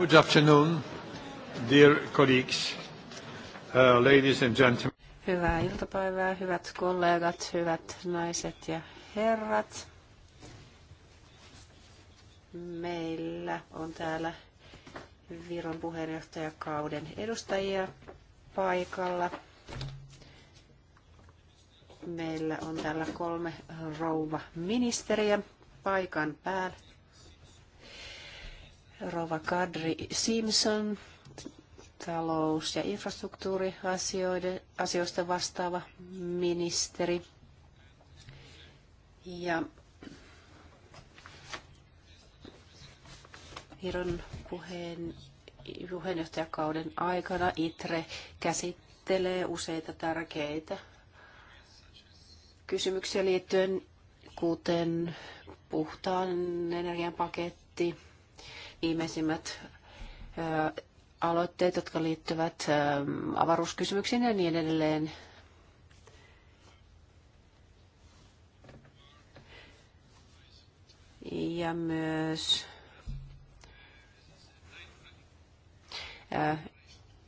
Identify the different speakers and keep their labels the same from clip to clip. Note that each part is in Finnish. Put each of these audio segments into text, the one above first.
Speaker 1: Good afternoon, dear colleagues, uh, ladies and gentlemen.
Speaker 2: Hyvää iltapäivää, hyvät kollegat, hyvät naiset ja herrat. Meillä on täällä Viron puheenjohtajakauden edustajia paikalla. Meillä on täällä kolme rouva ministeriä paikan päällä Rova Kadri Simpson, talous- ja infrastruktuuriasioista vastaava ministeri. Ja Viron puheen, puheenjohtajakauden aikana ITRE käsittelee useita tärkeitä kysymyksiä liittyen, kuten puhtaan energian paketti, viimeisimmät aloitteet, jotka liittyvät avaruuskysymyksiin ja niin edelleen. Ja myös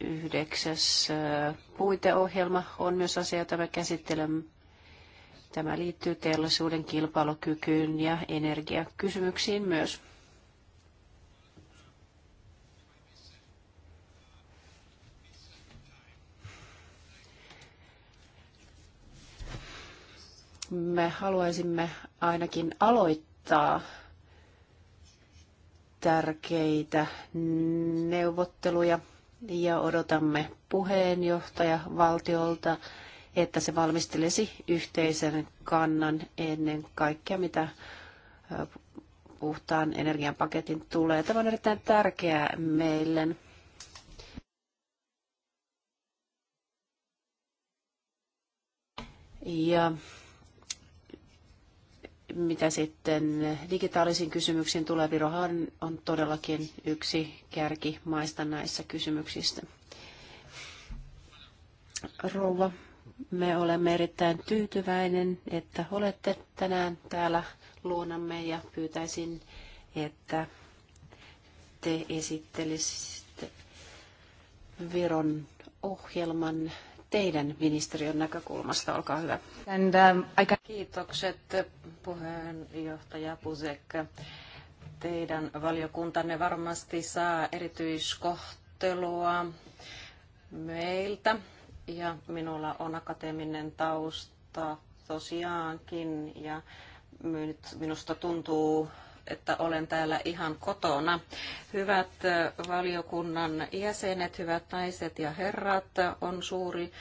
Speaker 2: yhdeksäs puiteohjelma on myös asia, jota me käsittelemme. Tämä liittyy teollisuuden kilpailukykyyn ja energiakysymyksiin myös. me haluaisimme ainakin aloittaa tärkeitä neuvotteluja ja odotamme puheenjohtaja valtiolta, että se valmistelisi yhteisen kannan ennen kaikkea, mitä puhtaan energian paketin tulee. Tämä on erittäin tärkeää meille. Ja mitä sitten digitaalisiin kysymyksiin tulee, Virohan on todellakin yksi kärki maista näissä kysymyksissä. Rouva, me olemme erittäin tyytyväinen, että olette tänään täällä luonamme ja pyytäisin, että te esittelisitte Viron ohjelman teidän ministeriön näkökulmasta. Olkaa hyvä. And, um, aika
Speaker 3: kiitokset puheenjohtaja Puzek. Teidän valiokuntanne varmasti saa erityiskohtelua meiltä ja minulla on akateeminen tausta tosiaankin ja nyt minusta tuntuu että olen täällä ihan kotona. Hyvät valiokunnan jäsenet, hyvät naiset ja herrat, on suuri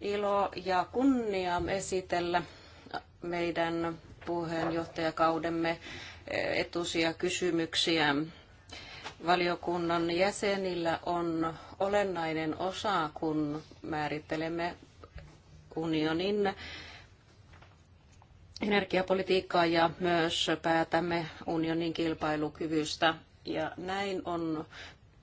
Speaker 3: ilo ja kunnia esitellä meidän puheenjohtajakaudemme etusia kysymyksiä. Valiokunnan jäsenillä on olennainen osa, kun määrittelemme unionin energiapolitiikkaa ja myös päätämme unionin kilpailukyvystä. Ja näin on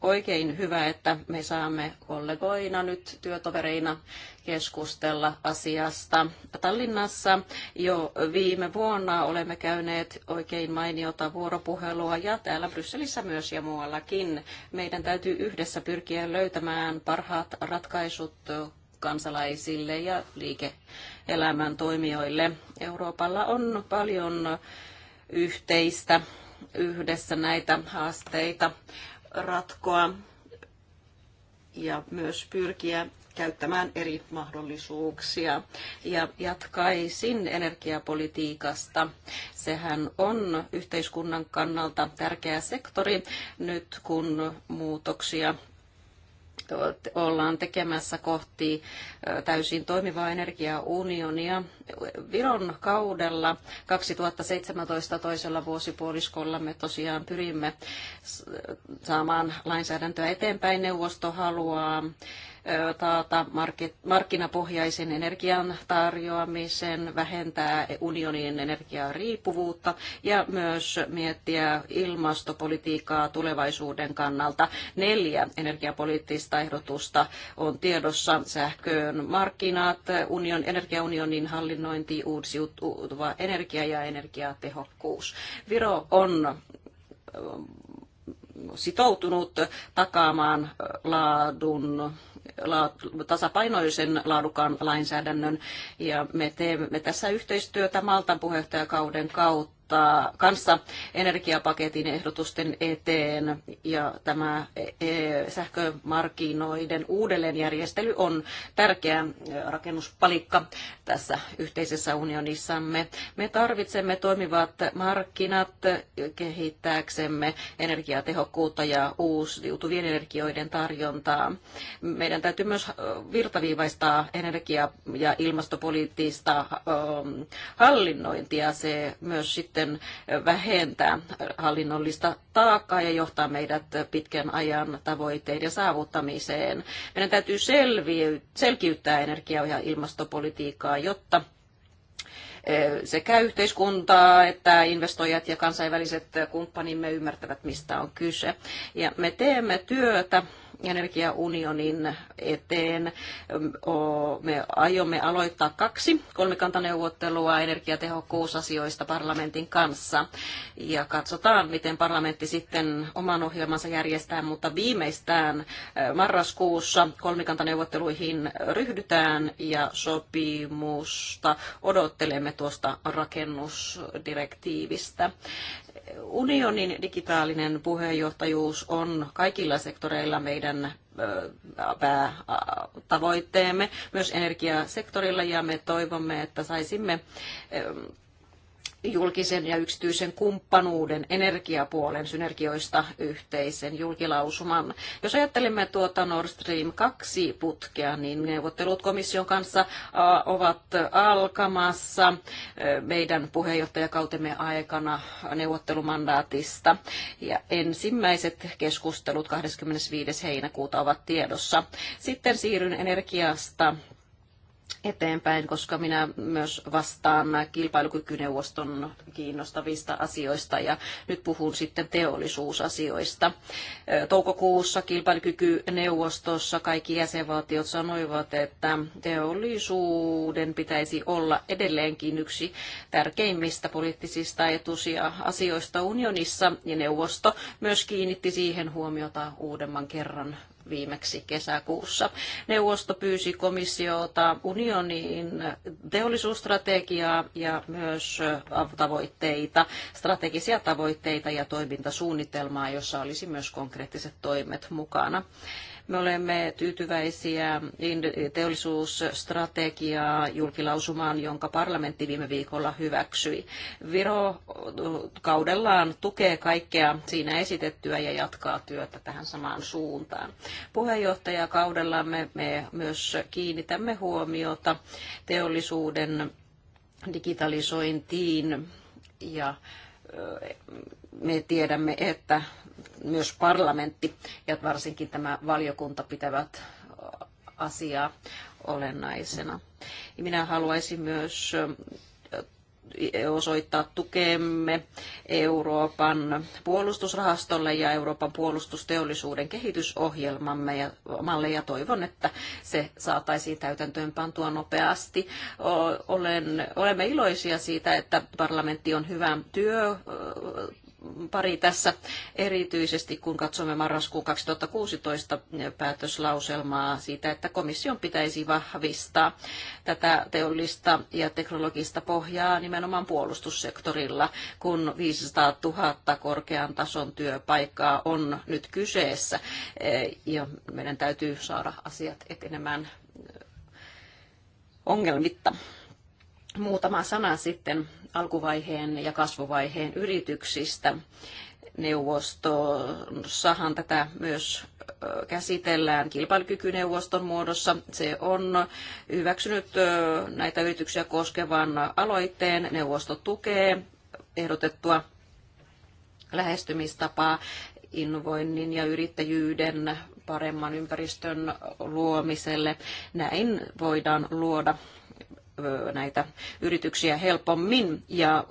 Speaker 3: oikein hyvä, että me saamme kollegoina nyt työtovereina keskustella asiasta. Tallinnassa jo viime vuonna olemme käyneet oikein mainiota vuoropuhelua ja täällä Brysselissä myös ja muuallakin. Meidän täytyy yhdessä pyrkiä löytämään parhaat ratkaisut kansalaisille ja liike elämän toimijoille. Euroopalla on paljon yhteistä yhdessä näitä haasteita ratkoa ja myös pyrkiä käyttämään eri mahdollisuuksia. Ja jatkaisin energiapolitiikasta. Sehän on yhteiskunnan kannalta tärkeä sektori nyt, kun muutoksia ollaan tekemässä kohti täysin toimivaa energiaunionia Viron kaudella 2017 toisella vuosipuoliskolla me tosiaan pyrimme saamaan lainsäädäntöä eteenpäin. Neuvosto haluaa taata markkinapohjaisen energian tarjoamisen, vähentää unionin energiariippuvuutta ja myös miettiä ilmastopolitiikkaa tulevaisuuden kannalta. Neljä energiapoliittista ehdotusta on tiedossa sähköön markkinat, union, energiaunionin hallinnon hallinnointi, uusiutuva energia ja energiatehokkuus. Viro on sitoutunut takaamaan laadun tasapainoisen laadukan lainsäädännön. Ja me teemme tässä yhteistyötä Maltan puheenjohtajakauden kautta kanssa energiapaketin ehdotusten eteen ja tämä e, e, sähkömarkkinoiden uudelleenjärjestely on tärkeä e, rakennuspalikka tässä yhteisessä unionissamme. Me tarvitsemme toimivat markkinat kehittääksemme energiatehokkuutta ja uusiutuvien energioiden tarjontaa. Meidän täytyy myös virtaviivaistaa energia- ja ilmastopoliittista hallinnointia. Se myös sitten sitten vähentää hallinnollista taakkaa ja johtaa meidät pitkän ajan tavoitteiden saavuttamiseen. Meidän täytyy selkiyttää energia- ja ilmastopolitiikkaa, jotta e, sekä yhteiskuntaa että investoijat ja kansainväliset kumppanimme ymmärtävät, mistä on kyse. Ja me teemme työtä energiaunionin eteen. Me aiomme aloittaa kaksi kolmikantaneuvottelua energiatehokkuusasioista parlamentin kanssa. Ja katsotaan, miten parlamentti sitten oman ohjelmansa järjestää, mutta viimeistään marraskuussa kolmikantaneuvotteluihin ryhdytään ja sopimusta odottelemme tuosta rakennusdirektiivistä unionin digitaalinen puheenjohtajuus on kaikilla sektoreilla meidän päätavoitteemme, myös energiasektorilla, ja me toivomme, että saisimme julkisen ja yksityisen kumppanuuden energiapuolen synergioista yhteisen julkilausuman. Jos ajattelemme tuota Nord Stream 2 putkea, niin neuvottelut komission kanssa ovat alkamassa meidän puheenjohtajakautemme aikana neuvottelumandaatista. Ja ensimmäiset keskustelut 25. heinäkuuta ovat tiedossa. Sitten siirryn energiasta eteenpäin, koska minä myös vastaan kilpailukykyneuvoston kiinnostavista asioista ja nyt puhun sitten teollisuusasioista. Toukokuussa kilpailukykyneuvostossa kaikki jäsenvaltiot sanoivat, että teollisuuden pitäisi olla edelleenkin yksi tärkeimmistä poliittisista etusia asioista unionissa ja neuvosto myös kiinnitti siihen huomiota uudemman kerran viimeksi kesäkuussa. Neuvosto pyysi komissiota unionin teollisuusstrategiaa ja myös äh, tavoitteita, strategisia tavoitteita ja toimintasuunnitelmaa, jossa olisi myös konkreettiset toimet mukana. Me olemme tyytyväisiä teollisuusstrategiaa julkilausumaan, jonka parlamentti viime viikolla hyväksyi. Viro kaudellaan tukee kaikkea siinä esitettyä ja jatkaa työtä tähän samaan suuntaan. Puheenjohtajakaudellamme me myös kiinnitämme huomiota teollisuuden digitalisointiin ja me tiedämme, että myös parlamentti ja varsinkin tämä valiokunta pitävät asiaa olennaisena. Minä haluaisin myös osoittaa tukemme Euroopan puolustusrahastolle ja Euroopan puolustusteollisuuden kehitysohjelmamme ja malle ja toivon, että se saataisiin täytäntöön pantua nopeasti. Olen, olemme iloisia siitä, että parlamentti on hyvän työ pari tässä erityisesti, kun katsomme marraskuun 2016 päätöslauselmaa siitä, että komission pitäisi vahvistaa tätä teollista ja teknologista pohjaa nimenomaan puolustussektorilla, kun 500 000 korkean tason työpaikkaa on nyt kyseessä eh, ja meidän täytyy saada asiat etenemään eh, ongelmitta. Muutama sana sitten alkuvaiheen ja kasvuvaiheen yrityksistä. Neuvostossahan tätä myös käsitellään kilpailukykyneuvoston muodossa. Se on hyväksynyt näitä yrityksiä koskevan aloitteen. Neuvosto tukee ehdotettua lähestymistapaa innovoinnin ja yrittäjyyden paremman ympäristön luomiselle. Näin voidaan luoda näitä yrityksiä helpommin. Ja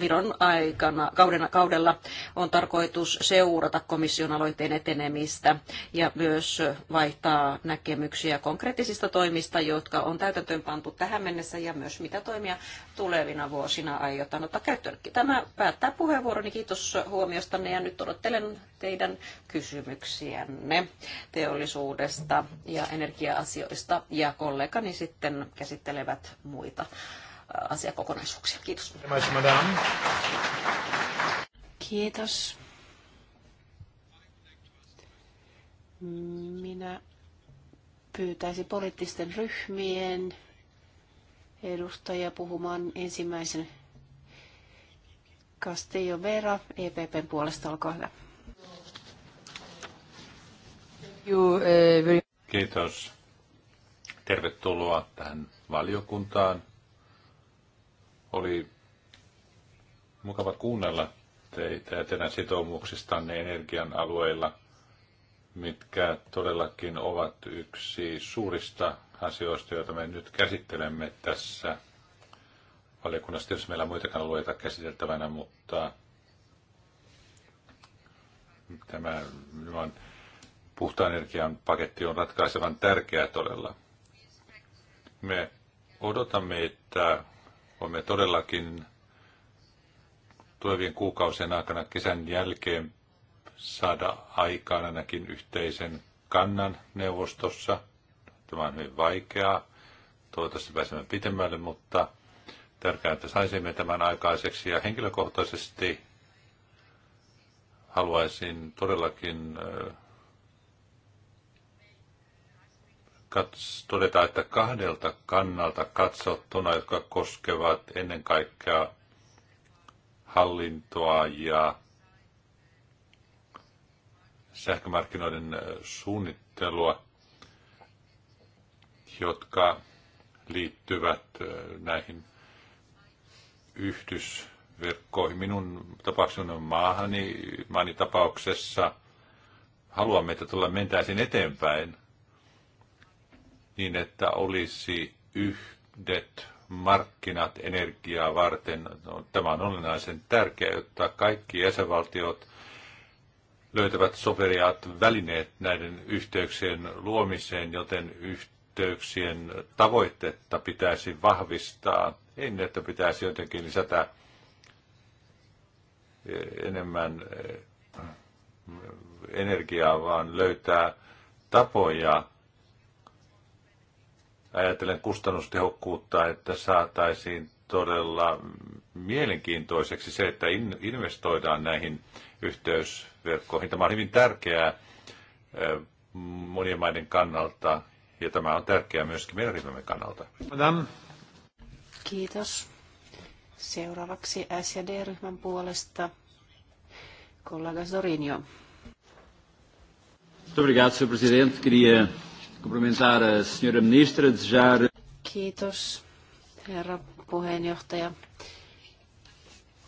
Speaker 3: Viron aikana, kauden, kaudella on tarkoitus seurata komission aloitteen etenemistä ja myös vaihtaa näkemyksiä konkreettisista toimista, jotka on täytäntöön pantu tähän mennessä ja myös mitä toimia tulevina vuosina aiotaan ottaa käyttöön. Tämä päättää puheenvuoroni. Kiitos huomiostanne ja nyt odottelen teidän kysymyksiänne teollisuudesta ja energia-asioista ja kollegani sitten käsittelevät muita asiakokonaisuuksia. Kiitos. Kiitos.
Speaker 2: Minä pyytäisin poliittisten ryhmien edustajia puhumaan ensimmäisen Castillo Vera EPPn puolesta. Olkaa
Speaker 1: hyvä. Uh, Kiitos. Tervetuloa tähän valiokuntaan. Oli mukava kuunnella teitä ja teidän sitoumuksistanne energian alueilla, mitkä todellakin ovat yksi suurista asioista, joita me nyt käsittelemme tässä valiokunnassa. Tietysti meillä on muitakin alueita käsiteltävänä, mutta tämä, on puhtaan energian paketti on ratkaisevan tärkeä todella. Me Odotamme, että voimme todellakin tulevien kuukausien aikana kesän jälkeen saada aikaan ainakin yhteisen kannan neuvostossa. Tämä on hyvin vaikeaa. Toivottavasti pääsemme pitemmälle, mutta tärkeää, että saisimme tämän aikaiseksi. Ja henkilökohtaisesti haluaisin todellakin kats- todeta, että kahdelta kannalta katsottuna, jotka koskevat ennen kaikkea hallintoa ja sähkömarkkinoiden suunnittelua, jotka liittyvät näihin yhdysverkkoihin. Minun tapaukseni on maahani, maani tapauksessa haluamme, että tulla mentäisiin eteenpäin niin, että olisi yhdet markkinat energiaa varten. No, tämä on olennaisen tärkeää, jotta kaikki jäsenvaltiot löytävät soveriaat välineet näiden yhteyksien luomiseen, joten yhteyksien tavoitetta pitäisi vahvistaa. ennen niin, että pitäisi jotenkin lisätä eh, enemmän eh, energiaa, vaan löytää tapoja ajatellen kustannustehokkuutta, että saataisiin todella mielenkiintoiseksi se, että investoidaan näihin yhteysverkkoihin. Tämä on hyvin tärkeää monien maiden kannalta ja tämä on tärkeää myöskin meidän ryhmämme kannalta. Madame.
Speaker 2: Kiitos. Seuraavaksi SD-ryhmän puolesta kollega Zorinio.
Speaker 1: obrigado, Presidente. Queria cumprimentar a senhora ministra, desejar...
Speaker 2: Kiitos, herra puheenjohtaja.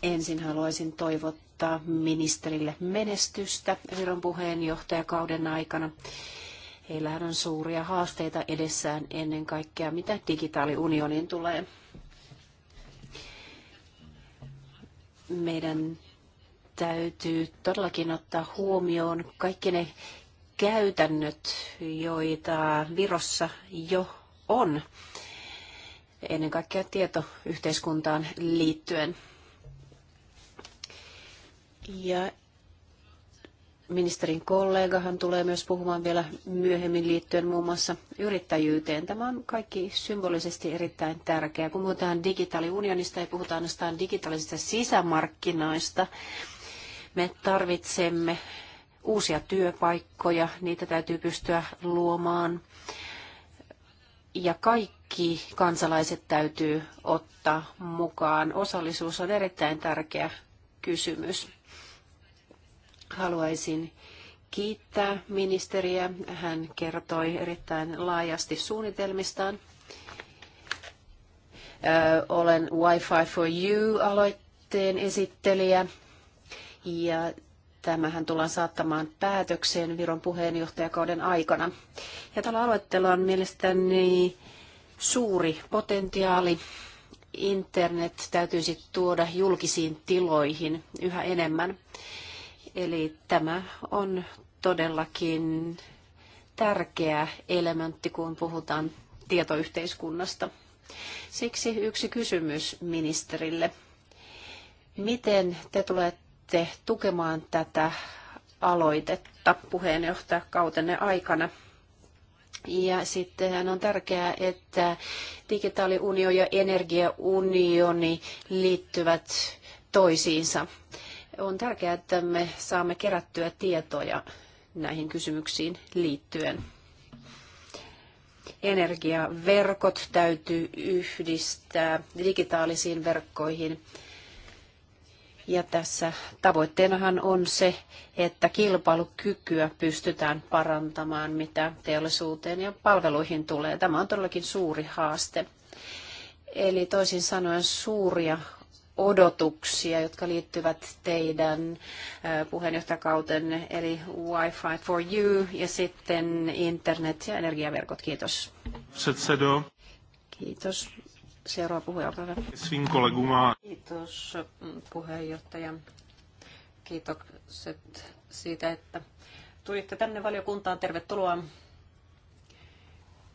Speaker 2: Ensin haluaisin toivottaa ministerille menestystä Viron puheenjohtajakauden aikana. Heillähän on suuria haasteita edessään ennen kaikkea, mitä digitaaliunioniin tulee. Meidän täytyy todellakin ottaa huomioon kaikki ne käytännöt, joita Virossa jo on, ennen kaikkea tietoyhteiskuntaan liittyen. Ja ministerin kollegahan tulee myös puhumaan vielä myöhemmin liittyen muun muassa yrittäjyyteen. Tämä on kaikki symbolisesti erittäin tärkeää. Kun puhutaan digitaaliunionista ja puhutaan ainoastaan digitaalisista sisämarkkinoista, me tarvitsemme uusia työpaikkoja, niitä täytyy pystyä luomaan. Ja kaikki kansalaiset täytyy ottaa mukaan. Osallisuus on erittäin tärkeä kysymys. Haluaisin kiittää ministeriä. Hän kertoi erittäin laajasti suunnitelmistaan. Ö, olen Wi-Fi for You-aloitteen esittelijä ja Tämähän tullaan saattamaan päätökseen Viron puheenjohtajakauden aikana. Ja tällä aloitteella on mielestäni suuri potentiaali. Internet täytyisi tuoda julkisiin tiloihin yhä enemmän. Eli tämä on todellakin tärkeä elementti, kun puhutaan tietoyhteiskunnasta. Siksi yksi kysymys ministerille. Miten te tulette tulette tukemaan tätä aloitetta puheenjohtajakautenne aikana. Ja sitten on tärkeää, että digitaaliunio ja energiaunioni liittyvät toisiinsa. On tärkeää, että me saamme kerättyä tietoja näihin kysymyksiin liittyen. Energiaverkot täytyy yhdistää digitaalisiin verkkoihin ja tässä tavoitteenahan on se, että kilpailukykyä pystytään parantamaan, mitä teollisuuteen ja palveluihin tulee. Tämä on todellakin suuri haaste. Eli toisin sanoen suuria odotuksia, jotka liittyvät teidän puheenjohtajakauten, eli Wi-Fi for you ja sitten internet ja energiaverkot. Kiitos.
Speaker 3: Kiitos. Seuraava puhuja, olkaa
Speaker 1: hyvä.
Speaker 3: Kiitos puheenjohtaja. Kiitokset siitä, että tulitte tänne valiokuntaan. Tervetuloa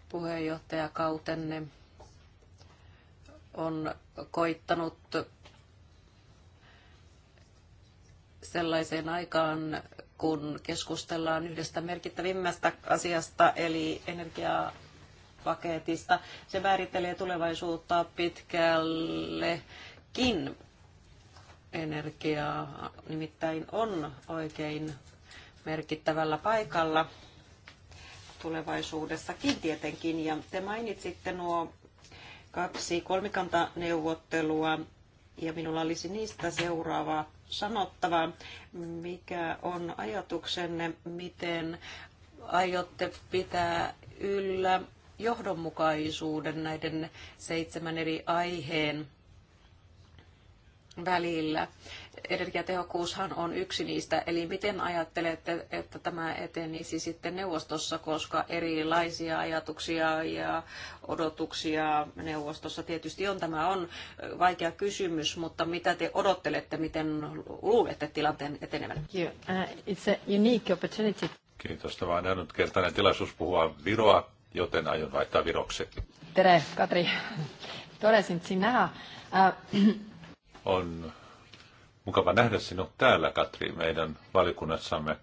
Speaker 3: puheenjohtajakautenne on koittanut sellaiseen aikaan, kun keskustellaan yhdestä merkittävimmästä asiasta, eli energiaa paketista. Se määrittelee tulevaisuutta pitkällekin. Energia nimittäin on oikein merkittävällä paikalla tulevaisuudessakin tietenkin. Ja te mainitsitte nuo kaksi kolmikantaneuvottelua ja minulla olisi niistä seuraava sanottava. Mikä on ajatuksenne, miten aiotte pitää yllä johdonmukaisuuden näiden seitsemän eri aiheen välillä. Energiatehokkuushan on yksi niistä, eli miten ajattelette, että tämä etenisi sitten neuvostossa, koska erilaisia ajatuksia ja odotuksia neuvostossa tietysti on. Tämä on vaikea kysymys, mutta mitä te odottelette, miten luulette tilanteen etenevän? Uh,
Speaker 2: it's a unique opportunity.
Speaker 1: Kiitos. Tämä on ainutkertainen tilaisuus puhua Viroa joten aion vaihtaa viroksi.
Speaker 2: Tere, Katri. Tore sind Äh.
Speaker 1: On mukava nähdä sinut täällä, Katri, meidän valikunnassamme.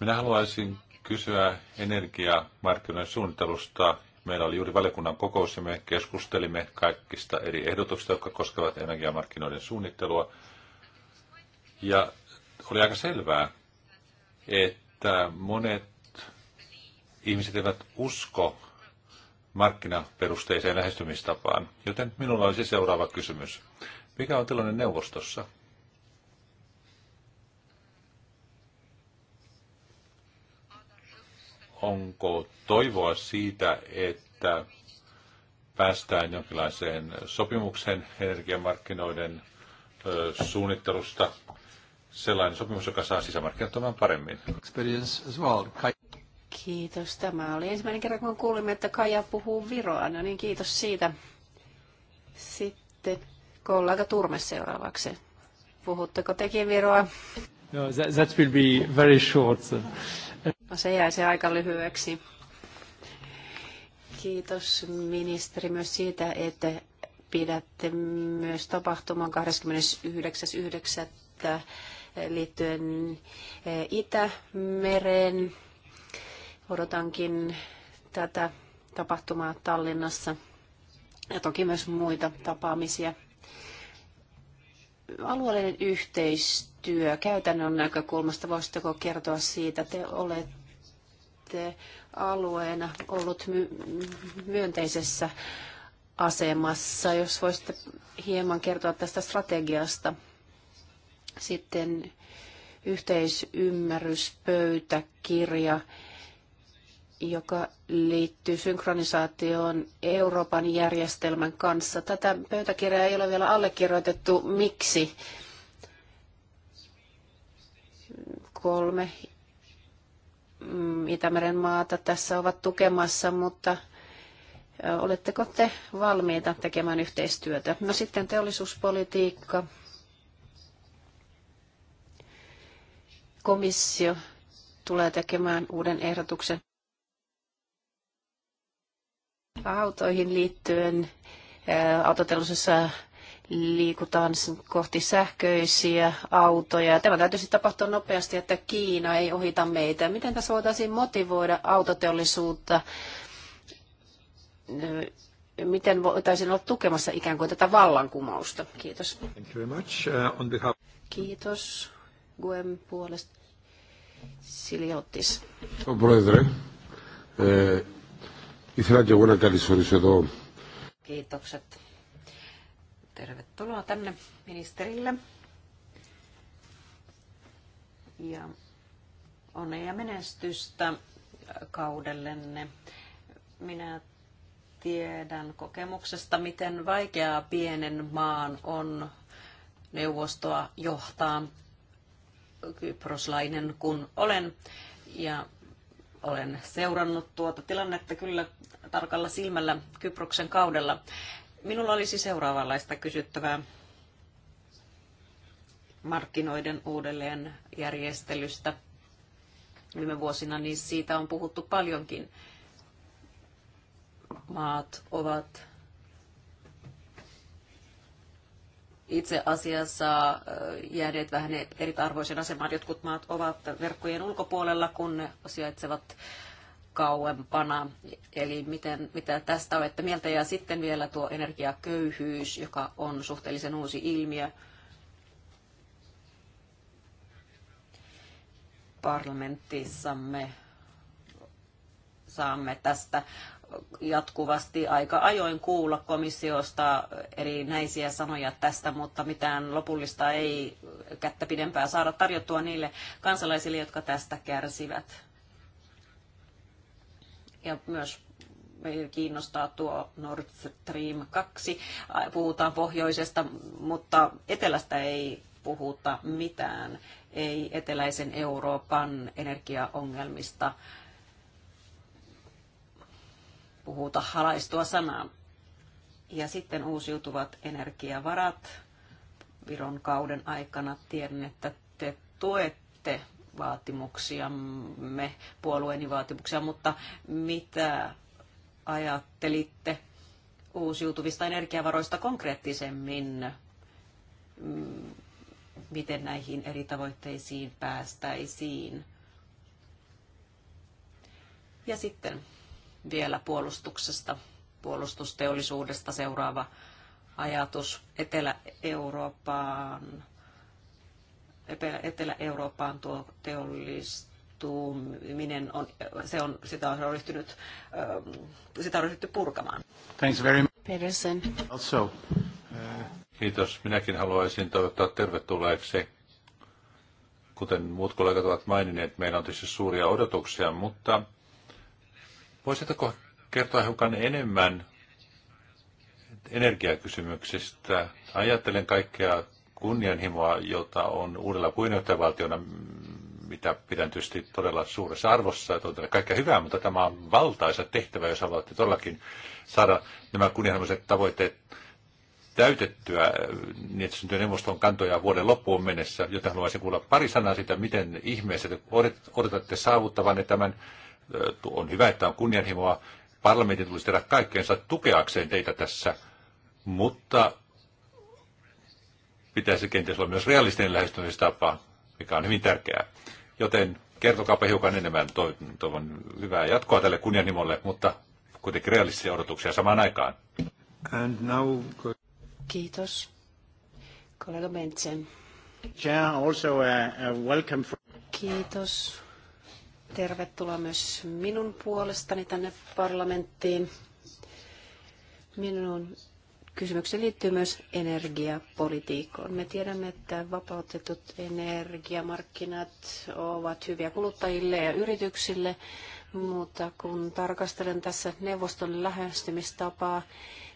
Speaker 1: Minä haluaisin kysyä energiamarkkinoiden suunnittelusta. Meillä oli juuri valikunnan kokous ja me keskustelimme kaikista eri ehdotuksista, jotka koskevat energiamarkkinoiden suunnittelua. Ja oli aika selvää, että monet ihmiset eivät usko markkinaperusteiseen lähestymistapaan. Joten minulla olisi seuraava kysymys. Mikä on tilanne neuvostossa? Onko toivoa siitä, että päästään jonkinlaiseen sopimukseen energiamarkkinoiden suunnittelusta? Sellainen sopimus, joka saa sisämarkkinat paremmin. Experience as well.
Speaker 2: Kiitos. Tämä oli ensimmäinen kerta, kun kuulimme, että Kaja puhuu viroa. No niin, kiitos siitä. Sitten kollega Turme seuraavaksi. Puhutteko tekin viroa?
Speaker 1: No, that, that will be very short.
Speaker 2: No se jäi se aika lyhyeksi. Kiitos ministeri myös siitä, että pidätte myös tapahtuman 29.9. liittyen eh, Itämeren Odotankin tätä tapahtumaa Tallinnassa ja toki myös muita tapaamisia. Alueellinen yhteistyö käytännön näkökulmasta, voisitteko kertoa siitä, te olette alueena ollut myönteisessä asemassa, jos voisitte hieman kertoa tästä strategiasta. Sitten yhteisymmärryspöytäkirja. pöytäkirja joka liittyy synkronisaatioon Euroopan järjestelmän kanssa. Tätä pöytäkirjaa ei ole vielä allekirjoitettu. Miksi? Kolme Itämeren maata tässä ovat tukemassa, mutta oletteko te valmiita tekemään yhteistyötä? No sitten teollisuuspolitiikka. Komissio tulee tekemään uuden ehdotuksen autoihin liittyen. Autoteollisuudessa liikutaan kohti sähköisiä autoja. Tämä täytyisi tapahtua nopeasti, että Kiina ei ohita meitä. Miten tässä voitaisiin motivoida autoteollisuutta? Miten voitaisiin olla tukemassa ikään kuin tätä vallankumousta? Kiitos. Thank you
Speaker 1: very much. Uh, on behalf...
Speaker 2: Kiitos Guem puolesta. Siliotis. Πρόεδρε,
Speaker 1: Ήθελα και εγώ να καλησορίσω εδώ.
Speaker 3: Kiitokset. Tervetuloa tänne ministerille. Ja onnea ja menestystä kaudellenne. Minä tiedän kokemuksesta, miten vaikeaa pienen maan on neuvostoa johtaa kyproslainen kun olen. Ja olen seurannut tuota tilannetta kyllä tarkalla silmällä Kyproksen kaudella. Minulla olisi seuraavanlaista kysyttävää markkinoiden uudelleen järjestelystä. Viime vuosina niin siitä on puhuttu paljonkin. Maat ovat itse asiassa äh, jääneet vähän eriarvoisen asemaan. Jotkut maat ovat verkkojen ulkopuolella, kun ne sijaitsevat kauempana. Eli miten, mitä tästä olette mieltä? Ja sitten vielä tuo energiaköyhyys, joka on suhteellisen uusi ilmiö. Parlamentissamme saamme tästä jatkuvasti aika ajoin kuulla komissiosta erinäisiä sanoja tästä, mutta mitään lopullista ei kättä pidempää saada tarjottua niille kansalaisille, jotka tästä kärsivät. Ja myös meitä kiinnostaa tuo Nord Stream 2. Puhutaan pohjoisesta, mutta etelästä ei puhuta mitään. Ei eteläisen Euroopan energiaongelmista puhuta halaistua sanaa. Ja sitten uusiutuvat energiavarat Viron kauden aikana. Tiedän, että te tuette vaatimuksiamme, puolueeni vaatimuksia, mutta mitä ajattelitte uusiutuvista energiavaroista konkreettisemmin? Miten näihin eri tavoitteisiin päästäisiin? Ja sitten vielä puolustuksesta, puolustusteollisuudesta seuraava ajatus. Etelä-Eurooppaan Etelä-Eurooppaan tuo teollistuminen on, se on, sitä on ryhtynyt, ähm, sitä on ryhtynyt purkamaan.
Speaker 2: Thanks very much. Peterson. Also, uh...
Speaker 1: Kiitos. Minäkin haluaisin toivottaa tervetulleeksi. Kuten muut kollegat ovat maininneet, meillä on tietysti suuria odotuksia, mutta Voisitko kertoa hiukan enemmän energiakysymyksistä? Ajattelen kaikkea kunnianhimoa, jota on uudella puheenjohtajavaltiona, mitä pidän tietysti todella suuressa arvossa, että on kaikkea hyvää, mutta tämä on valtaisa tehtävä, jos haluatte todellakin saada nämä kunnianhimoiset tavoitteet täytettyä niin, että syntyy neuvoston kantoja vuoden loppuun mennessä, joten haluaisin kuulla pari sanaa siitä, miten ihmeessä odotatte saavuttavanne tämän on hyvä, että on kunnianhimoa. Parlamentin tulisi tehdä kaikkeensa tukeakseen teitä tässä, mutta pitäisi kenties olla myös realistinen lähestymistapa, mikä on hyvin tärkeää. Joten kertokaapa hiukan enemmän. Toivon hyvää jatkoa tälle kunnianhimolle, mutta kuitenkin realistisia odotuksia samaan aikaan. And now... Kiitos.
Speaker 2: Kollega Bentsen. Chair, also welcome for. Kiitos Tervetuloa myös minun puolestani tänne parlamenttiin. Minun kysymykseni liittyy myös energiapolitiikkaan. Me tiedämme, että vapautetut energiamarkkinat ovat hyviä kuluttajille ja yrityksille, mutta kun tarkastelen tässä neuvoston lähestymistapaa,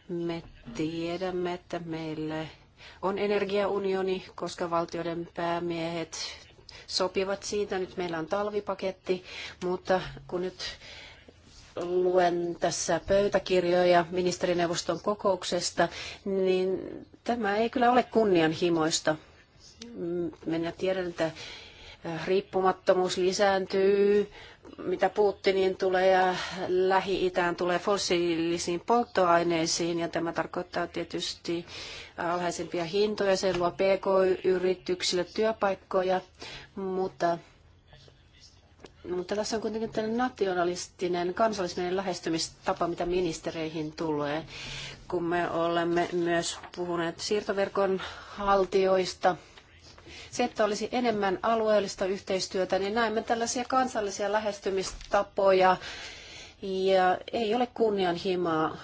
Speaker 2: me tiedämme, että meille on energiaunioni, koska valtioiden päämiehet sopivat siitä. Nyt meillä on talvipaketti, mutta kun nyt luen tässä pöytäkirjoja ministerineuvoston kokouksesta, niin tämä ei kyllä ole kunnianhimoista. mennä tiedän, että riippumattomuus lisääntyy, mitä Putinin tulee ja Lähi-Itään tulee fossiilisiin polttoaineisiin ja tämä tarkoittaa tietysti alhaisempia hintoja, se luo pk-yrityksille työpaikkoja, mutta, mutta tässä on kuitenkin tällainen nationalistinen, kansallinen lähestymistapa, mitä ministereihin tulee, kun me olemme myös puhuneet siirtoverkon haltioista – se, että olisi enemmän alueellista yhteistyötä, niin näemme tällaisia kansallisia lähestymistapoja ja ei ole kunnianhimoa.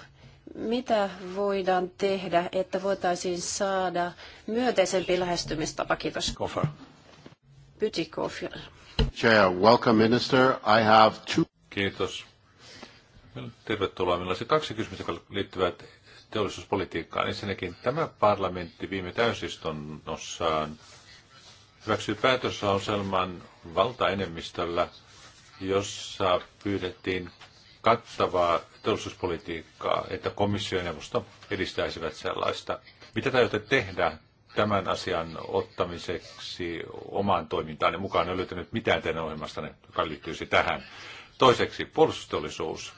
Speaker 2: Mitä voidaan tehdä, että voitaisiin saada myönteisempi lähestymistapa? Kiitos.
Speaker 1: Chair, welcome minister. I have two... Kiitos. Tervetuloa. Meillä olisi kaksi kysymystä, jotka liittyvät teollisuuspolitiikkaan. Ensinnäkin tämä parlamentti viime täysistunnossaan hyväksyi päätöslauselman valtaenemmistöllä, jossa pyydettiin kattavaa teollisuuspolitiikkaa, että komissio ja neuvosto edistäisivät sellaista. Mitä te tehdä tämän asian ottamiseksi omaan toimintaan ja mukaan ei löytänyt mitään teidän ohjelmastanne, joka liittyisi tähän. Toiseksi puolustusteollisuus.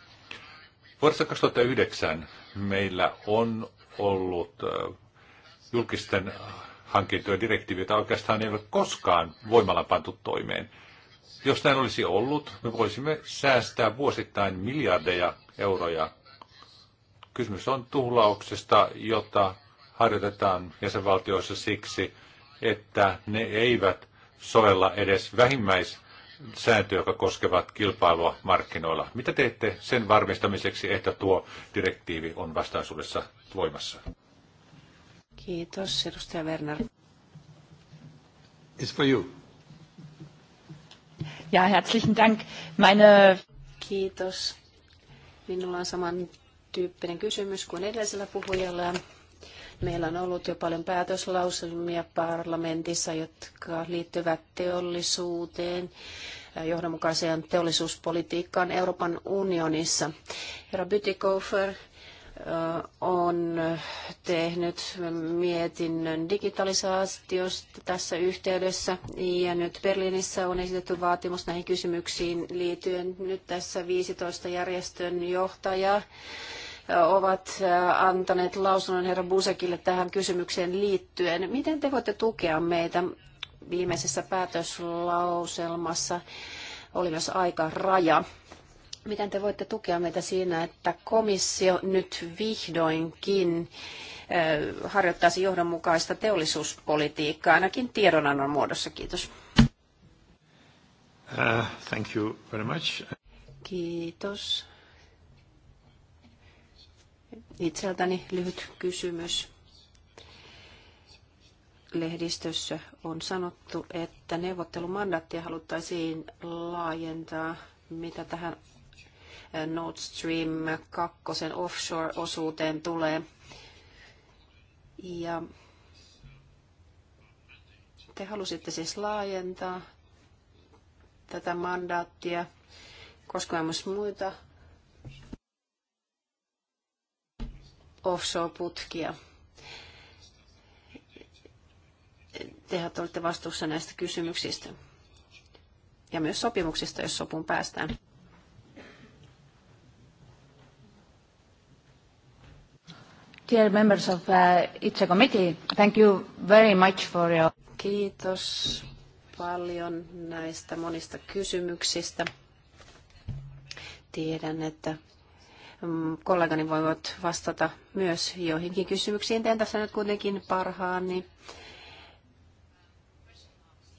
Speaker 1: Vuodesta 2009 meillä on ollut äh, julkisten hankintojen jota oikeastaan ei ole koskaan voimalla pantu toimeen. Jos näin olisi ollut, me voisimme säästää vuosittain miljardeja euroja. Kysymys on tuhlauksesta, jota harjoitetaan jäsenvaltioissa siksi, että ne eivät sovella edes vähimmäissääntöjä, jotka koskevat kilpailua markkinoilla. Mitä teette sen varmistamiseksi, että tuo direktiivi on vastaisuudessa voimassa?
Speaker 2: Kiitos, edustaja Werner. It's for you. Ja, herzlichen Dank. Meine... Kiitos. Minulla on samantyyppinen kysymys kuin edellisellä puhujalla. Meillä on ollut jo paljon päätöslauselmia parlamentissa, jotka liittyvät teollisuuteen, johdonmukaiseen teollisuuspolitiikkaan Euroopan unionissa. Herra Bytikofer, on tehnyt mietinnön digitalisaatiosta tässä yhteydessä ja nyt Berliinissä on esitetty vaatimus näihin kysymyksiin liittyen. Nyt tässä 15 järjestön johtaja ovat antaneet lausunnon herra Busekille tähän kysymykseen liittyen. Miten te voitte tukea meitä viimeisessä päätöslauselmassa? Oli myös aika raja miten te voitte tukea meitä siinä, että komissio nyt vihdoinkin harjoittaisi johdonmukaista teollisuuspolitiikkaa, ainakin tiedonannon muodossa. Kiitos. Uh,
Speaker 1: thank you very much.
Speaker 2: Kiitos. Itseltäni lyhyt kysymys. Lehdistössä on sanottu, että neuvottelumandaattia haluttaisiin laajentaa. Mitä tähän Nord Stream kakkosen offshore-osuuteen tulee. Ja te halusitte siis laajentaa tätä mandaattia koskemaan myös muita offshore-putkia. Tehän olette vastuussa näistä kysymyksistä ja myös sopimuksista, jos sopuun päästään. Dear members of uh, ITSE committee, thank you very much for your... Kiitos paljon näistä monista kysymyksistä. Tiedän, että mm, kollegani voivat vastata myös joihinkin kysymyksiin. Teen tässä nyt kuitenkin parhaani.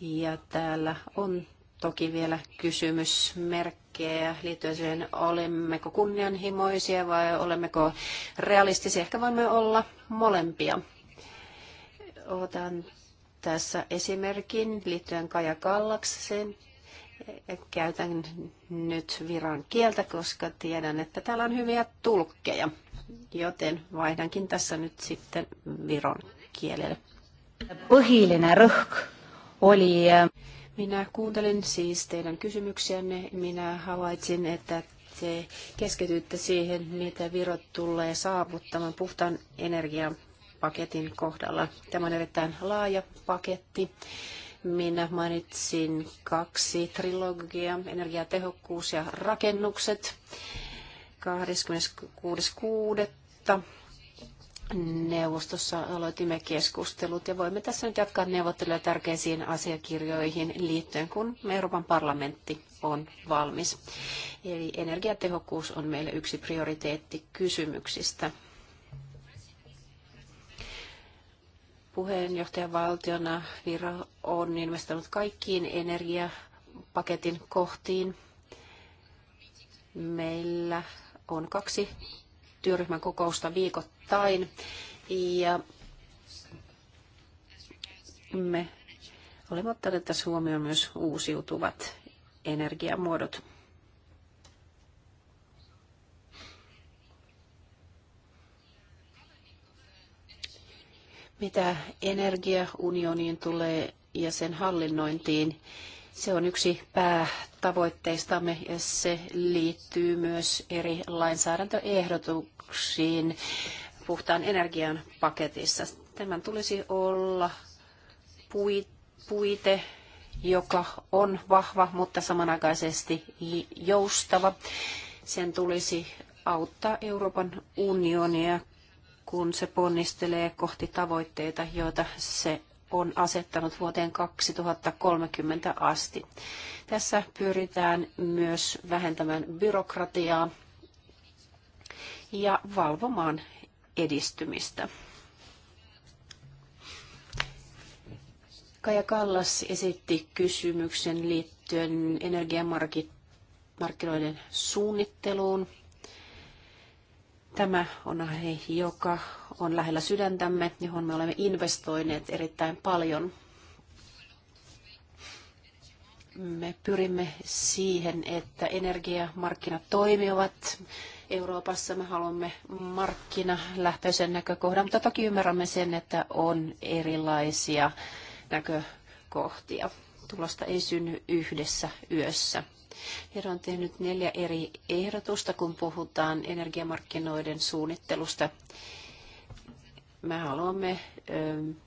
Speaker 2: Ja täällä on toki vielä kysymysmerkki tärkeä liittyen siihen, olemmeko kunnianhimoisia vai olemmeko realistisia. Ehkä voimme olla molempia. Otan tässä esimerkin liittyen Kaja Kallakseen. Käytän nyt viran kieltä, koska tiedän, että täällä on hyviä tulkkeja, joten vaihdankin tässä nyt sitten viron kielelle. Põhilinen rõhk oli äh, minä kuuntelin siis teidän kysymyksiänne. Minä havaitsin, että te keskitytte siihen, mitä Viro tulee saavuttamaan puhtaan energian paketin kohdalla. Tämä on erittäin laaja paketti. Minä mainitsin kaksi trilogia, energiatehokkuus ja rakennukset 26.6 neuvostossa aloitimme keskustelut ja voimme tässä nyt jatkaa neuvotteluja tärkeisiin asiakirjoihin liittyen, kun Euroopan parlamentti on valmis. Eli energiatehokkuus on meille yksi prioriteetti kysymyksistä. Puheenjohtajavaltiona Viro on investoinut kaikkiin energiapaketin kohtiin. Meillä on kaksi työryhmän kokousta viikoittain ja me olemme ottaneet tässä huomioon myös uusiutuvat energiamuodot. Mitä energiaunioniin tulee ja sen hallinnointiin, se on yksi päätavoitteistamme ja se liittyy myös eri lainsäädäntöehdotuksiin puhtaan energian paketissa. Tämän tulisi olla puite, joka on vahva, mutta samanaikaisesti joustava. Sen tulisi auttaa Euroopan unionia, kun se ponnistelee kohti tavoitteita, joita se on asettanut vuoteen 2030 asti. Tässä pyritään myös vähentämään byrokratiaa ja valvomaan edistymistä. Kaja Kallas esitti kysymyksen liittyen energiamarkkinoiden suunnitteluun Tämä on aihe, joka on lähellä sydäntämme, johon me olemme investoineet erittäin paljon. Me pyrimme siihen, että energiamarkkinat toimivat. Euroopassa me haluamme markkinalähtöisen näkökohdan, mutta toki ymmärrämme sen, että on erilaisia näkökohtia. Tulosta ei synny yhdessä yössä. Viro on tehnyt neljä eri ehdotusta, kun puhutaan energiamarkkinoiden suunnittelusta. Me haluamme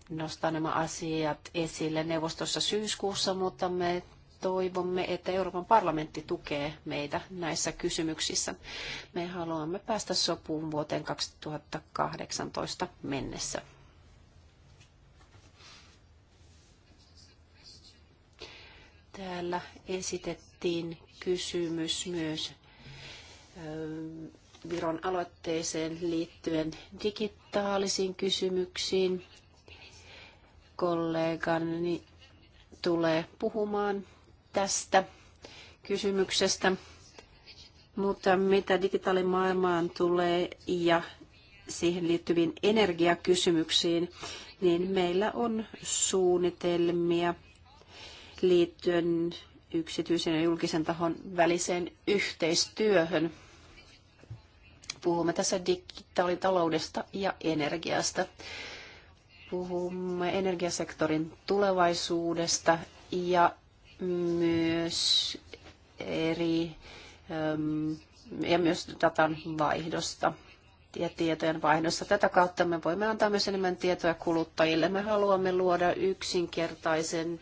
Speaker 2: nostaa nämä asiat esille neuvostossa syyskuussa, mutta me toivomme, että Euroopan parlamentti tukee meitä näissä kysymyksissä. Me haluamme päästä sopuun vuoteen 2018 mennessä. Täällä esitetty esitettiin kysymys myös Viron aloitteeseen liittyen digitaalisiin kysymyksiin. Kollegani tulee puhumaan tästä kysymyksestä. Mutta mitä digitaalimaailmaan tulee ja siihen liittyviin energiakysymyksiin, niin meillä on suunnitelmia liittyen yksityisen ja julkisen tahon väliseen yhteistyöhön. Puhumme tässä digitaalitaloudesta ja energiasta. Puhumme energiasektorin tulevaisuudesta ja myös eri ähm, ja myös datan vaihdosta ja tietojen vaihdosta. Tätä kautta me voimme antaa myös enemmän tietoja kuluttajille. Me haluamme luoda yksinkertaisen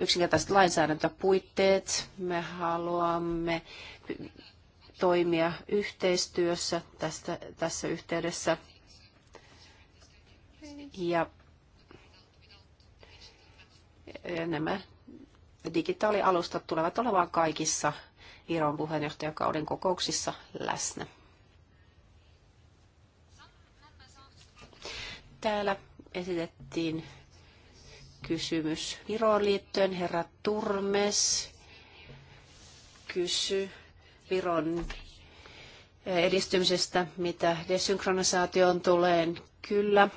Speaker 2: yksinkertaiset lainsäädäntöpuitteet. Me haluamme toimia yhteistyössä tästä, tässä yhteydessä. Ja, ja nämä digitaalialustat tulevat olemaan kaikissa Viron puheenjohtajakauden kokouksissa läsnä. Täällä esitettiin kysymys Viroon liittyen. Herra Turmes kysy Viron eh, edistymisestä, mitä desynkronisaatioon tulee. Kyllä,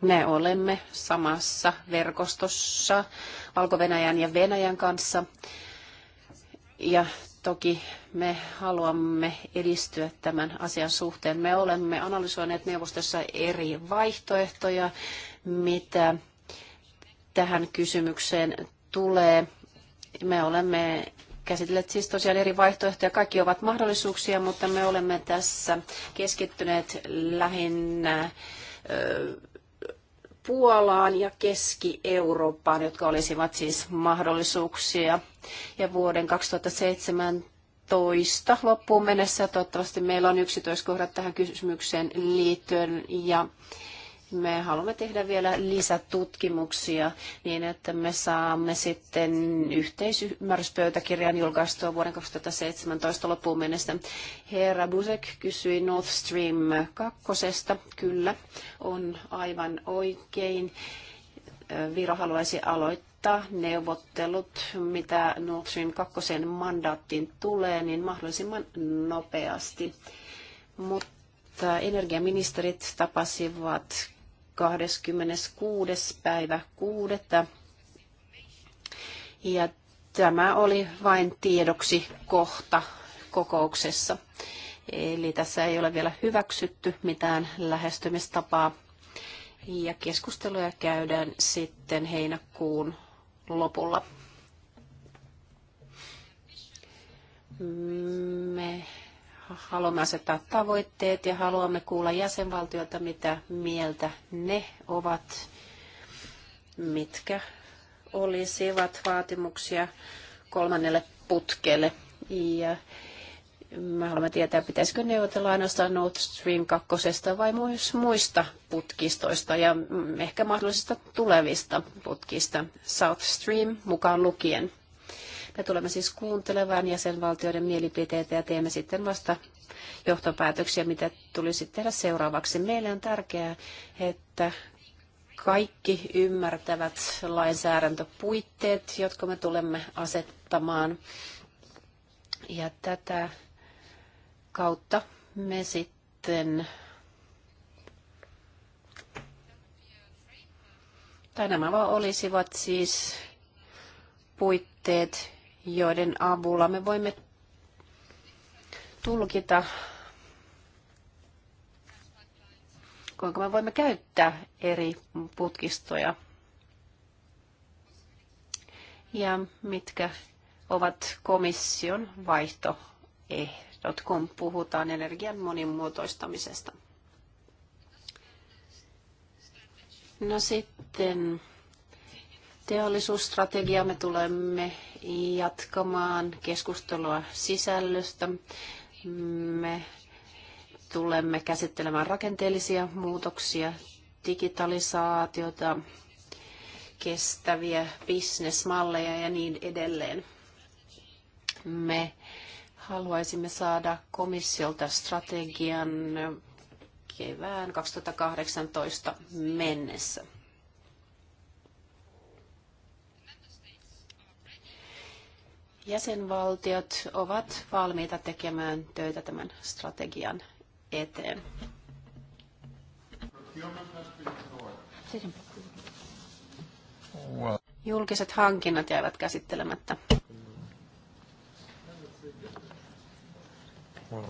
Speaker 2: me olemme samassa verkostossa Valko-Venäjän ja Venäjän kanssa. Ja Toki me haluamme edistyä tämän asian suhteen. Me olemme analysoineet neuvostossa eri vaihtoehtoja, mitä tähän kysymykseen tulee. Me olemme käsitelleet siis tosiaan eri vaihtoehtoja. Kaikki ovat mahdollisuuksia, mutta me olemme tässä keskittyneet lähinnä Puolaan ja Keski-Eurooppaan, jotka olisivat siis mahdollisuuksia. Ja vuoden 2017 loppuun mennessä toivottavasti meillä on yksityiskohdat tähän kysymykseen liittyen ja me haluamme tehdä vielä lisätutkimuksia niin, että me saamme sitten yhteisymmärryspöytäkirjan julkaistua vuoden 2017 loppuun mennessä. Herra Busek kysyi Nord Stream 2. Kyllä, on aivan oikein. Viro haluaisi aloittaa neuvottelut, mitä Nord Stream 2 mandaattiin tulee, niin mahdollisimman nopeasti. Mutta energiaministerit tapasivat 26. päivä 6. Ja tämä oli vain tiedoksi kohta kokouksessa. Eli tässä ei ole vielä hyväksytty mitään lähestymistapaa. Ja keskusteluja käydään sitten heinäkuun lopulla. Me haluamme asettaa tavoitteet ja haluamme kuulla jäsenvaltioilta, mitä mieltä ne ovat, mitkä olisivat vaatimuksia kolmannelle putkelle. Ja me haluamme tietää, pitäisikö neuvotella ainoastaan Nord Stream 2 vai myös muista putkistoista ja ehkä mahdollisista tulevista putkista, South Stream mukaan lukien. Me tulemme siis kuuntelemaan jäsenvaltioiden mielipiteitä ja teemme sitten vasta johtopäätöksiä, mitä tulisi tehdä seuraavaksi. Meille on tärkeää, että kaikki ymmärtävät lainsäädäntöpuitteet, jotka me tulemme asettamaan. Ja tätä kautta me sitten, tai nämä olisivat siis puitteet, joiden avulla me voimme tulkita, kuinka me voimme käyttää eri putkistoja ja mitkä ovat komission vaihtoehdot, kun puhutaan energian monimuotoistamisesta. No sitten teollisuusstrategia. Me tulemme jatkamaan keskustelua sisällöstä. Me tulemme käsittelemään rakenteellisia muutoksia, digitalisaatiota, kestäviä bisnesmalleja ja niin edelleen. Me haluaisimme saada komissiolta strategian kevään 2018 mennessä. jäsenvaltiot ovat valmiita tekemään töitä tämän strategian eteen. Julkiset hankinnat jäivät käsittelemättä. Well,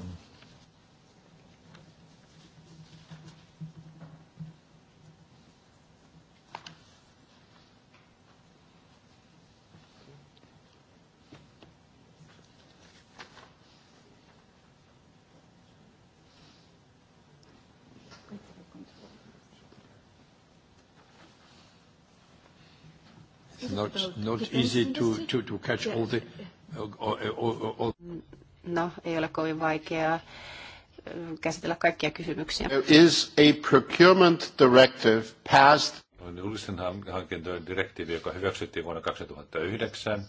Speaker 2: not, not easy to, to, to catch all the...
Speaker 1: All, all,
Speaker 2: No, ei ole kovin vaikeaa äh, käsitellä kaikkia kysymyksiä. There is
Speaker 1: a procurement directive passed on julkisen hankintojen direktiivi, joka hyväksyttiin vuonna 2009.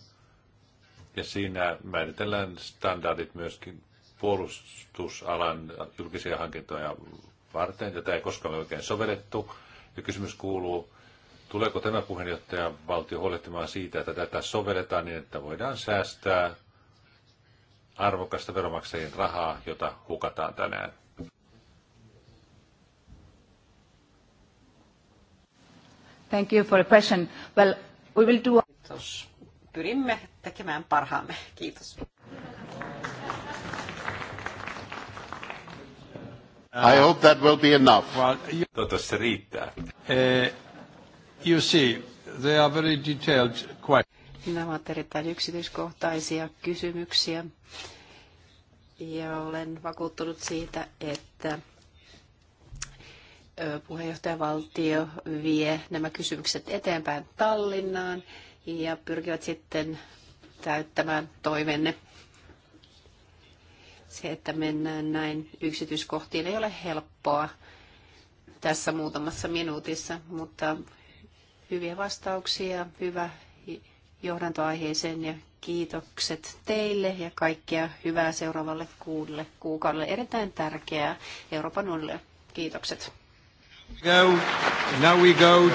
Speaker 1: Ja siinä määritellään standardit myöskin puolustusalan julkisia hankintoja varten. Tätä ei koskaan ole oikein sovellettu. Ja kysymys kuuluu, Tuleeko tämä puheenjohtaja valtio huolehtimaan siitä, että tätä sovelletaan niin, että voidaan säästää arvokasta veromaksajien rahaa, jota hukataan tänään?
Speaker 2: Thank you for the question. Well, we will
Speaker 3: do... Kiitos. Pyrimme tekemään parhaamme. Kiitos.
Speaker 1: I hope that will be enough. Well, you... Toivottavasti se riittää. Eh... You see, they are very detailed questions.
Speaker 2: Nämä ovat erittäin yksityiskohtaisia kysymyksiä ja olen vakuuttunut siitä, että puheenjohtajavaltio vie nämä kysymykset eteenpäin Tallinnaan ja pyrkivät sitten täyttämään toivenne. Se, että mennään näin yksityiskohtiin, ei ole helppoa tässä muutamassa minuutissa, mutta hyviä vastauksia, hyvä johdantoaiheeseen ja kiitokset teille ja kaikkea hyvää seuraavalle kuudelle kuukaudelle. Erittäin tärkeää Euroopan unionille. Kiitokset.
Speaker 1: Go. Now we go.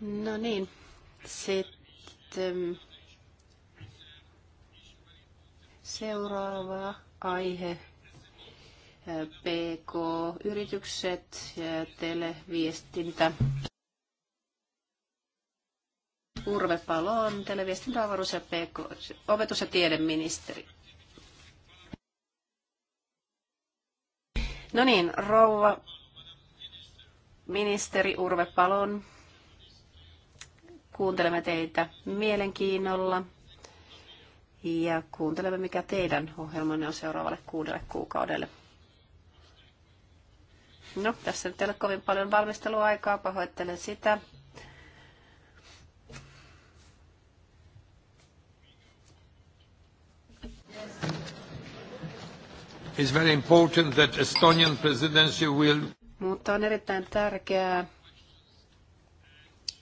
Speaker 2: No niin, sitten seuraava aihe. Äh, PK-yritykset, ja televiestintä. Urve Palon, televiestintä, avaruus ja PK, opetus- ja tiedeministeri. No niin, rouva ministeri Urve Palon, kuuntelemme teitä mielenkiinnolla ja kuuntelemme, mikä teidän ohjelmanne on seuraavalle kuudelle kuukaudelle. No, tässä ei ole kovin paljon valmisteluaikaa, pahoittelen sitä. Mutta on erittäin tärkeää,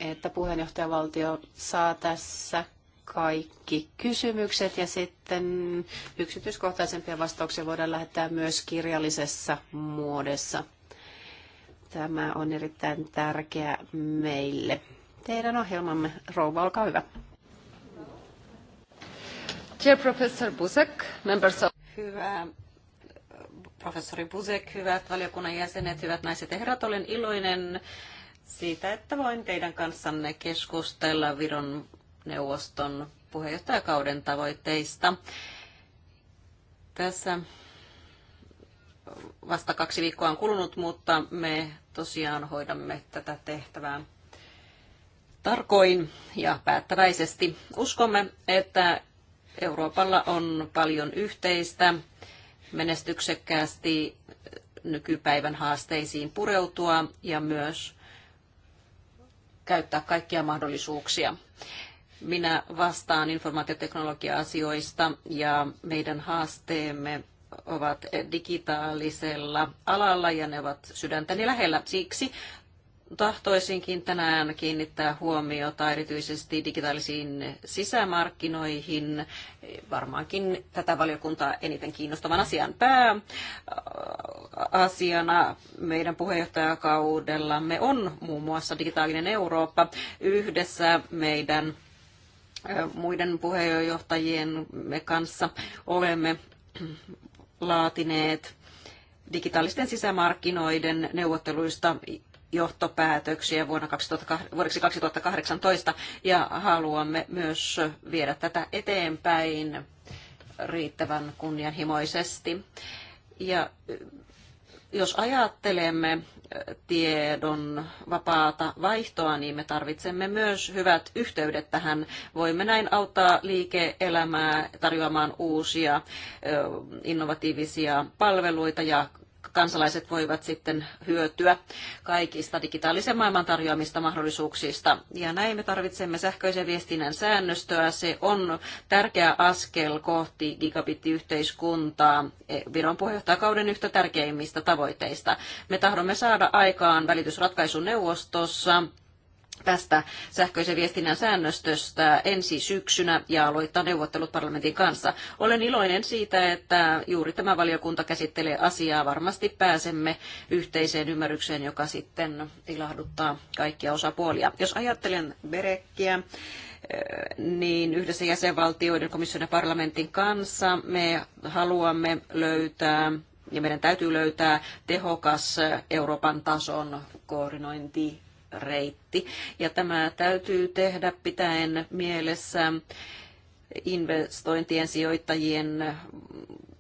Speaker 2: että puheenjohtajavaltio saa tässä kaikki kysymykset ja sitten yksityiskohtaisempia vastauksia voidaan lähettää myös kirjallisessa muodossa. Tämä on erittäin tärkeä meille. Teidän ohjelmamme, rouva, olkaa hyvä.
Speaker 3: Dear Professor Busek, members of... Hyvä professori Busek, hyvät valiokunnan jäsenet, hyvät naiset ja herrat, olen iloinen siitä, että voin teidän kanssanne keskustella Viron neuvoston puheenjohtajakauden tavoitteista. Tässä vasta kaksi viikkoa on kulunut, mutta me tosiaan hoidamme tätä tehtävää tarkoin ja päättäväisesti. Uskomme, että Euroopalla on paljon yhteistä menestyksekkäästi nykypäivän haasteisiin pureutua ja myös käyttää kaikkia mahdollisuuksia. Minä vastaan informaatioteknologia-asioista ja meidän haasteemme ovat digitaalisella alalla ja ne ovat sydäntäni lähellä. Siksi tahtoisinkin tänään kiinnittää huomiota erityisesti digitaalisiin sisämarkkinoihin, varmaankin tätä valiokuntaa eniten kiinnostavan asian pääasiana meidän puheenjohtajakaudellamme on muun muassa digitaalinen Eurooppa yhdessä meidän muiden puheenjohtajien kanssa olemme laatineet digitaalisten sisämarkkinoiden neuvotteluista johtopäätöksiä vuonna 2008, vuodeksi 2018 ja haluamme myös viedä tätä eteenpäin riittävän kunnianhimoisesti. Ja jos ajattelemme tiedon vapaata vaihtoa, niin me tarvitsemme myös hyvät yhteydet tähän. Voimme näin auttaa liike-elämää tarjoamaan uusia innovatiivisia palveluita ja kansalaiset voivat sitten hyötyä kaikista digitaalisen maailman tarjoamista mahdollisuuksista. Ja näin me tarvitsemme sähköisen viestinnän säännöstöä. Se on tärkeä askel kohti gigabittiyhteiskuntaa, e, Viron puheenjohtajakauden yhtä tärkeimmistä tavoitteista. Me tahdomme saada aikaan välitysratkaisun neuvostossa tästä sähköisen viestinnän säännöstöstä ensi syksynä ja aloittaa neuvottelut parlamentin kanssa. Olen iloinen siitä, että juuri tämä valiokunta käsittelee asiaa. Varmasti pääsemme yhteiseen ymmärrykseen, joka sitten ilahduttaa kaikkia osapuolia. Jos ajattelen Berekkiä, niin yhdessä jäsenvaltioiden komission ja parlamentin kanssa me haluamme löytää ja meidän täytyy löytää tehokas Euroopan tason koordinointi reitti. Ja tämä täytyy tehdä pitäen mielessä investointien sijoittajien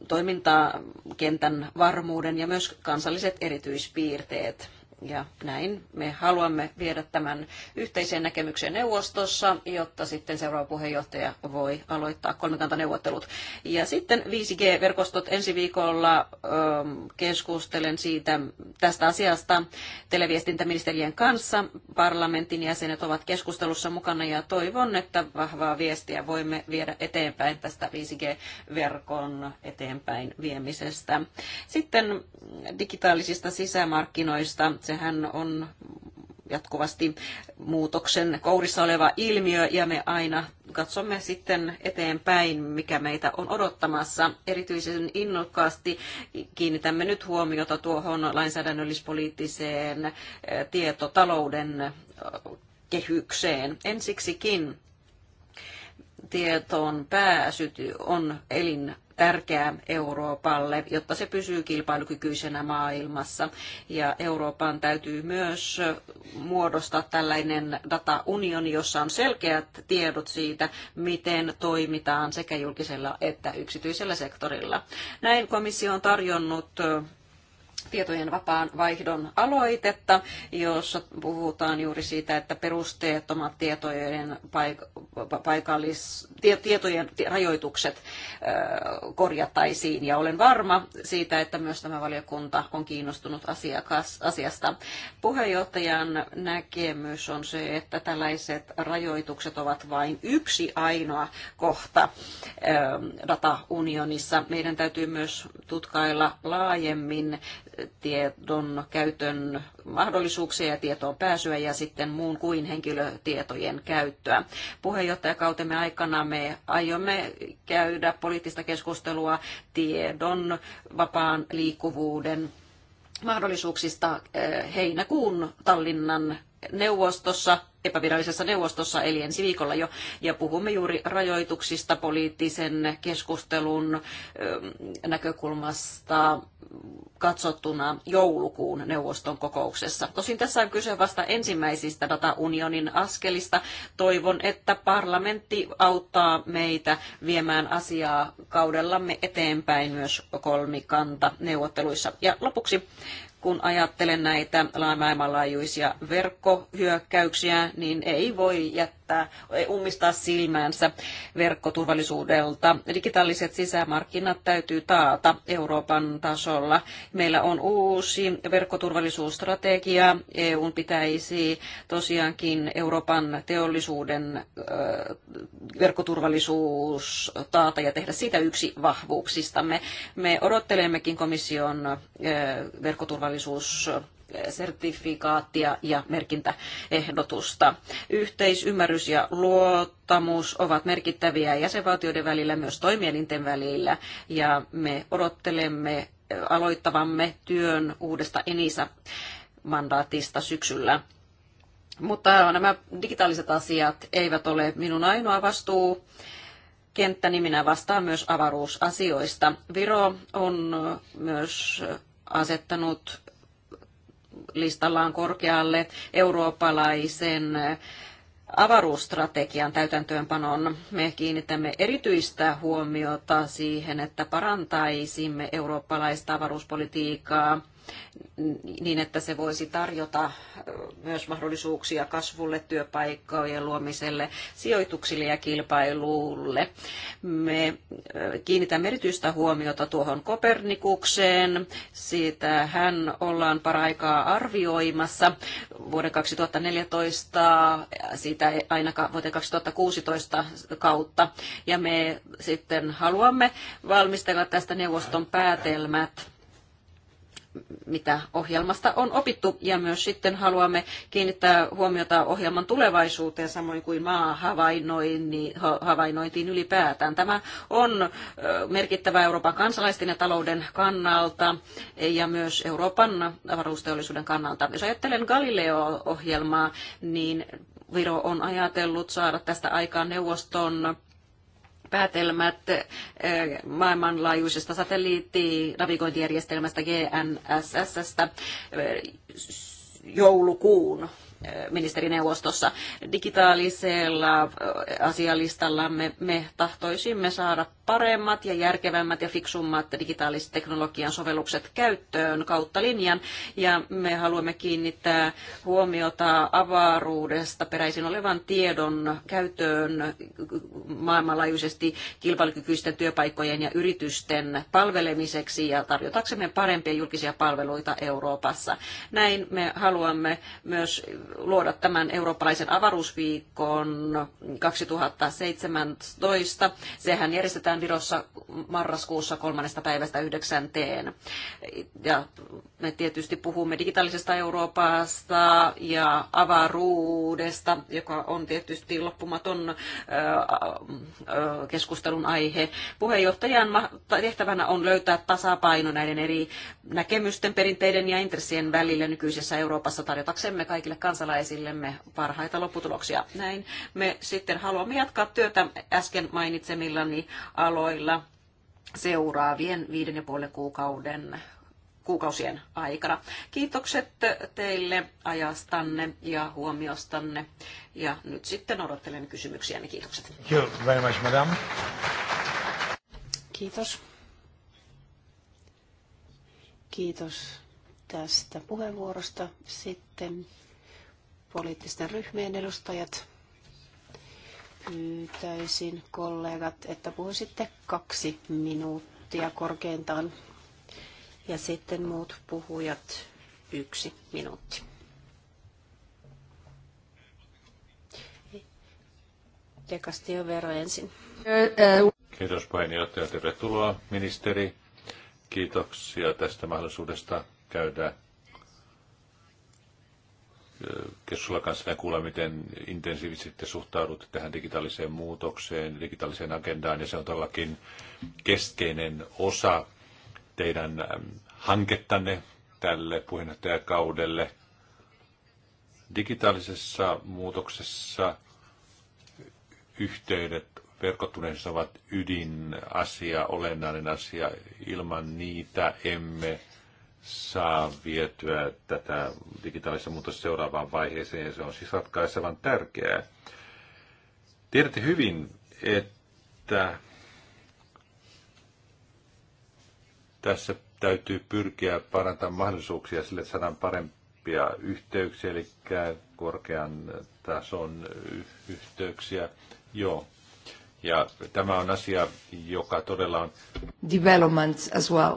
Speaker 3: toimintakentän varmuuden ja myös kansalliset erityispiirteet. Ja näin me haluamme viedä tämän yhteiseen näkemykseen neuvostossa, jotta sitten seuraava puheenjohtaja voi aloittaa kolmikantaneuvottelut. Ja sitten 5G-verkostot ensi viikolla ö, ähm, keskustelen siitä tästä asiasta televiestintäministerien kanssa. Parlamentin jäsenet ovat keskustelussa mukana ja toivon, että vahvaa viestiä voimme viedä eteenpäin tästä 5G-verkon eteenpäin viemisestä. Sitten digitaalisista sisämarkkinoista sehän on jatkuvasti muutoksen kourissa oleva ilmiö ja me aina katsomme sitten eteenpäin, mikä meitä on odottamassa. Erityisen innokkaasti kiinnitämme nyt huomiota tuohon lainsäädännöllispoliittiseen eh, tietotalouden kehykseen. Ensiksikin tietoon pääsy on elin tärkeää Euroopalle, jotta se pysyy kilpailukykyisenä maailmassa. Ja Euroopan täytyy myös muodostaa tällainen dataunioni, jossa on selkeät tiedot siitä, miten toimitaan sekä julkisella että yksityisellä sektorilla. Näin komissio on tarjonnut tietojen vapaan vaihdon aloitetta, jossa puhutaan juuri siitä, että perusteettomat tietojen, paik- paikallis- tietojen rajoitukset korjattaisiin. Ja olen varma siitä, että myös tämä valiokunta on kiinnostunut asiakas- asiasta. Puheenjohtajan näkemys on se, että tällaiset rajoitukset ovat vain yksi ainoa kohta dataunionissa. Meidän täytyy myös tutkailla laajemmin tiedon käytön mahdollisuuksia ja tietoon pääsyä ja sitten muun kuin henkilötietojen käyttöä. Puheenjohtajakautemme aikana me aiomme käydä poliittista keskustelua tiedon vapaan liikkuvuuden mahdollisuuksista eh, heinäkuun Tallinnan neuvostossa epävirallisessa neuvostossa, eli ensi viikolla jo, ja puhumme juuri rajoituksista poliittisen keskustelun näkökulmasta katsottuna joulukuun neuvoston kokouksessa. Tosin tässä on kyse vasta ensimmäisistä dataunionin askelista. Toivon, että parlamentti auttaa meitä viemään asiaa kaudellamme eteenpäin myös kolmikanta neuvotteluissa. Ja lopuksi kun ajattelen näitä maailmanlaajuisia verkkohyökkäyksiä, niin ei voi jättää, ei ummistaa silmäänsä verkkoturvallisuudelta. Digitaaliset sisämarkkinat täytyy taata Euroopan tasolla. Meillä on uusi verkkoturvallisuusstrategia. EUn pitäisi tosiaankin Euroopan teollisuuden verkkoturvallisuus taata ja tehdä siitä yksi vahvuuksistamme. Me odottelemmekin komission verkkoturvallisuus turvallisuus sertifikaattia ja merkintäehdotusta. Yhteisymmärrys ja luottamus ovat merkittäviä jäsenvaltioiden välillä, myös toimielinten välillä, ja me odottelemme aloittavamme työn uudesta ENISA-mandaatista syksyllä. Mutta nämä digitaaliset asiat eivät ole minun ainoa vastuu kenttäni minä vastaan myös avaruusasioista. Viro on myös asettanut listallaan korkealle eurooppalaisen avaruusstrategian täytäntöönpanon. Me kiinnitämme erityistä huomiota siihen, että parantaisimme eurooppalaista avaruuspolitiikkaa niin, että se voisi tarjota myös mahdollisuuksia kasvulle, työpaikkojen luomiselle, sijoituksille ja kilpailulle. Me kiinnitämme erityistä huomiota tuohon Kopernikukseen. Siitä hän ollaan paraikaa arvioimassa vuoden 2014, siitä ainakaan vuoteen 2016 kautta. Ja me sitten haluamme valmistella tästä neuvoston päätelmät mitä ohjelmasta on opittu. Ja myös sitten haluamme kiinnittää huomiota ohjelman tulevaisuuteen, samoin kuin maahavainnointiin ylipäätään. Tämä on merkittävä Euroopan kansalaisten ja talouden kannalta ja myös Euroopan avaruusteollisuuden kannalta. Jos ajattelen Galileo-ohjelmaa, niin Viro on ajatellut saada tästä aikaan neuvoston päätelmät eh, maailmanlaajuisesta satelliittinavigointijärjestelmästä GNSS eh, joulukuun ministerineuvostossa. Digitaalisella asialistallamme me tahtoisimme saada paremmat ja järkevämmät ja fiksummat digitaaliset teknologian sovellukset käyttöön kautta linjan. Ja me haluamme kiinnittää huomiota avaruudesta peräisin olevan tiedon käyttöön maailmanlaajuisesti kilpailukykyisten työpaikkojen ja yritysten palvelemiseksi ja tarjotaksemme parempia julkisia palveluita Euroopassa. Näin me haluamme myös luoda tämän eurooppalaisen avaruusviikon 2017. Sehän järjestetään Virossa marraskuussa kolmannesta päivästä yhdeksänteen. Ja me tietysti puhumme digitaalisesta Euroopasta ja avaruudesta, joka on tietysti loppumaton keskustelun aihe. Puheenjohtajan tehtävänä on löytää tasapaino näiden eri näkemysten, perinteiden ja intressien välillä nykyisessä Euroopassa tarjotaksemme kaikille kansalaisille kansalaisillemme parhaita lopputuloksia. Näin me sitten haluamme jatkaa työtä äsken mainitsemillani aloilla seuraavien viiden ja puolen kuukauden kuukausien aikana. Kiitokset teille ajastanne ja huomiostanne. Ja nyt sitten odottelen kysymyksiä. Kiitokset.
Speaker 1: Thank you very much, madam.
Speaker 3: Kiitos.
Speaker 2: Kiitos tästä puheenvuorosta. Sitten poliittisten ryhmien edustajat. Pyytäisin kollegat, että puhuisitte kaksi minuuttia korkeintaan ja sitten muut puhujat yksi minuutti. Dekastio Vero ensin.
Speaker 1: Kiitos puheenjohtaja. Tervetuloa ministeri. Kiitoksia tästä mahdollisuudesta käydä keskustella kanssa ja kuulla, miten intensiivisesti suhtaudut tähän digitaaliseen muutokseen, digitaaliseen agendaan, ja se on todellakin keskeinen osa teidän hankettanne tälle puheenjohtajakaudelle. Digitaalisessa muutoksessa yhteydet verkottuneissa ovat ydinasia, olennainen asia. Ilman niitä emme saa vietyä tätä digitaalista muutosta seuraavaan vaiheeseen, ja se on siis ratkaisevan tärkeää. Tiedätte hyvin, että tässä täytyy pyrkiä parantamaan mahdollisuuksia sille, että saadaan parempia yhteyksiä, eli korkean tason yhteyksiä. Joo. Ja tämä on asia, joka todella on...
Speaker 2: Developments as well.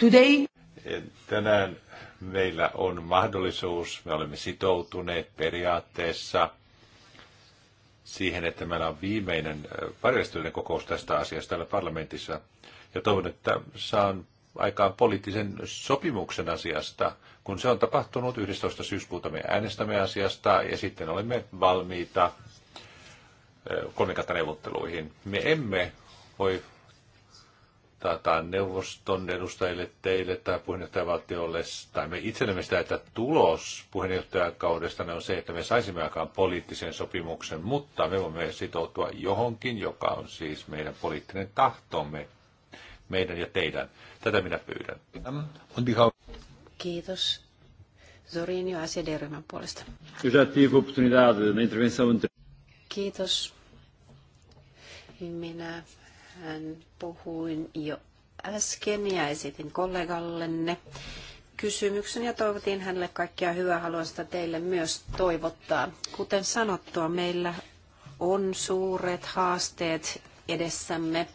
Speaker 1: Today Eh, tänään meillä on mahdollisuus, me olemme sitoutuneet periaatteessa siihen, että meillä on viimeinen eh, varjoistuinen kokous tästä asiasta täällä parlamentissa. Ja toivon, että saan aikaan poliittisen sopimuksen asiasta. Kun se on tapahtunut 11. syyskuuta, me äänestämme asiasta ja sitten olemme valmiita eh, kolmikantaneuvotteluihin. Me emme voi taataan neuvoston edustajille, teille tai puheenjohtajavaltiolle, tai me itsellemme sitä, että tulos puheenjohtajakaudesta on se, että me saisimme aikaan poliittisen sopimuksen, mutta me voimme sitoutua johonkin, joka on siis meidän poliittinen tahtomme, meidän ja teidän. Tätä minä pyydän.
Speaker 2: Kiitos. Zorinio asiaryhmän puolesta. Kiitos. Minä hän puhuin jo äsken ja esitin kollegallenne kysymyksen ja toivotin hänelle kaikkea hyvää. Haluan sitä teille myös toivottaa. Kuten sanottua, meillä on suuret haasteet edessämme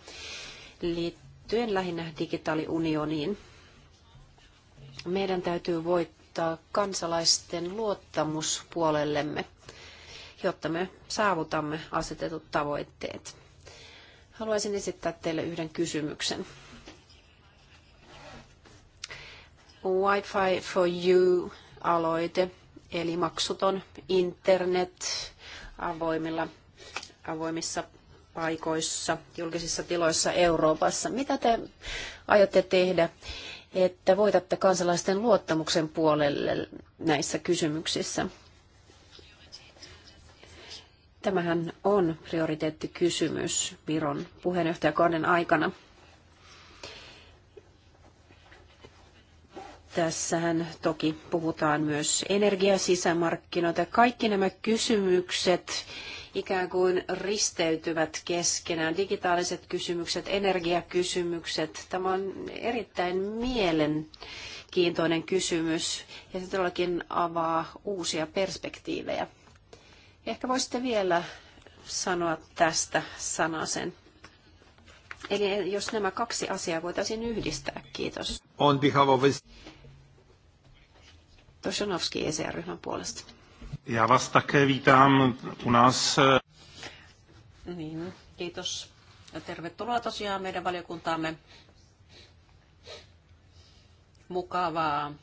Speaker 2: liittyen lähinnä digitaaliunioniin. Meidän täytyy voittaa kansalaisten luottamus puolellemme, jotta me saavutamme asetetut tavoitteet. Haluaisin esittää teille yhden kysymyksen. Wi-Fi for You-aloite, eli maksuton internet avoimilla, avoimissa paikoissa, julkisissa tiloissa Euroopassa. Mitä te aiotte tehdä, että voitatte kansalaisten luottamuksen puolelle näissä kysymyksissä? Tämähän on prioriteettikysymys Viron puheenjohtajakauden aikana. Tässähän toki puhutaan myös energiasisämarkkinoita. Kaikki nämä kysymykset ikään kuin risteytyvät keskenään. Digitaaliset kysymykset, energiakysymykset. Tämä on erittäin mielenkiintoinen kysymys ja se todellakin avaa uusia perspektiivejä. Ehkä voisitte vielä sanoa tästä sanasen. Eli jos nämä kaksi asiaa voitaisiin yhdistää, kiitos.
Speaker 1: On behalf of
Speaker 2: Toshanovski ECR-ryhmän
Speaker 1: puolesta. Ja vasta také unas...
Speaker 3: Niin, kiitos. Ja tervetuloa tosiaan meidän valiokuntaamme. Mukavaa,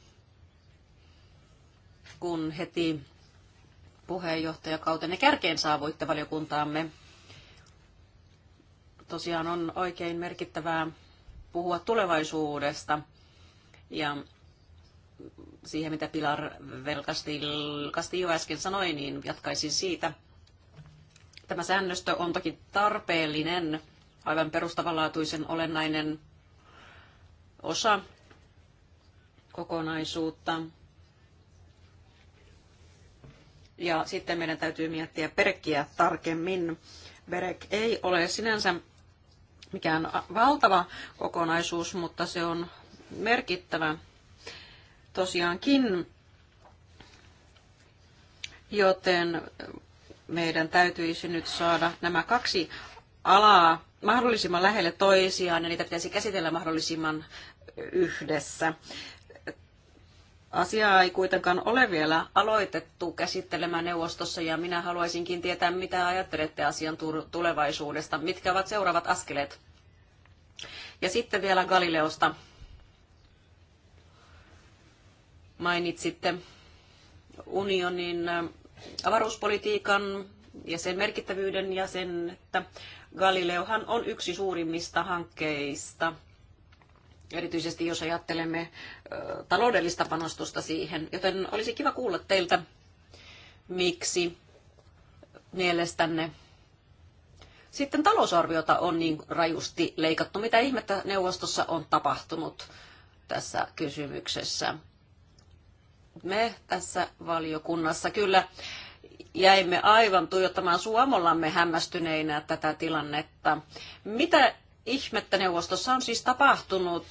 Speaker 3: kun heti puheenjohtajakautenne kärkeen saavuitte valiokuntaamme. Tosiaan on oikein merkittävää puhua tulevaisuudesta ja siihen, mitä Pilar jo äsken sanoi, niin jatkaisin siitä. Tämä säännöstö on toki tarpeellinen, aivan perustavanlaatuisen olennainen osa kokonaisuutta ja sitten meidän täytyy miettiä Berekkiä tarkemmin. Berek ei ole sinänsä mikään valtava kokonaisuus, mutta se on merkittävä tosiaankin. Joten meidän täytyisi nyt saada nämä kaksi alaa mahdollisimman lähelle toisiaan ja niitä pitäisi käsitellä mahdollisimman yhdessä. Asiaa ei kuitenkaan ole vielä aloitettu käsittelemään neuvostossa ja minä haluaisinkin tietää, mitä ajattelette asian tulevaisuudesta, mitkä ovat seuraavat askeleet. Ja sitten vielä Galileosta. Mainitsitte unionin äh, avaruuspolitiikan ja sen merkittävyyden ja sen, että Galileohan on yksi suurimmista hankkeista – erityisesti jos ajattelemme taloudellista panostusta siihen. Joten olisi kiva kuulla teiltä, miksi mielestänne sitten talousarviota on niin rajusti leikattu. Mitä ihmettä neuvostossa on tapahtunut tässä kysymyksessä? Me tässä valiokunnassa kyllä jäimme aivan tuijottamaan suomollamme hämmästyneinä tätä tilannetta. Mitä ihmettä neuvostossa on siis tapahtunut,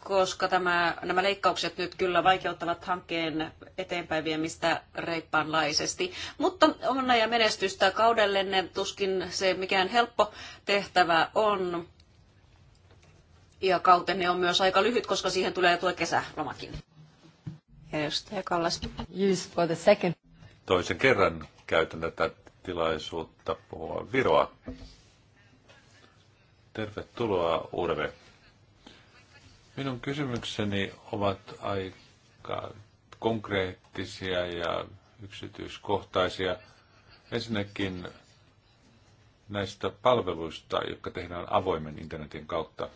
Speaker 3: koska tämä, nämä leikkaukset nyt kyllä vaikeuttavat hankkeen eteenpäin viemistä reippaanlaisesti. Mutta onnea ja menestystä kaudellenne, tuskin se mikään helppo tehtävä on. Ja kautenne on myös aika lyhyt, koska siihen tulee tuo kesälomakin.
Speaker 2: Edustaja Kallas. Use for the second.
Speaker 1: Toisen kerran käytän tätä tilaisuutta puhua Viroa. Tervetuloa uudelleen. Minun kysymykseni ovat aika konkreettisia ja yksityiskohtaisia. Ensinnäkin näistä palveluista, jotka tehdään avoimen internetin kautta.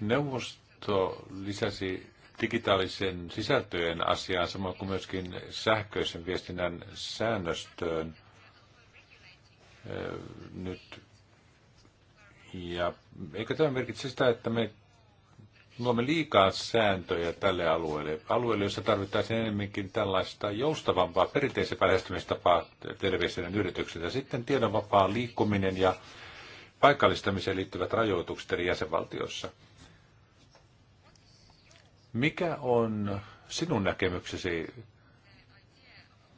Speaker 1: Neuvosto lisäsi digitaalisen sisältöjen asiaan, samoin kuin myöskin sähköisen viestinnän säännöstöön nyt. Ja eikö tämä merkitse sitä, että me luomme liikaa sääntöjä tälle alueelle, alueelle, jossa tarvittaisiin enemmänkin tällaista joustavampaa, perinteisempää lähestymistapaa televisioiden ja Sitten tiedonvapaa liikkuminen ja paikallistamiseen liittyvät rajoitukset eri jäsenvaltioissa. Mikä on sinun näkemyksesi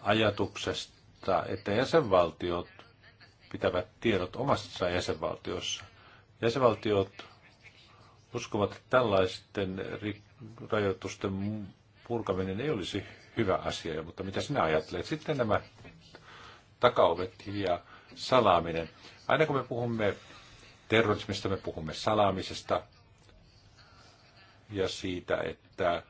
Speaker 1: ajatuksesta, että jäsenvaltiot pitävät tiedot omassa jäsenvaltiossa. Jäsenvaltiot uskovat, että tällaisten rajoitusten purkaminen ei olisi hyvä asia, mutta mitä sinä ajattelet? Sitten nämä takaovet ja salaaminen. Aina kun me puhumme terrorismista, me puhumme salaamisesta ja siitä, että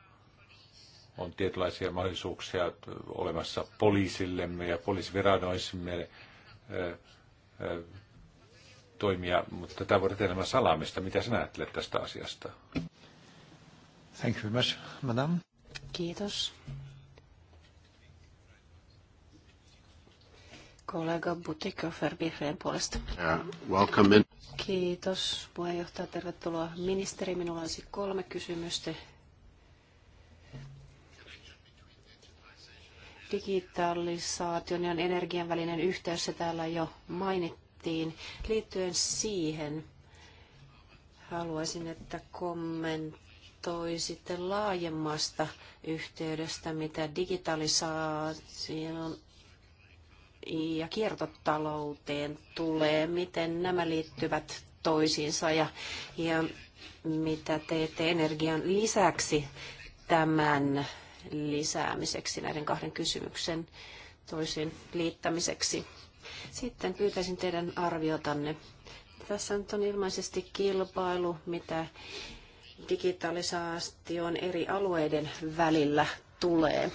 Speaker 1: on tietynlaisia mahdollisuuksia olemassa poliisillemme ja poliisiviranoisimme toimia, mutta tämä voidaan tehdä salaamista. Mitä sinä ajattelet tästä asiasta? Thank you very much, madam. Kiitos.
Speaker 2: kollega Butikko Ferbihreen puolesta. welcome in. Kiitos puheenjohtaja, tervetuloa ministeri. Minulla olisi kolme kysymystä. digitalisaation ja energian välinen yhteys, se täällä jo mainittiin. Liittyen siihen haluaisin, että kommentoisitte laajemmasta yhteydestä, mitä digitalisaation ja kiertotalouteen tulee, miten nämä liittyvät toisiinsa ja, ja mitä teette energian lisäksi tämän lisäämiseksi, näiden kahden kysymyksen toisiin liittämiseksi. Sitten pyytäisin teidän arviotanne. Tässä nyt on ilmeisesti kilpailu, mitä digitalisaation eri alueiden välillä tulee.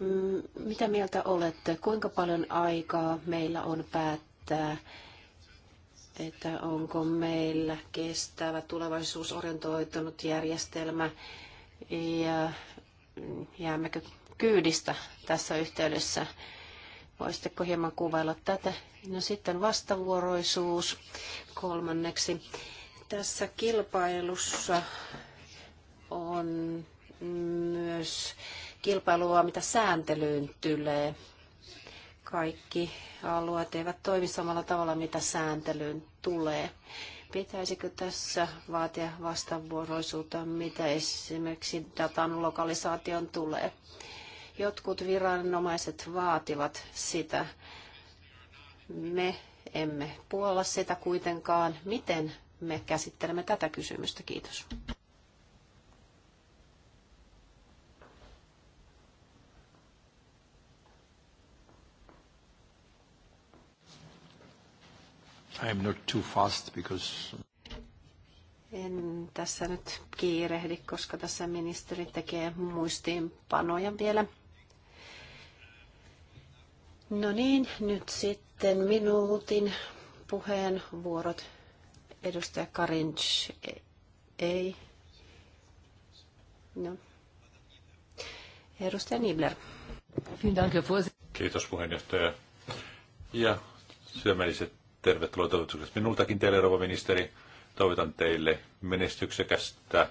Speaker 2: Mm, mitä mieltä olette? Kuinka paljon aikaa meillä on päättää, että onko meillä kestävä tulevaisuusorientoitunut järjestelmä ja jäämmekö kyydistä tässä yhteydessä. Voisitteko hieman kuvailla tätä? No sitten vastavuoroisuus kolmanneksi. Tässä kilpailussa on myös kilpailua, mitä sääntelyyn tulee. Kaikki alueet eivät toimi samalla tavalla, mitä sääntelyyn tulee. Pitäisikö tässä vaatia vastavuoroisuutta, mitä esimerkiksi datan lokalisaation tulee? Jotkut viranomaiset vaativat sitä. Me emme puolla sitä kuitenkaan. Miten me käsittelemme tätä kysymystä? Kiitos.
Speaker 1: I'm not too fast because...
Speaker 2: En tässä nyt kiirehdi, koska tässä ministeri tekee muistiinpanoja vielä. No niin, nyt sitten minuutin puheenvuorot. Edustaja Karinch, e- ei. No. Edustaja Nibler.
Speaker 1: Kiitos puheenjohtaja. Ja syömäliset tervetuloa toivotukset minultakin teille, rouva ministeri. Toivotan teille menestyksekästä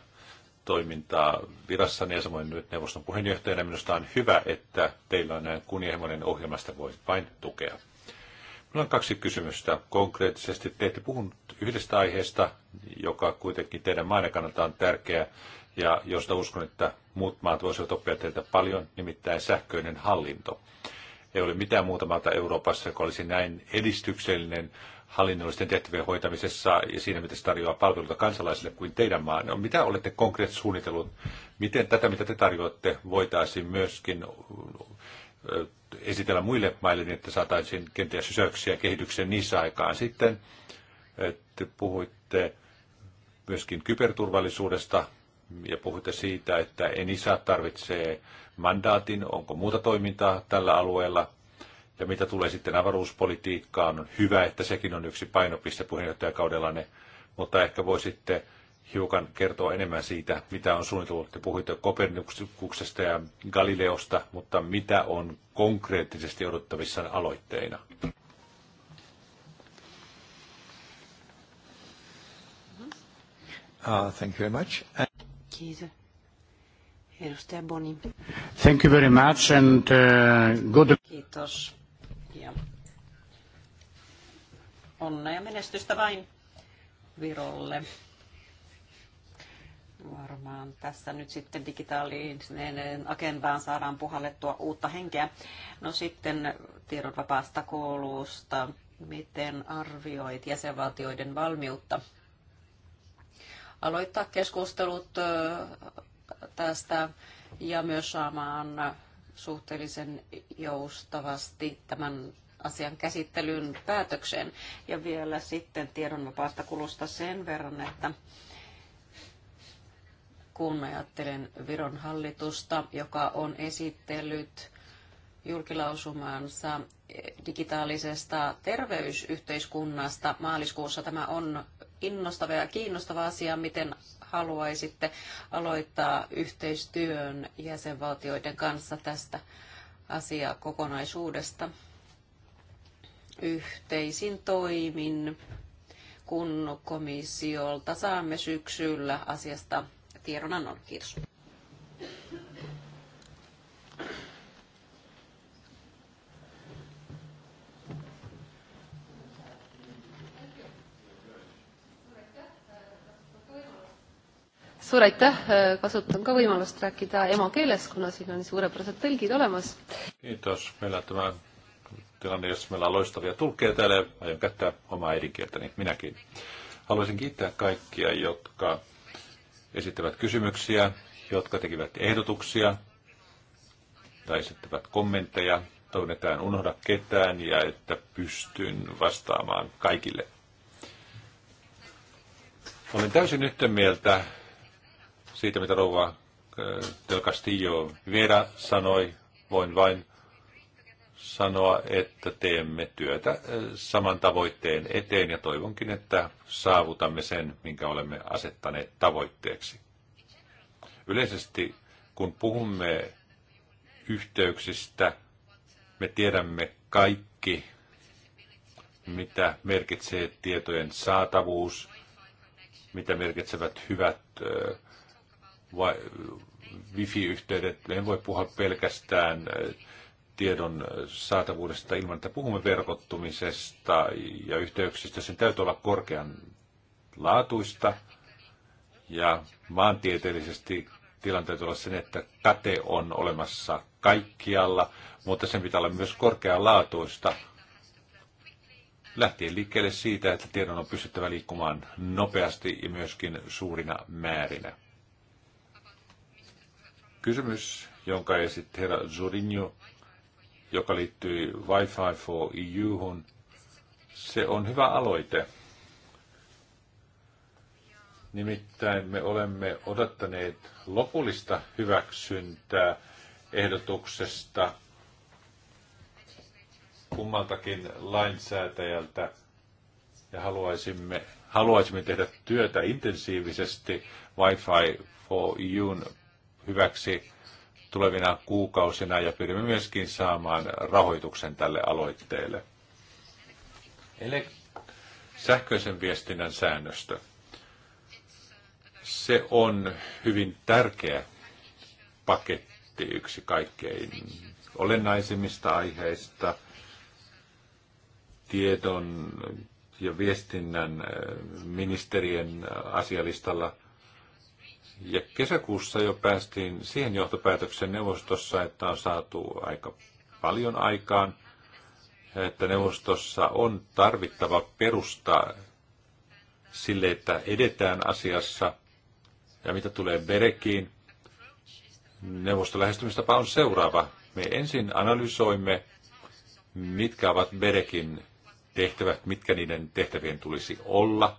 Speaker 1: toimintaa virassani ja samoin nyt neuvoston puheenjohtajana. Minusta on hyvä, että teillä on näin kunnianhimoinen ohjelmasta voi vain tukea. Minulla on kaksi kysymystä konkreettisesti. Te ette puhunut yhdestä aiheesta, joka kuitenkin teidän maanne kannalta on tärkeä ja josta uskon, että muut maat voisivat oppia teiltä paljon, nimittäin sähköinen hallinto. Ei ole mitään muuta maata Euroopassa, joka olisi näin edistyksellinen hallinnollisten tehtävien hoitamisessa ja siinä, miten se tarjoaa palveluita kansalaisille kuin teidän maan. No, mitä olette konkreettisesti suunnitellut? Miten tätä, mitä te tarjoatte, voitaisiin myöskin esitellä muille maille, niin että saataisiin kenties sysäyksiä kehitykseen niissä aikaan. Sitten te puhuitte myöskin kyberturvallisuudesta ja puhuitte siitä, että Enisa tarvitsee mandaatin, onko muuta toimintaa tällä alueella. Ja mitä tulee sitten avaruuspolitiikkaan, on hyvä, että sekin on yksi painopiste puheenjohtajakaudellanne, mutta ehkä sitten hiukan kertoa enemmän siitä, mitä on suunniteltu. Te puhuitte Kopernikuksesta ja Galileosta, mutta mitä on konkreettisesti odottavissa aloitteina? Uh, thank you very much. Kiitos.
Speaker 3: Edustaja Boni.
Speaker 2: Thank you very much and uh, good...
Speaker 3: Kiitos. Ja onnea menestystä vain Virolle. Varmaan tässä nyt sitten digitaalinen agendaan saadaan puhallettua uutta henkeä. No sitten tiedot vapaasta koulusta. Miten arvioit jäsenvaltioiden valmiutta aloittaa keskustelut tästä ja myös saamaan suhteellisen joustavasti tämän asian käsittelyn päätökseen. Ja vielä sitten tiedonvapaasta kulusta sen verran, että kun ajattelen Viron hallitusta, joka on esitellyt julkilausumansa digitaalisesta terveysyhteiskunnasta maaliskuussa. Tämä on innostava ja kiinnostava asia, miten haluaisitte aloittaa yhteistyön jäsenvaltioiden kanssa tästä asiakokonaisuudesta yhteisin toimin, kun komissiolta saamme syksyllä asiasta tiedonannon. Kiitos.
Speaker 2: suur aitäh, äh, kasutan ka võimalust rääkida emakeeles, kuna siin on suurepärased tõlgid olemas.
Speaker 1: kiitos, meillä tämä tilanne, jos meillä on loistavia tulkkeja täällä, oma käyttää omaa äidinkieltäni, minäkin. Haluaisin kiittää kaikkia, jotka esittävät kysymyksiä, jotka tekivät ehdotuksia tai esitavad kommentteja. Toivon, että en unohda ketään ja että pystyn vastaamaan kaikille. Olen täysin ühte mieltä siitä, mitä rouva Del Castillo Vera sanoi. Voin vain sanoa, että teemme työtä saman tavoitteen eteen ja toivonkin, että saavutamme sen, minkä olemme asettaneet tavoitteeksi. Yleisesti, kun puhumme yhteyksistä, me tiedämme kaikki, mitä merkitsee tietojen saatavuus, mitä merkitsevät hyvät ö, wifi-yhteydet. En voi puhua pelkästään äh, tiedon äh, saatavuudesta ilman, että puhumme verkottumisesta ja yhteyksistä. Sen täytyy olla korkean laatuista ja maantieteellisesti tilanteet täytyy olla sen, että kate on olemassa kaikkialla, mutta sen pitää olla myös korkealaatuista lähtien liikkeelle siitä, että tiedon on pystyttävä liikkumaan nopeasti ja myöskin suurina määrinä. Kysymys, jonka esitti herra Zorinjo, joka liittyy Wi-Fi for EU-hun, se on hyvä aloite. Nimittäin me olemme odottaneet lopullista hyväksyntää ehdotuksesta kummaltakin lainsäätäjältä ja haluaisimme, haluaisimme tehdä työtä intensiivisesti Wi-Fi for EUn hyväksi tulevina kuukausina ja pyrimme myöskin saamaan rahoituksen tälle aloitteelle. Eli sähköisen viestinnän säännöstö. Se on hyvin tärkeä paketti, yksi kaikkein olennaisimmista aiheista tiedon ja viestinnän äh, ministerien asialistalla – ja kesäkuussa jo päästiin siihen johtopäätöksen neuvostossa, että on saatu aika paljon aikaan, että neuvostossa on tarvittava perusta sille, että edetään asiassa. Ja mitä tulee Berekiin, neuvoston lähestymistapa on seuraava. Me ensin analysoimme, mitkä ovat Berekin tehtävät, mitkä niiden tehtävien tulisi olla.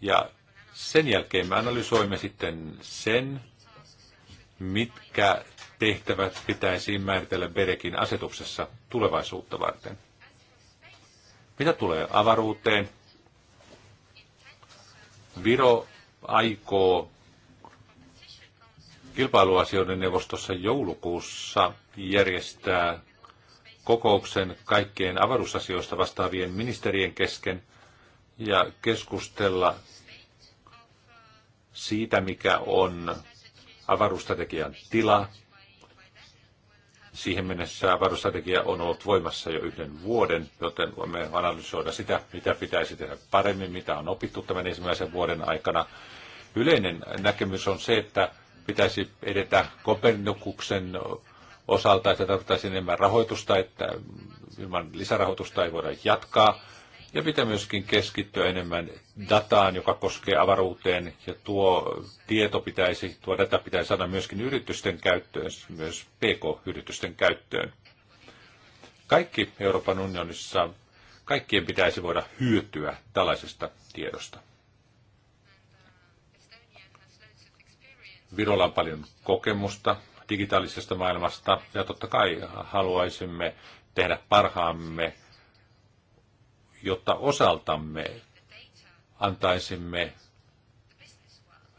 Speaker 1: Ja sen jälkeen me analysoimme sitten sen, mitkä tehtävät pitäisi määritellä Berekin asetuksessa tulevaisuutta varten. Mitä tulee avaruuteen? Viro aikoo kilpailuasioiden neuvostossa joulukuussa järjestää kokouksen kaikkien avaruusasioista vastaavien ministerien kesken ja keskustella siitä, mikä on avaruustrategian tila. Siihen mennessä avaruustrategia on ollut voimassa jo yhden vuoden, joten voimme analysoida sitä, mitä pitäisi tehdä paremmin, mitä on opittu tämän ensimmäisen vuoden aikana. Yleinen näkemys on se, että pitäisi edetä Kopernikuksen osalta, että tarvittaisiin enemmän rahoitusta, että ilman lisärahoitusta ei voida jatkaa. Ja pitää myöskin keskittyä enemmän dataan, joka koskee avaruuteen, ja tuo tieto pitäisi, tuo data pitäisi saada myöskin yritysten käyttöön, myös PK-yritysten käyttöön. Kaikki Euroopan unionissa, kaikkien pitäisi voida hyötyä tällaisesta tiedosta. Virolla on paljon kokemusta digitaalisesta maailmasta, ja totta kai haluaisimme tehdä parhaamme jotta osaltamme antaisimme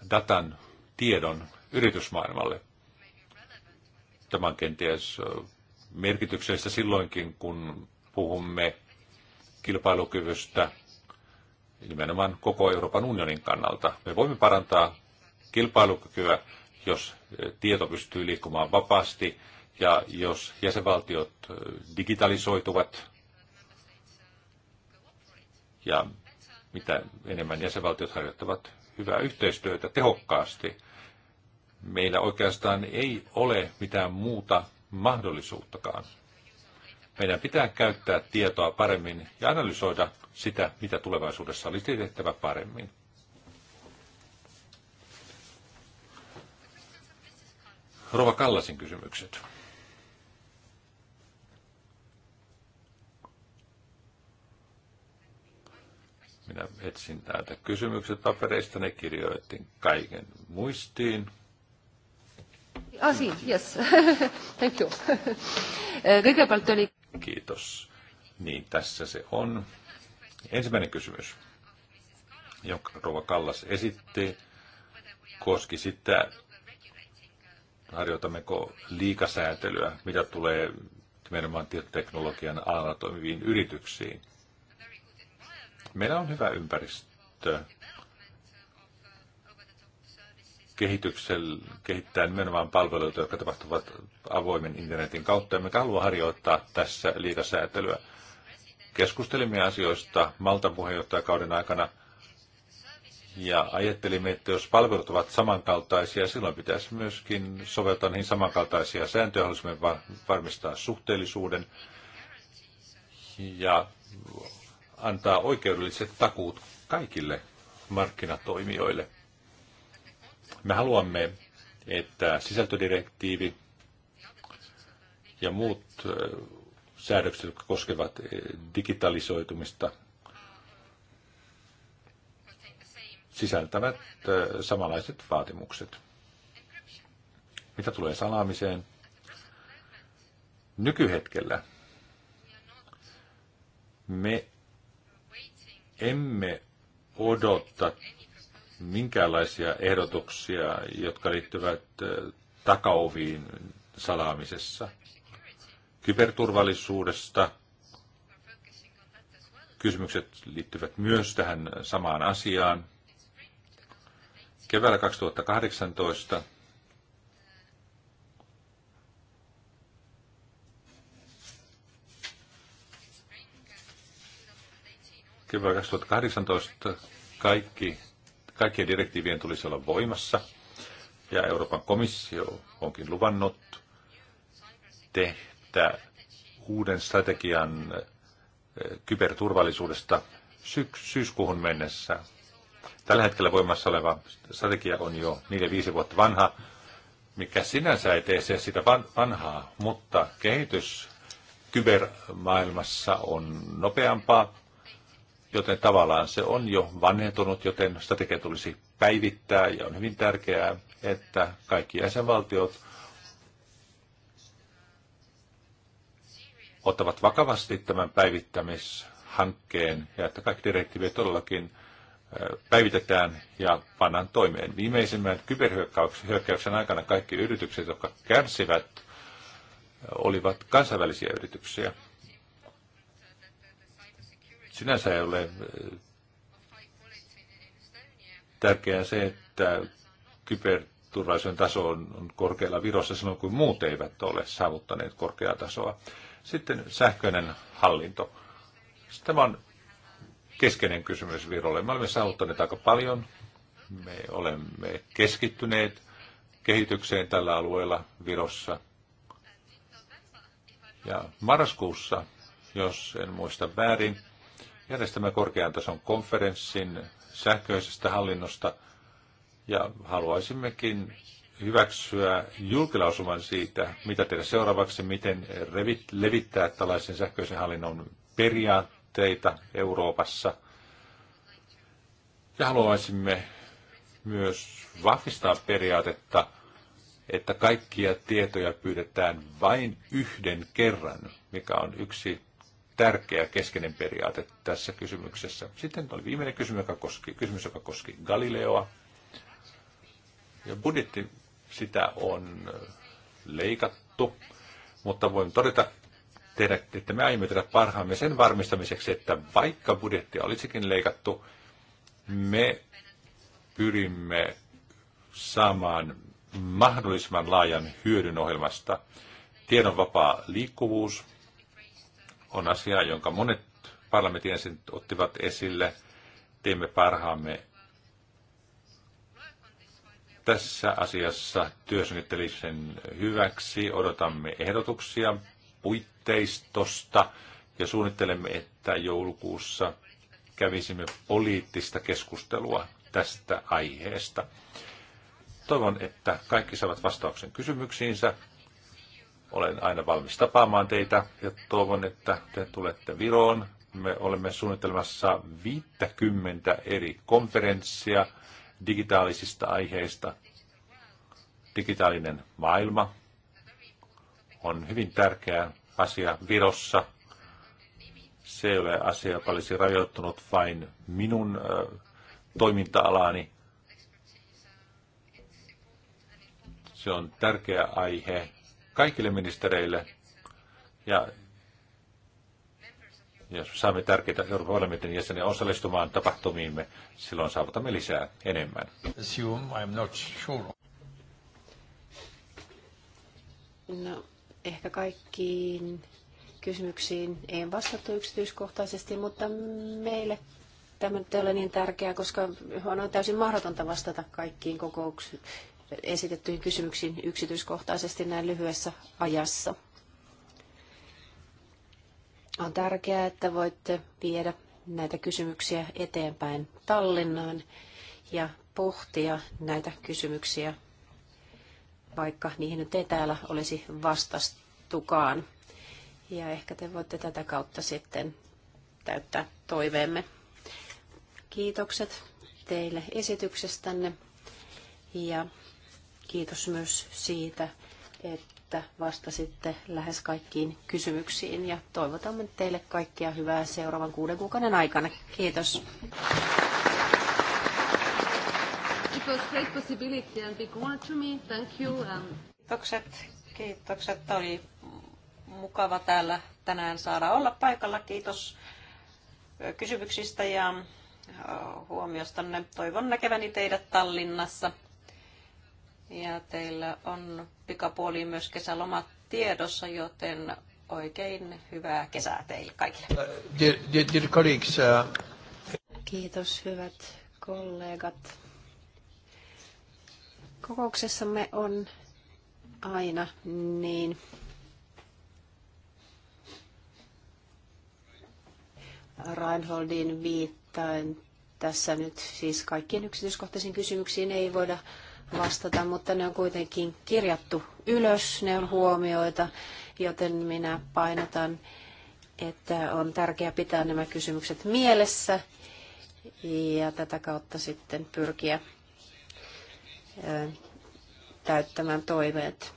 Speaker 1: datan tiedon yritysmaailmalle. Tämä on kenties merkityksellistä silloinkin, kun puhumme kilpailukyvystä nimenomaan koko Euroopan unionin kannalta. Me voimme parantaa kilpailukykyä, jos tieto pystyy liikkumaan vapaasti ja jos jäsenvaltiot digitalisoituvat ja mitä enemmän jäsenvaltiot harjoittavat hyvää yhteistyötä tehokkaasti, meillä oikeastaan ei ole mitään muuta mahdollisuuttakaan. Meidän pitää käyttää tietoa paremmin ja analysoida sitä, mitä tulevaisuudessa olisi tehtävä paremmin. Rova Kallasin kysymykset. Minä etsin täältä kysymykset papereista, ne kirjoitin kaiken muistiin.
Speaker 2: Ah, yes. Thank you. Eh, kõigepealt oli...
Speaker 1: Kiitos. Niin, tässä se on. Ensimmäinen kysymys, jonka Rova Kallas esitti, koski sitä, harjoitammeko liikasääntelyä, mitä tulee nimenomaan tietoteknologian alalla toimiviin yrityksiin – Meillä on hyvä ympäristö kehittää nimenomaan palveluita, jotka tapahtuvat avoimen internetin kautta, me haluamme harjoittaa tässä liikasäätelyä. Keskustelimme asioista Maltan puheenjohtajakauden aikana ja ajattelimme, että jos palvelut ovat samankaltaisia, silloin pitäisi myöskin soveltaa niihin samankaltaisia sääntöjä. Haluaisimme varmistaa suhteellisuuden ja antaa oikeudelliset takuut kaikille markkinatoimijoille. Me haluamme, että sisältödirektiivi ja muut säädökset, jotka koskevat digitalisoitumista, sisältävät samanlaiset vaatimukset. Mitä tulee salaamiseen? Nykyhetkellä me emme odota minkäänlaisia ehdotuksia, jotka liittyvät takaoviin salaamisessa. Kyberturvallisuudesta kysymykset liittyvät myös tähän samaan asiaan. Keväällä 2018 2018 kaikki, kaikkien direktiivien tulisi olla voimassa, ja Euroopan komissio onkin luvannut tehdä uuden strategian eh, kyberturvallisuudesta syks- syyskuuhun mennessä. Tällä hetkellä voimassa oleva strategia on jo 4-5 vuotta vanha, mikä sinänsä ei tee se sitä vanhaa, mutta kehitys kybermaailmassa on nopeampaa joten tavallaan se on jo vanhentunut, joten strategia tulisi päivittää ja on hyvin tärkeää, että kaikki jäsenvaltiot ottavat vakavasti tämän päivittämishankkeen ja että kaikki direktiivit todellakin päivitetään ja pannaan toimeen. Viimeisimmän kyberhyökkäyksen aikana kaikki yritykset, jotka kärsivät, olivat kansainvälisiä yrityksiä sinänsä ei ole äh, tärkeää se, että kyberturvallisuuden taso on korkealla virossa silloin, kun muut eivät ole saavuttaneet korkeaa tasoa. Sitten sähköinen hallinto. Tämä on keskeinen kysymys Virolle. Me olemme saavuttaneet aika paljon. Me olemme keskittyneet kehitykseen tällä alueella Virossa. Ja marraskuussa, jos en muista väärin, järjestämä korkean tason konferenssin sähköisestä hallinnosta ja haluaisimmekin hyväksyä julkilausuman siitä, mitä tehdä seuraavaksi, miten revit, levittää tällaisen sähköisen hallinnon periaatteita Euroopassa. Ja haluaisimme myös vahvistaa periaatetta, että kaikkia tietoja pyydetään vain yhden kerran, mikä on yksi tärkeä keskeinen periaate tässä kysymyksessä. Sitten oli viimeinen kysymys, joka koski, kysymys, joka koski Galileoa. Ja budjetti sitä on äh, leikattu, mutta voin todeta, tehdä, että me aiemme tehdä parhaamme sen varmistamiseksi, että vaikka budjetti olisikin leikattu, me pyrimme saamaan mahdollisimman laajan hyödyn ohjelmasta. Tiedon vapaa liikkuvuus, on asia, jonka monet parlamentin jäsenet ottivat esille. Teemme parhaamme tässä asiassa työsuunnittelisen hyväksi. Odotamme ehdotuksia puitteistosta ja suunnittelemme, että joulukuussa kävisimme poliittista keskustelua tästä aiheesta. Toivon, että kaikki saavat vastauksen kysymyksiinsä. Olen aina valmis tapaamaan teitä ja toivon, että te tulette Viroon. Me olemme suunnitelmassa 50 eri konferenssia digitaalisista aiheista. Digitaalinen maailma on hyvin tärkeä asia Virossa. Se ei ole asia, joka olisi rajoittunut vain minun toiminta-alaani. Se on tärkeä aihe kaikille ministereille ja, ja saamme tärkeitä Euroopan parlamentin jäseniä osallistumaan tapahtumiimme, silloin saavutamme lisää enemmän.
Speaker 2: No, ehkä kaikkiin kysymyksiin ei vastattu yksityiskohtaisesti, mutta meille tämä ei ole niin tärkeää, koska on täysin mahdotonta vastata kaikkiin kokouksiin esitettyihin kysymyksiin yksityiskohtaisesti näin lyhyessä ajassa. On tärkeää, että voitte viedä näitä kysymyksiä eteenpäin Tallinnaan ja pohtia näitä kysymyksiä, vaikka niihin nyt ei täällä olisi vastastukaan. Ja ehkä te voitte tätä kautta sitten täyttää toiveemme. Kiitokset teille esityksestänne ja kiitos myös siitä, että vastasitte lähes kaikkiin kysymyksiin ja toivotamme teille kaikkia hyvää seuraavan kuuden kuukauden aikana. Kiitos. It was great possibility and big honor to me. Thank you. Um,
Speaker 3: Kiitokset. Kiitokset. Oli mukava täällä tänään saada olla paikalla. Kiitos kysymyksistä ja huomiostanne. Toivon näkeväni teidät Tallinnassa ja teillä on pikapuoliin myös kesälomat tiedossa, joten oikein hyvää kesää teille kaikille.
Speaker 1: Uh, uh,
Speaker 3: Kiitos hyvät
Speaker 2: kollegat. Kokouksessamme on aina niin. Reinholdin viittain tässä nyt siis kaikkien yksityiskohtaisiin kysymyksiin ei voida vastata, mutta ne on kuitenkin kirjattu ylös, ne on huomioita, joten minä painotan, että on tärkeää pitää nämä kysymykset mielessä ja tätä kautta sitten pyrkiä täyttämään toiveet.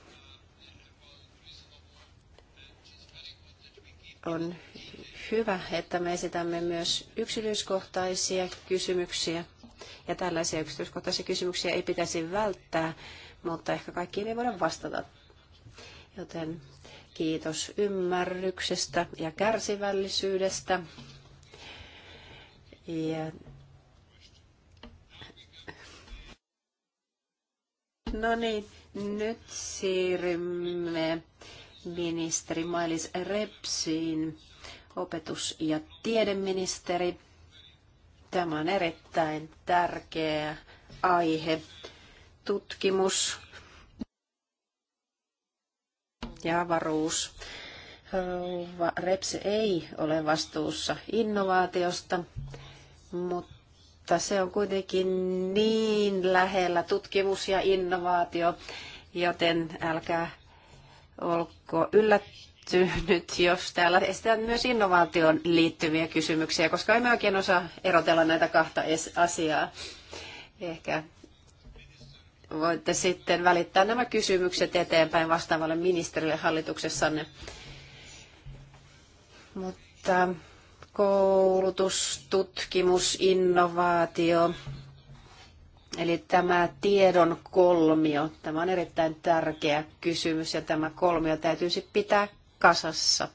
Speaker 2: On hyvä, että me esitämme myös yksityiskohtaisia kysymyksiä ja tällaisia yksityiskohtaisia kysymyksiä ei pitäisi välttää, mutta ehkä kaikkiin ei voida vastata. Joten kiitos ymmärryksestä ja kärsivällisyydestä. Ja No niin, nyt siirrymme ministeri Mailis Repsiin, opetus- ja tiedeministeri. Tämä on erittäin tärkeä aihe. Tutkimus ja avaruus. Repse ei ole vastuussa innovaatiosta, mutta se on kuitenkin niin lähellä tutkimus ja innovaatio, joten älkää olko yllättyneitä nyt, jos täällä estetään myös innovaatioon liittyviä kysymyksiä, koska emme oikein osaa erotella näitä kahta asiaa. Ehkä voitte sitten välittää nämä kysymykset eteenpäin vastaavalle ministerille hallituksessanne. Mutta koulutus, tutkimus, innovaatio, Eli tämä tiedon kolmio, tämä on erittäin tärkeä kysymys ja tämä kolmio täytyisi pitää kasassa.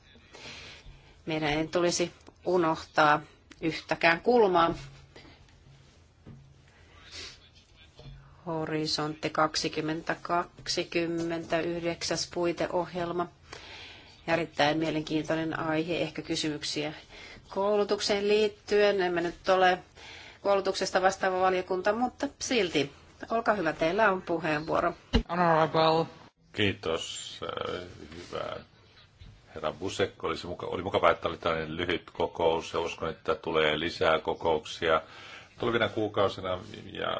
Speaker 2: Meidän ei tulisi unohtaa yhtäkään kulmaa. Horisontti 2020, yhdeksäs puiteohjelma. Erittäin mielenkiintoinen aihe, ehkä kysymyksiä koulutukseen liittyen. Emme nyt ole koulutuksesta vastaava valiokunta, mutta silti. Olkaa hyvä, teillä on puheenvuoro.
Speaker 1: Honorable. Kiitos, äh, hyvää herra Busek. Oli, muka, oli mukava, että oli tällainen lyhyt kokous ja uskon, että tulee lisää kokouksia tulevina kuukausina ja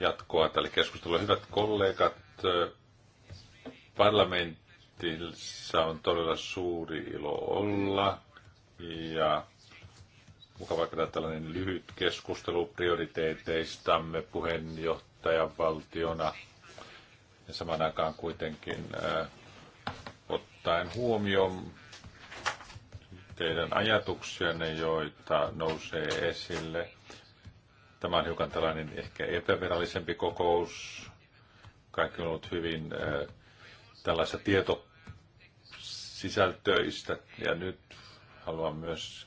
Speaker 1: jatkoa tälle keskustelulle. Hyvät kollegat, parlamentissa on todella suuri ilo olla ja mukava käydä tällainen lyhyt keskustelu prioriteeteistamme valtiona ja samaan aikaan kuitenkin äh, ottaen huomioon teidän ajatuksianne, joita nousee esille. Tämä on hiukan tällainen ehkä epävirallisempi kokous. Kaikki on ollut hyvin tällaisessa äh, tällaista tietosisältöistä. Ja nyt haluan myös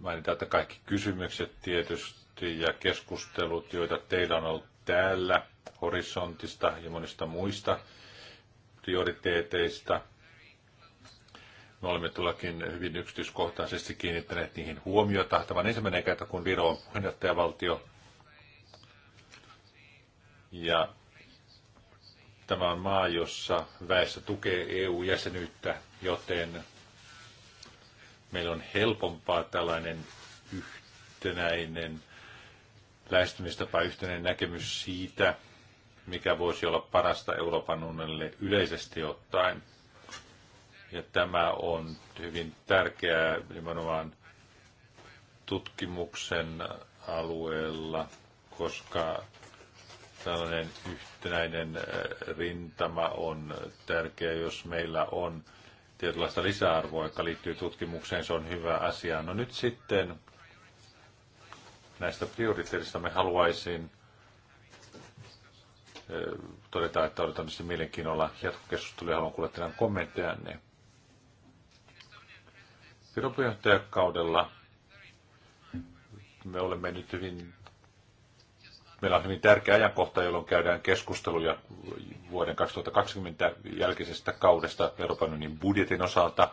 Speaker 1: mainita, että kaikki kysymykset tietysti ja keskustelut, joita teillä on ollut täällä horisontista ja monista muista prioriteeteista. Me olemme tullakin hyvin yksityiskohtaisesti kiinnittäneet niihin huomiota. Tämä on ensimmäinen kerta, kun Viro on puheenjohtajavaltio. Ja tämä on maa, jossa väestö tukee EU-jäsenyyttä, joten meillä on helpompaa tällainen yhtenäinen lähestymistapa, yhtenäinen näkemys siitä, mikä voisi olla parasta Euroopan unionille yleisesti ottaen. Ja tämä on hyvin tärkeää nimenomaan tutkimuksen alueella, koska tällainen yhtenäinen äh, rintama on tärkeä, jos meillä on tietynlaista lisäarvoa, joka liittyy tutkimukseen, se on hyvä asia. No nyt sitten näistä prioriteetista me haluaisin Todetaan että odotan tietysti mielenkiinnolla jatkokeskustelua ja haluan kuulla teidän kommenttejanne. Viropuheenjohtajakaudella me olemme nyt hyvin, meillä on hyvin tärkeä ajankohta, jolloin käydään keskusteluja vuoden 2020 jälkeisestä kaudesta Euroopan unionin budjetin osalta.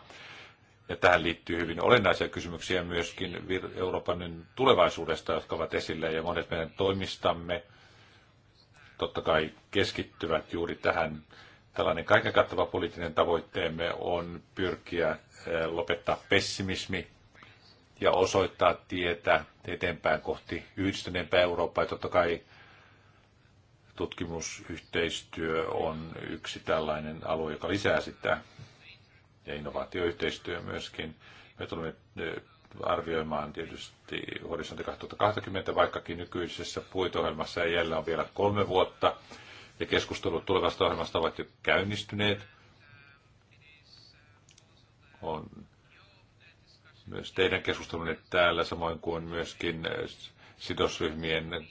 Speaker 1: Ja tähän liittyy hyvin olennaisia kysymyksiä myöskin Euroopan tulevaisuudesta, jotka ovat esille ja monet meidän toimistamme – totta kai keskittyvät juuri tähän. Tällainen kaiken kattava poliittinen tavoitteemme on pyrkiä eh, lopettaa pessimismi ja osoittaa tietä eteenpäin kohti yhdistyneempää Eurooppaa. Ja totta kai tutkimusyhteistyö on yksi tällainen alue, joka lisää sitä, ja innovaatioyhteistyö myöskin. Me tulemme eh, arvioimaan tietysti horisontti 2020, vaikkakin nykyisessä puitohjelmassa ei jäljellä on vielä kolme vuotta, ja keskustelut tulevasta ohjelmasta ovat jo käynnistyneet. On myös teidän keskustelunne täällä, samoin kuin myöskin sidosryhmien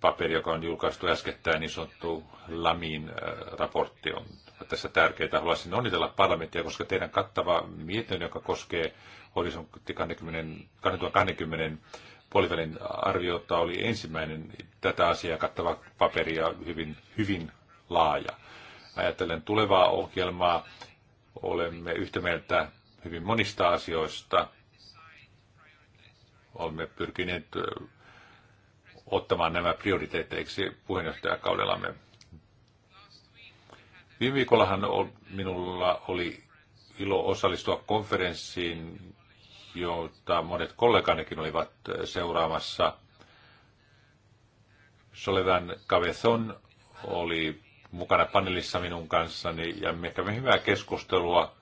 Speaker 1: paperi, joka on julkaistu äskettäin, niin sanottu Lamin äh, raportti on tässä tärkeää. Haluaisin onnitella parlamenttia, koska teidän kattava mietintö, joka koskee horisontti 2020 puolivälin arviota oli ensimmäinen tätä asiaa kattava paperi ja hyvin, hyvin laaja. Ajatellen tulevaa ohjelmaa olemme yhtä mieltä hyvin monista asioista. Olemme pyrkineet ottamaan nämä prioriteetteiksi puheenjohtajakaudellamme. Viime viikollahan minulla oli ilo osallistua konferenssiin, jota monet kolleganikin olivat seuraamassa. Solevan Cabezon oli mukana panelissa minun kanssani ja me kävimme hyvää keskustelua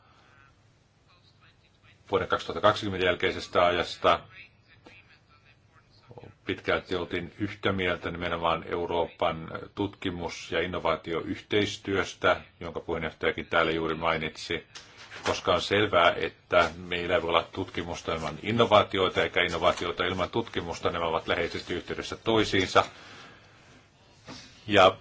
Speaker 1: vuoden 2020 jälkeisestä ajasta. Pitkälti oltiin yhtä mieltä nimenomaan Euroopan tutkimus- ja innovaatioyhteistyöstä, jonka puheenjohtajakin täällä juuri mainitsi koska on selvää, että meillä ei voi olla tutkimusta ilman innovaatioita, eikä innovaatioita ilman tutkimusta. Nämä ovat läheisesti yhteydessä toisiinsa. Ja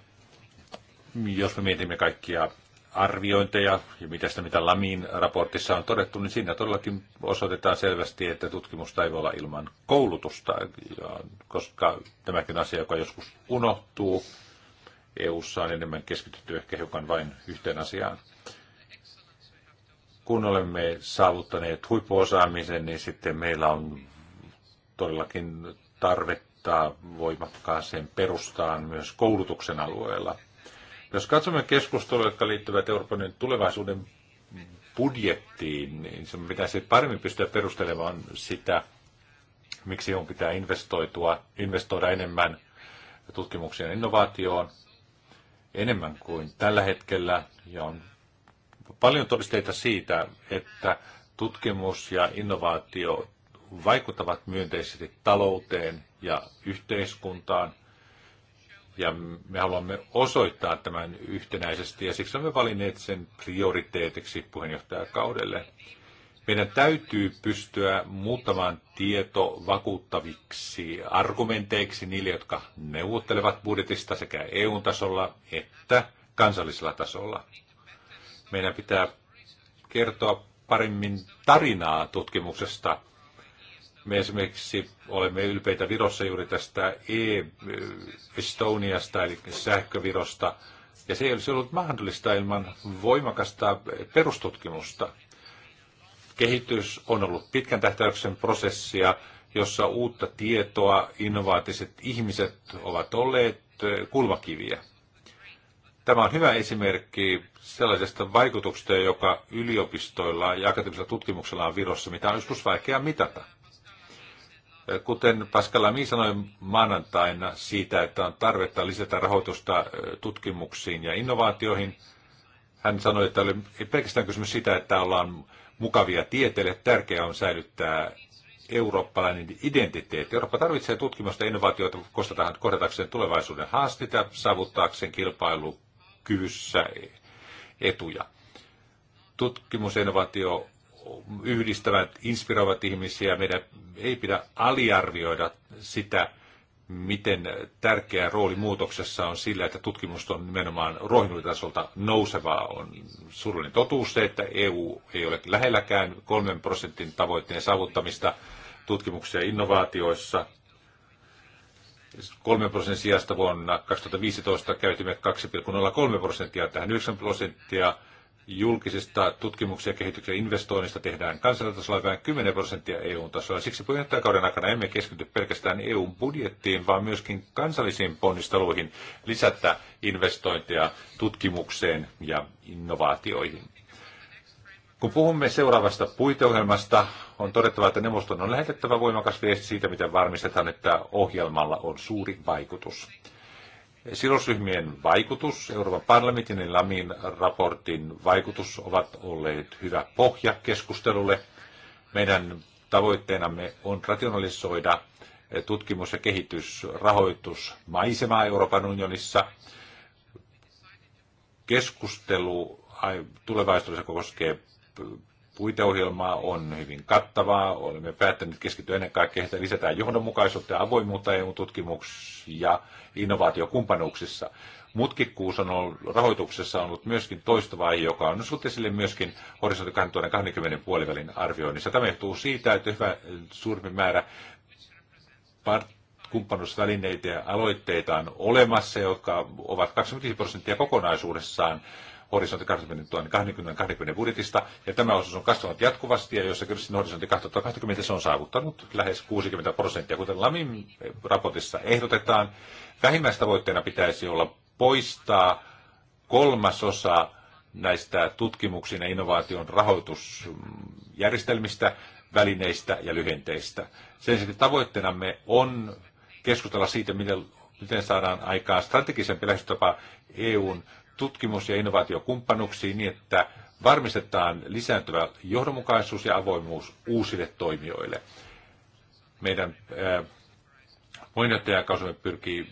Speaker 1: jos me mietimme kaikkia arviointeja ja mitä sitä, mitä Lamin raportissa on todettu, niin siinä todellakin osoitetaan selvästi, että tutkimusta ei voi olla ilman koulutusta, koska tämäkin asia, joka joskus unohtuu, EU-ssa on enemmän keskitytty ehkä hiukan vain yhteen asiaan kun olemme saavuttaneet huippuosaamisen, niin sitten meillä on todellakin tarvetta voimakkaaseen perustaan myös koulutuksen alueella. Jos katsomme keskustelua, jotka liittyvät Euroopan tulevaisuuden budjettiin, niin se pitäisi paremmin pystyä perustelemaan sitä, miksi on pitää investoitua, investoida enemmän tutkimukseen ja innovaatioon, enemmän kuin tällä hetkellä, ja on paljon todisteita siitä, että tutkimus ja innovaatio vaikuttavat myönteisesti talouteen ja yhteiskuntaan. Ja me haluamme osoittaa tämän yhtenäisesti ja siksi olemme valinneet sen prioriteetiksi puheenjohtajakaudelle. Meidän täytyy pystyä muuttamaan tieto vakuuttaviksi argumenteiksi niille, jotka neuvottelevat budjetista sekä EU-tasolla että kansallisella tasolla. Meidän pitää kertoa paremmin tarinaa tutkimuksesta. Me esimerkiksi olemme ylpeitä Virossa juuri tästä e-Estoniasta, eli sähkövirosta, ja se ei olisi ollut mahdollista ilman voimakasta perustutkimusta. Kehitys on ollut pitkän tähtäyksen prosessia, jossa uutta tietoa, innovaatiset ihmiset ovat olleet kulmakiviä. Tämä on hyvä esimerkki sellaisesta vaikutuksesta, joka yliopistoilla ja akateemisella tutkimuksella on virossa, mitä on joskus vaikea mitata. Kuten Pascal Lamy sanoi maanantaina siitä, että on tarvetta lisätä rahoitusta tutkimuksiin ja innovaatioihin, hän sanoi, että oli pelkästään kysymys sitä, että ollaan mukavia tieteelle. Tärkeää on säilyttää eurooppalainen identiteetti. Eurooppa tarvitsee tutkimusta ja innovaatioita kohdatakseen tulevaisuuden haasteita, saavuttaakseen kilpailu kyvyssä etuja. Tutkimus innovaatio yhdistävät, inspiroivat ihmisiä. Meidän ei pidä aliarvioida sitä, miten tärkeä rooli muutoksessa on sillä, että tutkimus on nimenomaan ruohonjuuritasolta nousevaa. On surullinen totuus se, että EU ei ole lähelläkään kolmen prosentin tavoitteen saavuttamista tutkimuksessa ja innovaatioissa. 3 prosentin sijasta vuonna 2015 käytimme 2,03 prosenttia tähän 9 prosenttia. Julkisista tutkimuksia, kehityksen investoinnista tehdään kansallisella vähän 10 prosenttia EU-tasolla. Siksi puheenjohtajakauden aikana emme keskity pelkästään EU-budjettiin, vaan myöskin kansallisiin ponnisteluihin lisätä investointeja tutkimukseen ja innovaatioihin. Kun puhumme seuraavasta puiteohjelmasta, on todettava, että neuvoston on lähetettävä voimakas viesti siitä, miten varmistetaan, että ohjelmalla on suuri vaikutus. Sidosryhmien vaikutus, Euroopan parlamentin ja LAMin raportin vaikutus ovat olleet hyvä pohja keskustelulle. Meidän tavoitteenamme on rationalisoida tutkimus- ja kehitysrahoitus maisemaa Euroopan unionissa. Keskustelu tulevaisuudessa koskee puiteohjelmaa on hyvin kattavaa. Olemme päättäneet keskittyä ennen kaikkea, että lisätään johdonmukaisuutta ja avoimuutta eu tutkimuksissa ja innovaatiokumppanuuksissa. Mutkikkuus on ollut, rahoituksessa on ollut myöskin toistava aihe, joka on noussut esille myöskin horisontti 2020 puolivälin arvioinnissa. Tämä johtuu siitä, että hyvä suurempi määrä kumppanuusvälineitä ja aloitteita on olemassa, jotka ovat 25 prosenttia kokonaisuudessaan horisontti 2020 niin budjetista, ja tämä osuus on kasvanut jatkuvasti, ja jossa kyllä horisontti 2020 se on saavuttanut lähes 60 prosenttia. Kuten Lamin raportissa ehdotetaan, vähimmäistavoitteena pitäisi olla poistaa kolmasosa näistä tutkimuksiin ja innovaation rahoitusjärjestelmistä, välineistä ja lyhenteistä. Sen sijaan tavoitteenamme on keskustella siitä, miten, miten saadaan aikaan strategisempi lähestymistapa EUn tutkimus- ja innovaatiokumppanuksiin niin, että varmistetaan lisääntyvä johdonmukaisuus ja avoimuus uusille toimijoille. Meidän äh, puheenjohtajakausimme pyrkii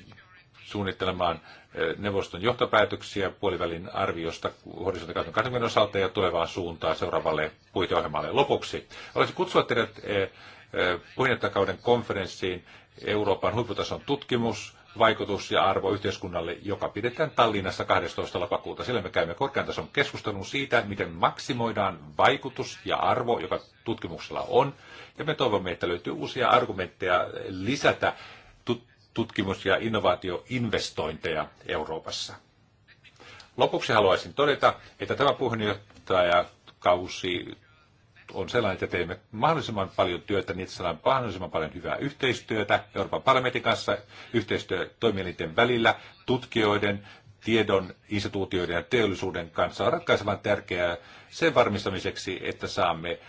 Speaker 1: suunnittelemaan äh, neuvoston johtopäätöksiä puolivälin arviosta horisontti 2020 osalta ja tulevaan suuntaa seuraavalle puiteohjelmalle. Lopuksi Olisin kutsua teidät äh, puheenjohtajakauden konferenssiin Euroopan huipputason tutkimus, vaikutus ja arvo yhteiskunnalle, joka pidetään Tallinnassa 12. lokakuuta. Siellä me käymme korkean tason keskustelun siitä, miten maksimoidaan vaikutus ja arvo, joka tutkimuksella on. Ja me toivomme, että löytyy uusia argumentteja lisätä tutkimus- ja innovaatioinvestointeja Euroopassa. Lopuksi haluaisin todeta, että tämä puheenjohtajakausi on sellainen, että teemme mahdollisimman paljon työtä, niin saadaan mahdollisimman paljon hyvää yhteistyötä Euroopan parlamentin kanssa, yhteistyö toimielinten välillä, tutkijoiden, tiedon, instituutioiden ja teollisuuden kanssa on ratkaisevan tärkeää sen varmistamiseksi, että saamme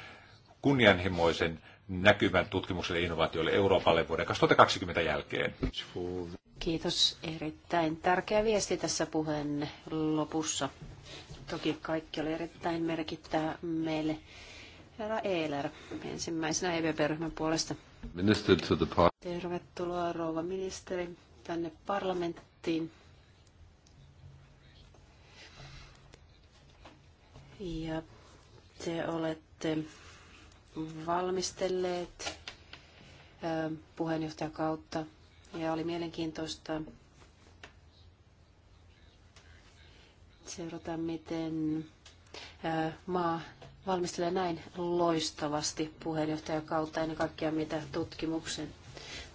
Speaker 1: kunnianhimoisen näkymän tutkimukselle ja innovaatioille Euroopalle vuoden 2020 jälkeen.
Speaker 2: Kiitos. Erittäin tärkeä viesti tässä puheen lopussa. Toki kaikki oli erittäin merkittävä meille herra Eiler ensimmäisenä EVP-ryhmän puolesta.
Speaker 1: Minister to the par-
Speaker 2: Tervetuloa rouva ministeri tänne parlamenttiin. Ja te olette valmistelleet kautta ja oli mielenkiintoista seurata, miten maa valmistelee näin loistavasti puheenjohtajan kautta ennen kaikkea mitä tutkimuksen.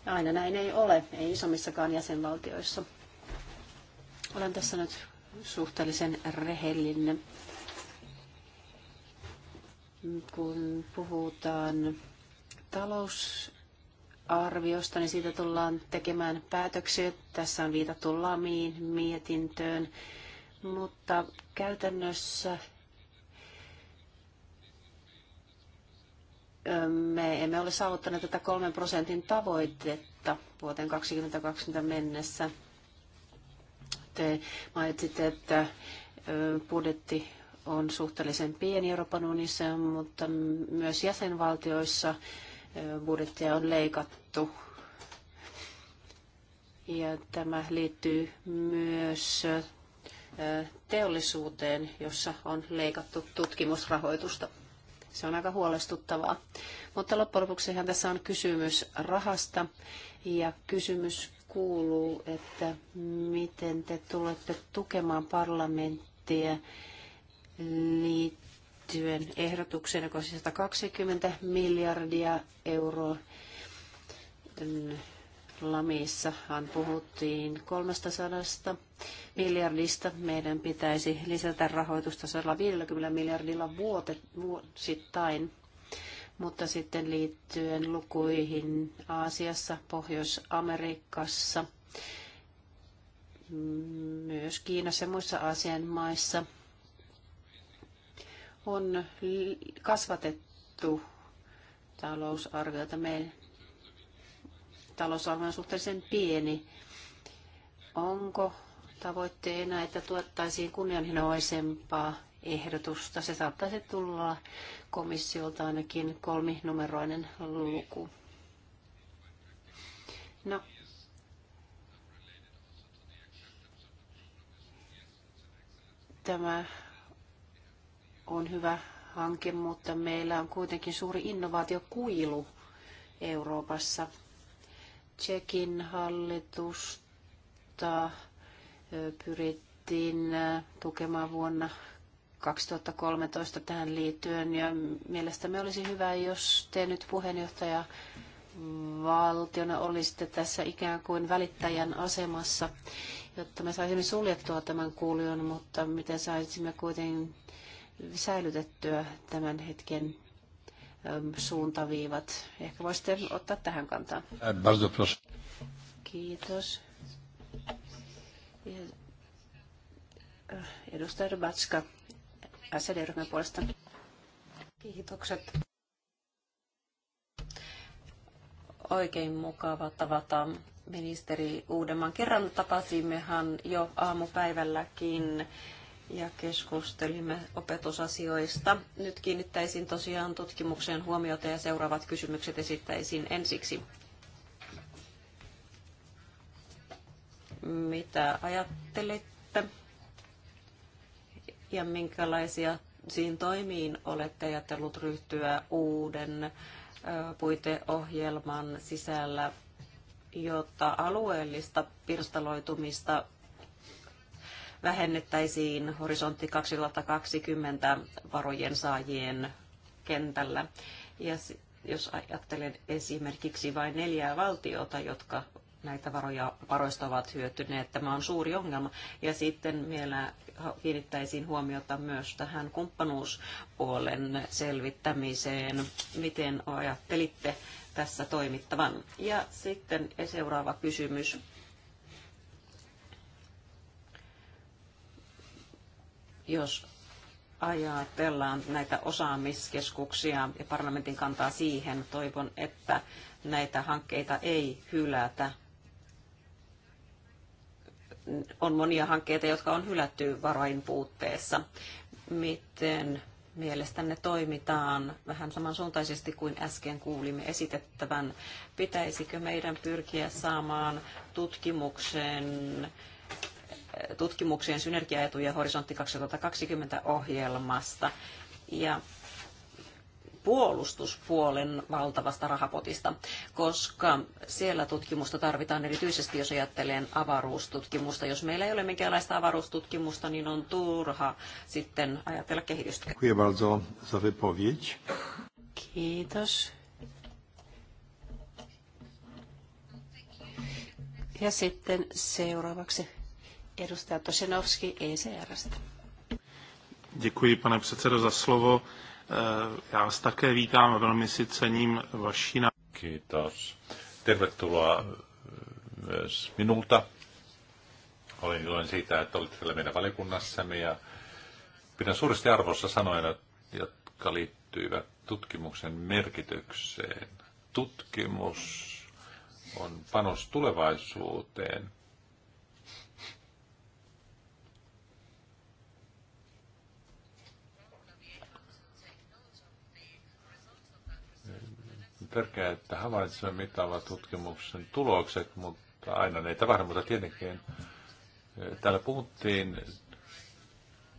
Speaker 2: Aina näin ei ole, ei isommissakaan jäsenvaltioissa. Olen tässä nyt suhteellisen rehellinen. Kun puhutaan talousarviosta, niin siitä tullaan tekemään päätöksiä. Tässä on viitattu lamiin, mietintöön, mutta käytännössä me emme ole saavuttaneet tätä kolmen prosentin tavoitetta vuoteen 2020 mennessä. Te mainitsitte, että budjetti on suhteellisen pieni Euroopan unionissa, mutta myös jäsenvaltioissa budjettia on leikattu. Ja tämä liittyy myös teollisuuteen, jossa on leikattu tutkimusrahoitusta. Se on aika huolestuttavaa. Mutta loppujen ihan tässä on kysymys rahasta ja kysymys kuuluu, että miten te tulette tukemaan parlamenttia liittyen ehdotukseen, joka on 120 siis miljardia euroa. Ehm, lamiissahan puhuttiin 300 miljardista meidän pitäisi lisätä rahoitusta 150 miljardilla vuote, vuosittain. Mutta sitten liittyen lukuihin Aasiassa, Pohjois-Amerikassa, myös Kiinassa ja muissa Aasian maissa on kasvatettu talousarviota. Meidän talousarvio on suhteellisen pieni. Onko tavoitteena, että tuottaisiin kunnianhimoisempaa ehdotusta. Se saattaisi tulla komissiolta ainakin kolminumeroinen luku. No, tämä on hyvä hanke, mutta meillä on kuitenkin suuri innovaatiokuilu Euroopassa. Tsekin hallitusta pyrittiin tukemaan vuonna 2013 tähän liittyen ja mielestämme olisi hyvä, jos te nyt puheenjohtaja valtiona olisitte tässä ikään kuin välittäjän asemassa, jotta me saisimme suljettua tämän kuulion, mutta miten saisimme kuitenkin säilytettyä tämän hetken suuntaviivat. Ehkä voisitte ottaa tähän kantaa. Kiitos. Edustaja Rubatska, SED-ryhmän puolesta.
Speaker 3: Kiitokset. Oikein mukava tavata ministeri uudemman kerran. Tapasimmehan jo aamupäivälläkin ja keskustelimme opetusasioista. Nyt kiinnittäisin tosiaan tutkimukseen huomiota ja seuraavat kysymykset esittäisin ensiksi. mitä ajattelette ja minkälaisia siinä toimiin olette ajatellut ryhtyä uuden puiteohjelman sisällä, jotta alueellista pirstaloitumista vähennettäisiin horisontti 2020 varojen saajien kentällä. Ja jos ajattelen esimerkiksi vain neljää valtiota, jotka näitä varoja, varoista ovat hyötyneet. Tämä on suuri ongelma. Ja sitten vielä kiinnittäisin huomiota myös tähän kumppanuuspuolen selvittämiseen. Miten ajattelitte tässä toimittavan? Ja sitten seuraava kysymys. Jos ajatellaan näitä osaamiskeskuksia ja parlamentin kantaa siihen, toivon, että näitä hankkeita ei hylätä on monia hankkeita, jotka on hylätty varain puutteessa. Miten mielestänne toimitaan vähän samansuuntaisesti kuin äsken kuulimme esitettävän? Pitäisikö meidän pyrkiä saamaan tutkimuksen tutkimuksien synergiaetuja Horisontti 2020 ohjelmasta. Ja puolustuspuolen valtavasta rahapotista, koska siellä tutkimusta tarvitaan erityisesti, jos ajattelee avaruustutkimusta. Jos meillä ei ole minkäänlaista avaruustutkimusta, niin on turha sitten ajatella kehitystä. Kiitos.
Speaker 2: Ja sitten seuraavaksi edustaja Tosenovski ECRstä.
Speaker 1: Děkuji, pane předsedo, za slovo. Eh, já vás také vítám a velmi si cením vaši na... Kiitos. Tervetuloa eh, myös minulta. Olen iloinen siitä, että olette siellä meidän valikunnassamme ja pidän suuresti arvossa sanoina, jotka liittyivät tutkimuksen merkitykseen. Tutkimus on panos tulevaisuuteen. tärkeää, että havaitsemme, mittaavat tutkimuksen tulokset, mutta aina ne ei tapahdu, mutta tietenkin eh, täällä puhuttiin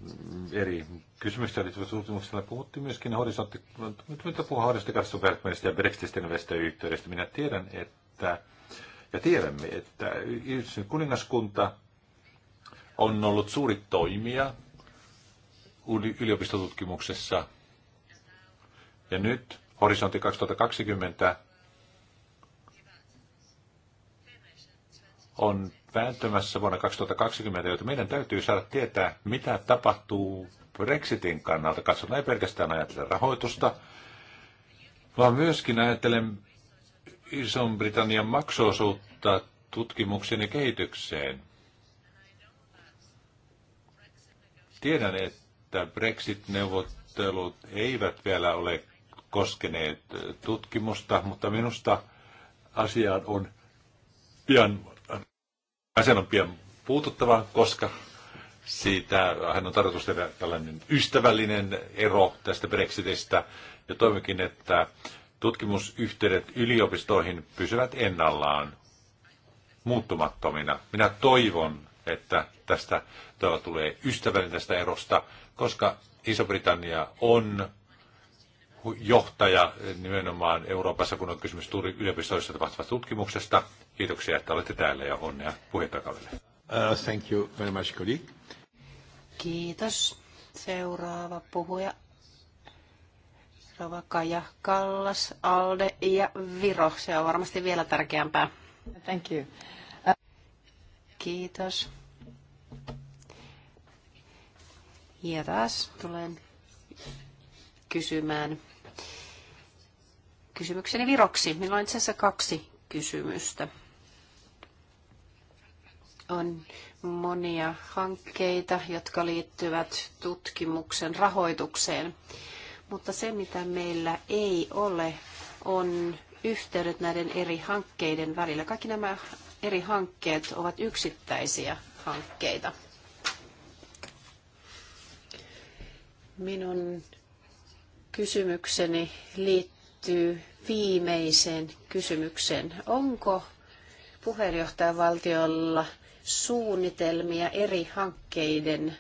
Speaker 1: mm, eri kysymyksiä liittyvät tutkimuksella. Puhuttiin myöskin horisontti, mitä puhua horisontti ja Brexitin investointiyhteydestä. Minä tiedän, että, ja tiedämme, että kuningaskunta on ollut suuri toimija yliopistotutkimuksessa. Ja nyt Horisontti 2020 on vääntymässä vuonna 2020, joten meidän täytyy saada tietää, mitä tapahtuu Brexitin kannalta. Katsotaan ei pelkästään ajatella rahoitusta, vaan myöskin ajattelen Ison-Britannian maksuosuutta tutkimukseen ja kehitykseen. Tiedän, että Brexit-neuvottelut eivät vielä ole koskeneet tutkimusta, mutta minusta asiaan on pian, asiaan on pian puututtava, koska siitä hän on tarkoitus tehdä tällainen ystävällinen ero tästä Brexitistä. Ja toivonkin, että tutkimusyhteydet yliopistoihin pysyvät ennallaan muuttumattomina. Minä toivon, että tästä tulee ystävällinen tästä erosta, koska Iso-Britannia on johtaja nimenomaan Euroopassa, kun on kysymys yliopistoissa tapahtuvasta tutkimuksesta. Kiitoksia, että olette täällä ja onnea puheenjohtajakaudelle. Uh, thank you very much, colleague.
Speaker 2: Kiitos. Seuraava puhuja. Rova Kaja Kallas, Alde ja Viro. Se on varmasti vielä tärkeämpää. Thank you. Uh... Kiitos. Ja taas tulen kysymään kysymykseni viroksi. Minulla on itse asiassa kaksi kysymystä. On monia hankkeita, jotka liittyvät tutkimuksen rahoitukseen. Mutta se, mitä meillä ei ole, on yhteydet näiden eri hankkeiden välillä. Kaikki nämä eri hankkeet ovat yksittäisiä hankkeita. Minun kysymykseni liittyy liittyy viimeiseen kysymykseen. Onko puheenjohtajavaltiolla suunnitelmia eri hankkeiden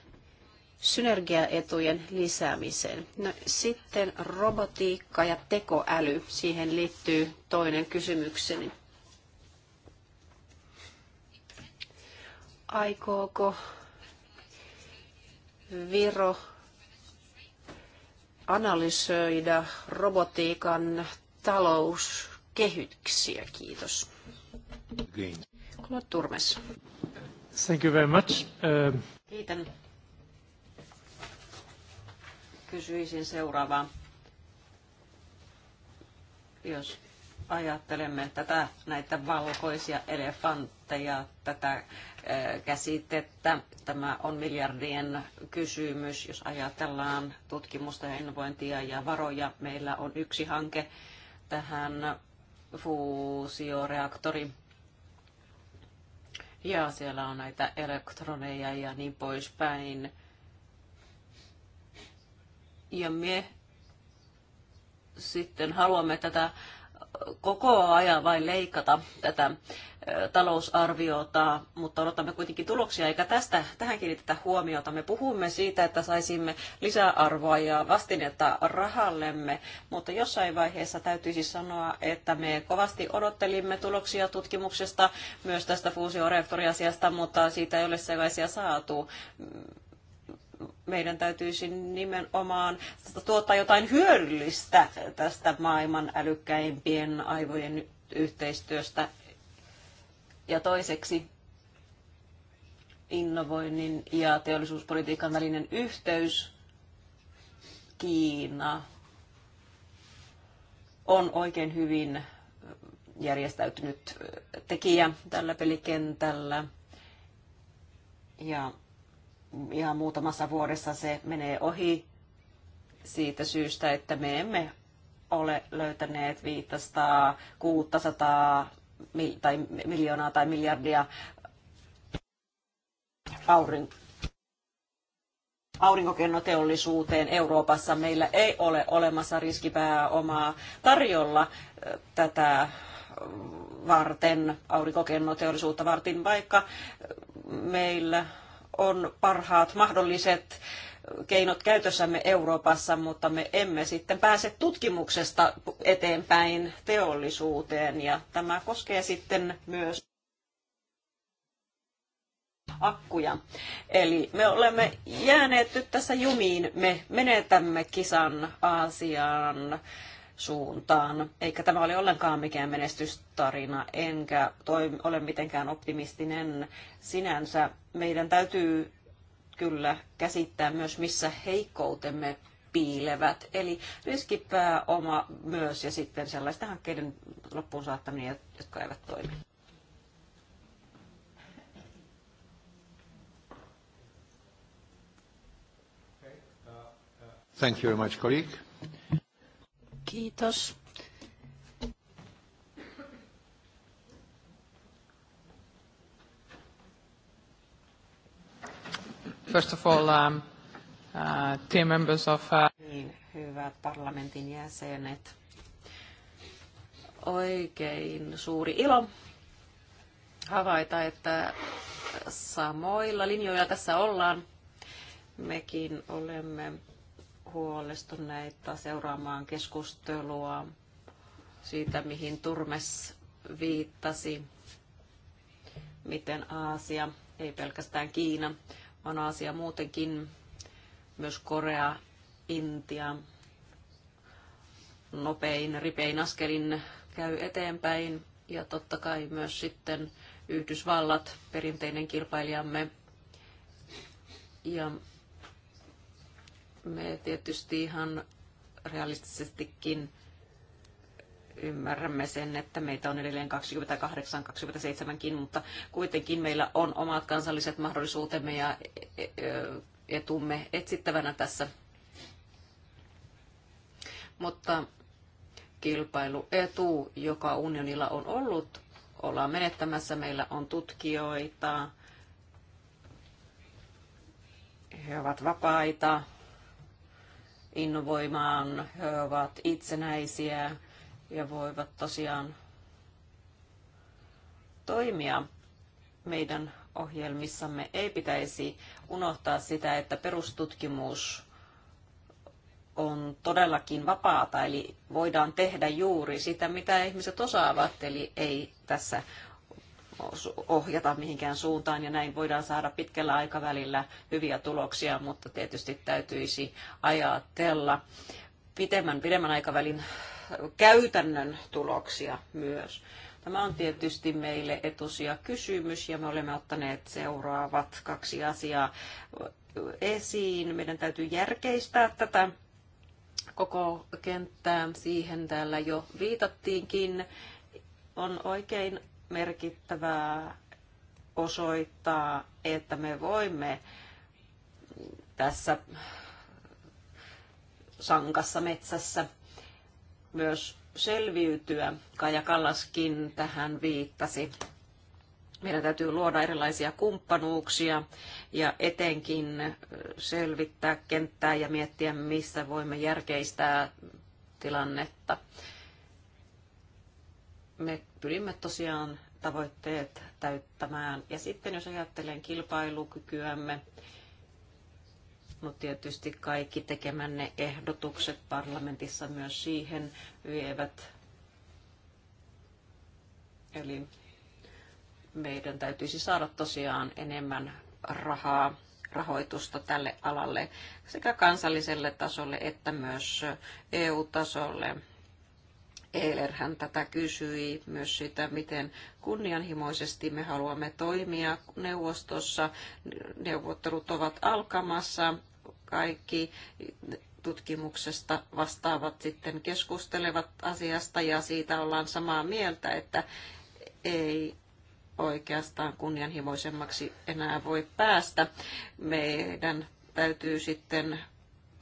Speaker 2: synergiaetujen lisäämiseen. No, sitten robotiikka ja tekoäly. Siihen liittyy toinen kysymykseni. Aikooko Viro analysoida robotiikan talouskehyksiä. Kiitos.
Speaker 3: Claude Turmes.
Speaker 1: Thank you very much. Uh...
Speaker 3: Kiitän. Kysyisin seuraavaa. Jos ajattelemme tätä, näitä valkoisia elefant, käsitettä ja tätä käsitettä. Tämä on miljardien kysymys, jos ajatellaan tutkimusta ja innovointia ja varoja. Meillä on yksi hanke tähän fuusioreaktori. Ja siellä on näitä elektroneja ja niin poispäin. Ja me sitten haluamme tätä koko ajan vain leikata tätä talousarviota, mutta odotamme kuitenkin tuloksia, eikä tästä tähän kiinnitetä huomiota. Me puhumme siitä, että saisimme lisäarvoa ja vastinetta rahallemme, mutta jossain vaiheessa täytyisi sanoa, että me kovasti odottelimme tuloksia tutkimuksesta, myös tästä fuusioreaktoriasiasta, mutta siitä ei ole sellaisia saatu meidän täytyisi nimenomaan tuottaa jotain hyödyllistä tästä maailman älykkäimpien aivojen yhteistyöstä. Ja toiseksi innovoinnin ja teollisuuspolitiikan välinen yhteys Kiina on oikein hyvin järjestäytynyt tekijä tällä pelikentällä. Ja ihan muutamassa vuodessa se menee ohi siitä syystä, että me emme ole löytäneet 500, 600 tai miljoonaa tai miljardia aurin, aurinkokennoteollisuuteen Euroopassa. Meillä ei ole olemassa riskipääomaa tarjolla tätä varten, aurinkokennoteollisuutta varten, vaikka meillä on parhaat mahdolliset keinot käytössämme Euroopassa, mutta me emme sitten pääse tutkimuksesta eteenpäin teollisuuteen. Ja tämä koskee sitten myös akkuja. Eli me olemme jääneet nyt tässä jumiin. Me menetämme kisan Aasiaan suuntaan. Eikä tämä ole ollenkaan mikään menestystarina, enkä toi, ole mitenkään optimistinen sinänsä. Meidän täytyy kyllä käsittää myös, missä heikkoutemme piilevät. Eli riskipääoma myös ja sitten sellaisten hankkeiden loppuun saattaminen, jotka eivät toimi.
Speaker 1: Thank you very much, colleague. Kiitos. First of all, um, uh, team members of... Uh...
Speaker 3: Niin, hyvät parlamentin jäsenet. Oikein suuri ilo havaita, että samoilla linjoilla tässä ollaan. Mekin olemme huolestuneita seuraamaan keskustelua siitä, mihin Turmes viittasi, miten Aasia, ei pelkästään Kiina, vaan Aasia muutenkin, myös Korea, Intia, nopein, ripein askelin käy eteenpäin. Ja totta kai myös sitten Yhdysvallat, perinteinen kilpailijamme. Ja me tietysti ihan realistisestikin ymmärrämme sen, että meitä on edelleen 28-27kin, mutta kuitenkin meillä on omat kansalliset mahdollisuutemme ja e, e, etumme etsittävänä tässä. Mutta kilpailuetu, joka unionilla on ollut, ollaan menettämässä. Meillä on tutkijoita, he ovat vapaita, innovoimaan, he ovat itsenäisiä ja voivat tosiaan toimia meidän ohjelmissamme. Ei pitäisi unohtaa sitä, että perustutkimus on todellakin vapaata, eli voidaan tehdä juuri sitä, mitä ihmiset osaavat, eli ei tässä ohjata mihinkään suuntaan ja näin voidaan saada pitkällä aikavälillä hyviä tuloksia, mutta tietysti täytyisi ajatella pitemmän, pidemmän aikavälin äh, käytännön tuloksia myös. Tämä on tietysti meille etusia kysymys ja me olemme ottaneet seuraavat kaksi asiaa esiin. Meidän täytyy järkeistää tätä koko kenttää. Siihen täällä jo viitattiinkin. On oikein merkittävää osoittaa, että me voimme tässä sankassa metsässä myös selviytyä. Kaja Kallaskin tähän viittasi. Meidän täytyy luoda erilaisia kumppanuuksia ja etenkin selvittää kenttää ja miettiä, missä voimme järkeistää tilannetta me pyrimme tosiaan tavoitteet täyttämään. Ja sitten jos ajattelen kilpailukykyämme, mutta tietysti kaikki tekemänne ehdotukset parlamentissa myös siihen vievät. Eli meidän täytyisi saada tosiaan enemmän rahaa, rahoitusta tälle alalle sekä kansalliselle tasolle että myös EU-tasolle Eiler hän tätä kysyi myös sitä, miten kunnianhimoisesti me haluamme toimia neuvostossa. Neuvottelut ovat alkamassa. Kaikki tutkimuksesta vastaavat sitten keskustelevat asiasta ja siitä ollaan samaa mieltä, että ei oikeastaan kunnianhimoisemmaksi enää voi päästä. Meidän täytyy sitten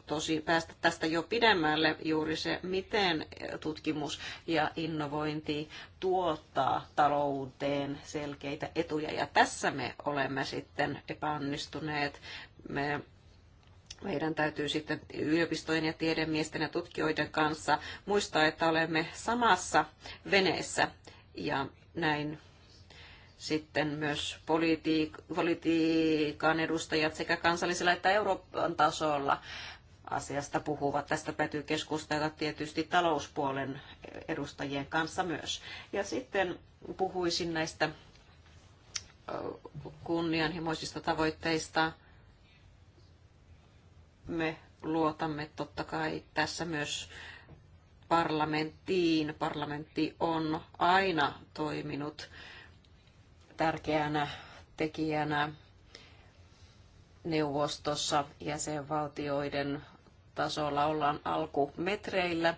Speaker 3: tosi päästä tästä jo pidemmälle juuri se, miten tutkimus ja innovointi tuottaa talouteen selkeitä etuja. Ja tässä me olemme sitten epäonnistuneet. Me meidän täytyy sitten yliopistojen ja tiedemiesten ja tutkijoiden kanssa muistaa, että olemme samassa veneessä ja näin sitten myös politiik- politiikan edustajat sekä kansallisella että Euroopan tasolla asiasta puhuvat. Tästä täytyy keskustella tietysti talouspuolen edustajien kanssa myös. Ja sitten puhuisin näistä kunnianhimoisista tavoitteista. Me luotamme totta kai tässä myös parlamenttiin. Parlamentti on aina toiminut tärkeänä tekijänä neuvostossa jäsenvaltioiden tasolla ollaan alkumetreillä,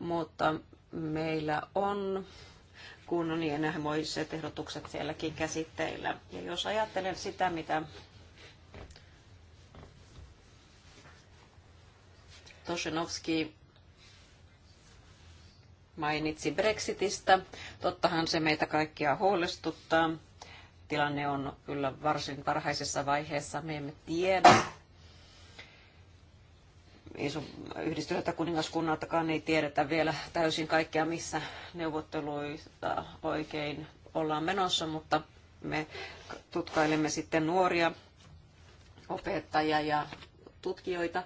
Speaker 3: mutta meillä on nähmoiset ehdotukset sielläkin käsitteillä. Ja jos ajattelen sitä, mitä Toshinovski mainitsi Brexitistä. Tottahan se meitä kaikkia huolestuttaa. Tilanne on kyllä varsin varhaisessa vaiheessa. Me emme tiedä, iso yhdistyneeltä kuningaskunnaltakaan ei tiedetä vielä täysin kaikkea, missä neuvotteluita oikein ollaan menossa, mutta me tutkailemme sitten nuoria opettajia ja tutkijoita,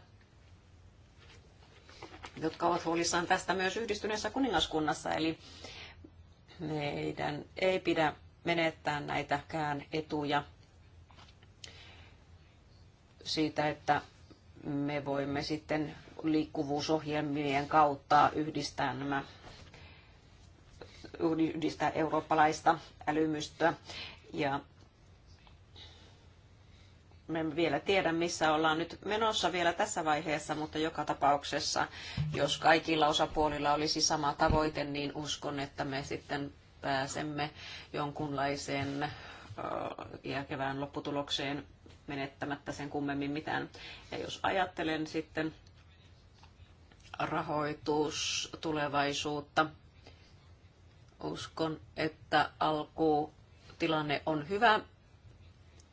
Speaker 3: jotka ovat huolissaan tästä myös yhdistyneessä kuningaskunnassa. Eli meidän ei pidä menettää näitäkään etuja siitä, että me voimme sitten liikkuvuusohjelmien kautta yhdistää nämä yhdistää eurooppalaista älymystöä. Ja me emme vielä tiedä, missä ollaan nyt menossa vielä tässä vaiheessa, mutta joka tapauksessa, jos kaikilla osapuolilla olisi sama tavoite, niin uskon, että me sitten pääsemme jonkunlaiseen järkevään lopputulokseen menettämättä sen kummemmin mitään. Ja jos ajattelen sitten rahoitus tulevaisuutta, uskon, että alkutilanne on hyvä.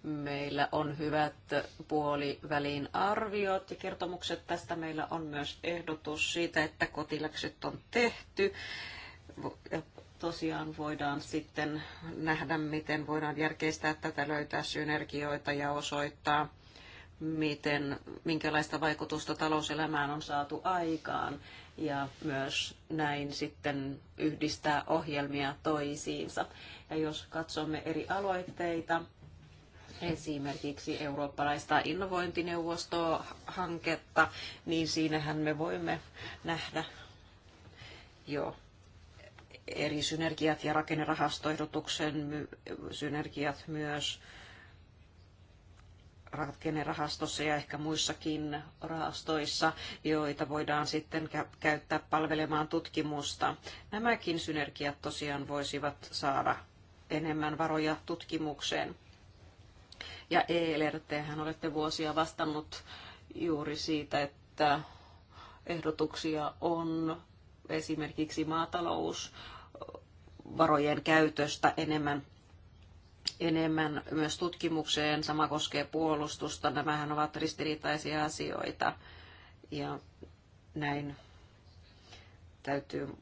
Speaker 3: Meillä on hyvät puolivälin arviot ja kertomukset tästä. Meillä on myös ehdotus siitä, että kotiläkset on tehty tosiaan voidaan sitten nähdä, miten voidaan järkeistää tätä, löytää synergioita ja osoittaa, miten, minkälaista vaikutusta talouselämään on saatu aikaan ja myös näin sitten yhdistää ohjelmia toisiinsa. Ja jos katsomme eri aloitteita, esimerkiksi eurooppalaista innovointineuvostohanketta, niin siinähän me voimme nähdä jo eri synergiat ja rakennerahastoehdotuksen synergiat myös rakennerahastossa ja ehkä muissakin rahastoissa, joita voidaan sitten käyttää palvelemaan tutkimusta. Nämäkin synergiat tosiaan voisivat saada enemmän varoja tutkimukseen. Ja Eiler, tehän olette vuosia vastannut juuri siitä, että ehdotuksia on esimerkiksi maatalous varojen käytöstä enemmän enemmän myös tutkimukseen. Sama koskee puolustusta. Nämähän ovat ristiriitaisia asioita. Ja näin täytyy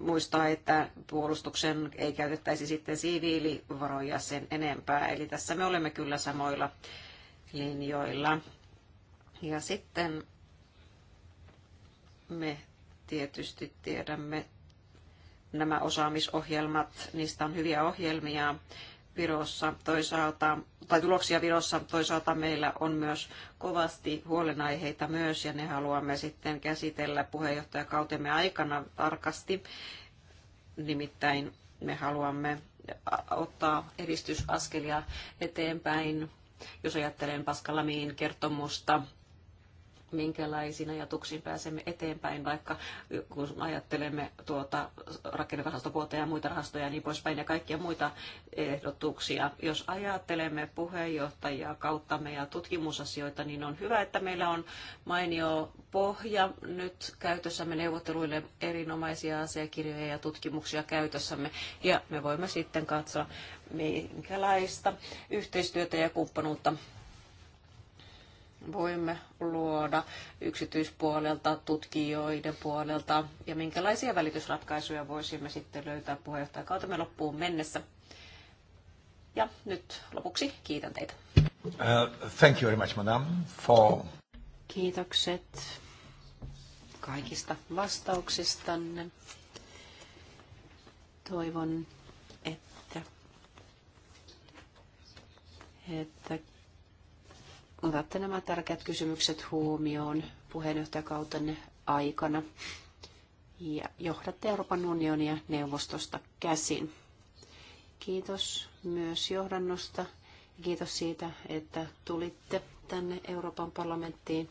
Speaker 3: muistaa, että puolustuksen ei käytettäisi sitten siviilivaroja sen enempää. Eli tässä me olemme kyllä samoilla linjoilla. Ja sitten me tietysti tiedämme nämä osaamisohjelmat, niistä on hyviä ohjelmia Virossa toisaalta, tai tuloksia Virossa, toisaalta meillä on myös kovasti huolenaiheita myös, ja ne haluamme sitten käsitellä puheenjohtajakautemme aikana tarkasti. Nimittäin me haluamme ottaa edistysaskelia eteenpäin. Jos ajattelen Paskalamiin kertomusta minkälaisiin ajatuksiin pääsemme eteenpäin, vaikka kun ajattelemme tuota rakennerahastopuolta ja muita rahastoja ja niin poispäin ja kaikkia muita ehdotuksia. Jos ajattelemme puheenjohtajia kauttamme ja tutkimusasioita, niin on hyvä, että meillä on mainio pohja nyt käytössämme neuvotteluille erinomaisia asiakirjoja ja tutkimuksia käytössämme ja me voimme sitten katsoa, minkälaista yhteistyötä ja kumppanuutta voimme luoda yksityispuolelta, tutkijoiden puolelta ja minkälaisia välitysratkaisuja voisimme sitten löytää puheenjohtajakautemme loppuun mennessä. Ja nyt lopuksi kiitän teitä.
Speaker 1: Uh, thank you very much, madam, for...
Speaker 2: Kiitokset kaikista vastauksistanne. Toivon, että että otatte nämä tärkeät kysymykset huomioon puheenjohtajakautenne aikana ja johdatte Euroopan unionia neuvostosta käsin. Kiitos myös johdannosta ja kiitos siitä, että tulitte tänne Euroopan parlamenttiin.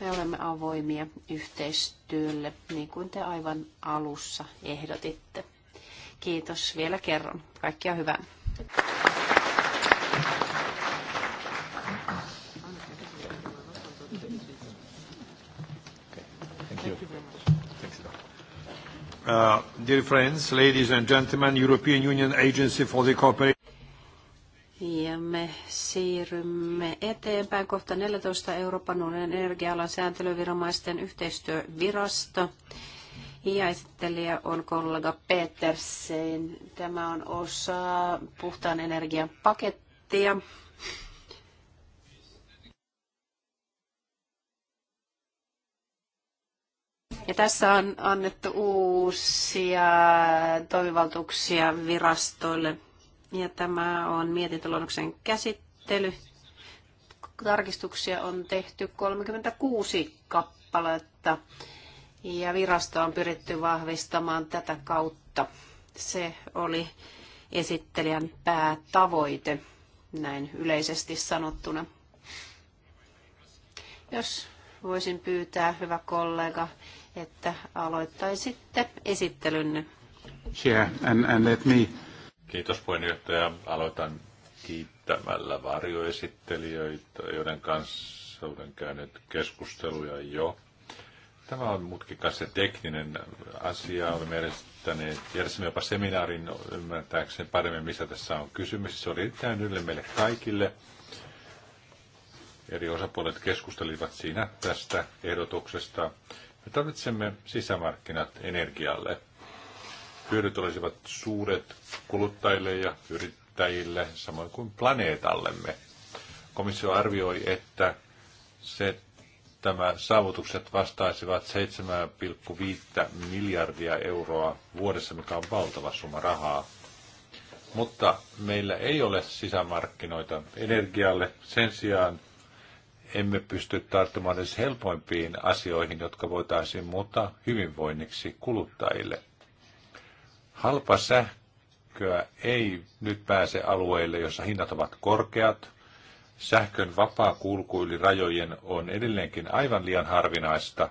Speaker 2: Me olemme avoimia yhteistyölle, niin kuin te aivan alussa ehdotitte. Kiitos vielä kerran. Kaikkia hyvää.
Speaker 1: Uh, dear friends, ladies and gentlemen, European Union Agency for the Cooperation.
Speaker 2: Ja me siirrymme eteenpäin kohta 14 Euroopan unionin energia-alan sääntelyviranomaisten yhteistyövirasto. Ja esittelijä on kollega Petersen. Tämä on osa puhtaan energian pakettia. Ja tässä on annettu uusia toimivaltuuksia virastoille. Ja tämä on mietintöluonnoksen käsittely. Tarkistuksia on tehty 36 kappaletta ja virasto on pyritty vahvistamaan tätä kautta. Se oli esittelijän päätavoite, näin yleisesti sanottuna. Jos voisin pyytää, hyvä kollega, että aloittaisitte esittelynne.
Speaker 1: Yeah, and, and let me... Kiitos puheenjohtaja. Aloitan kiittämällä varjoesittelijöitä, joiden kanssa olen käynyt keskusteluja jo. Tämä on mutkikas ja tekninen asia. Olemme järjestäneet, järjestämme jopa seminaarin ymmärtääkseni paremmin, mistä tässä on kysymys. Se oli erittäin ylle meille kaikille. Eri osapuolet keskustelivat siinä tästä ehdotuksesta. Me tarvitsemme sisämarkkinat energialle. Hyödyt olisivat suuret kuluttajille ja yrittäjille, samoin kuin planeetallemme. Komissio arvioi, että se tämä saavutukset vastaisivat 7,5 miljardia euroa vuodessa, mikä on valtava summa rahaa. Mutta meillä ei ole sisämarkkinoita energialle. Sen sijaan emme pysty tarttumaan edes helpoimpiin asioihin, jotka voitaisiin muuttaa hyvinvoinniksi kuluttajille. Halpa sähköä ei nyt pääse alueille, jossa hinnat ovat korkeat. Sähkön vapaa kulku yli rajojen on edelleenkin aivan liian harvinaista.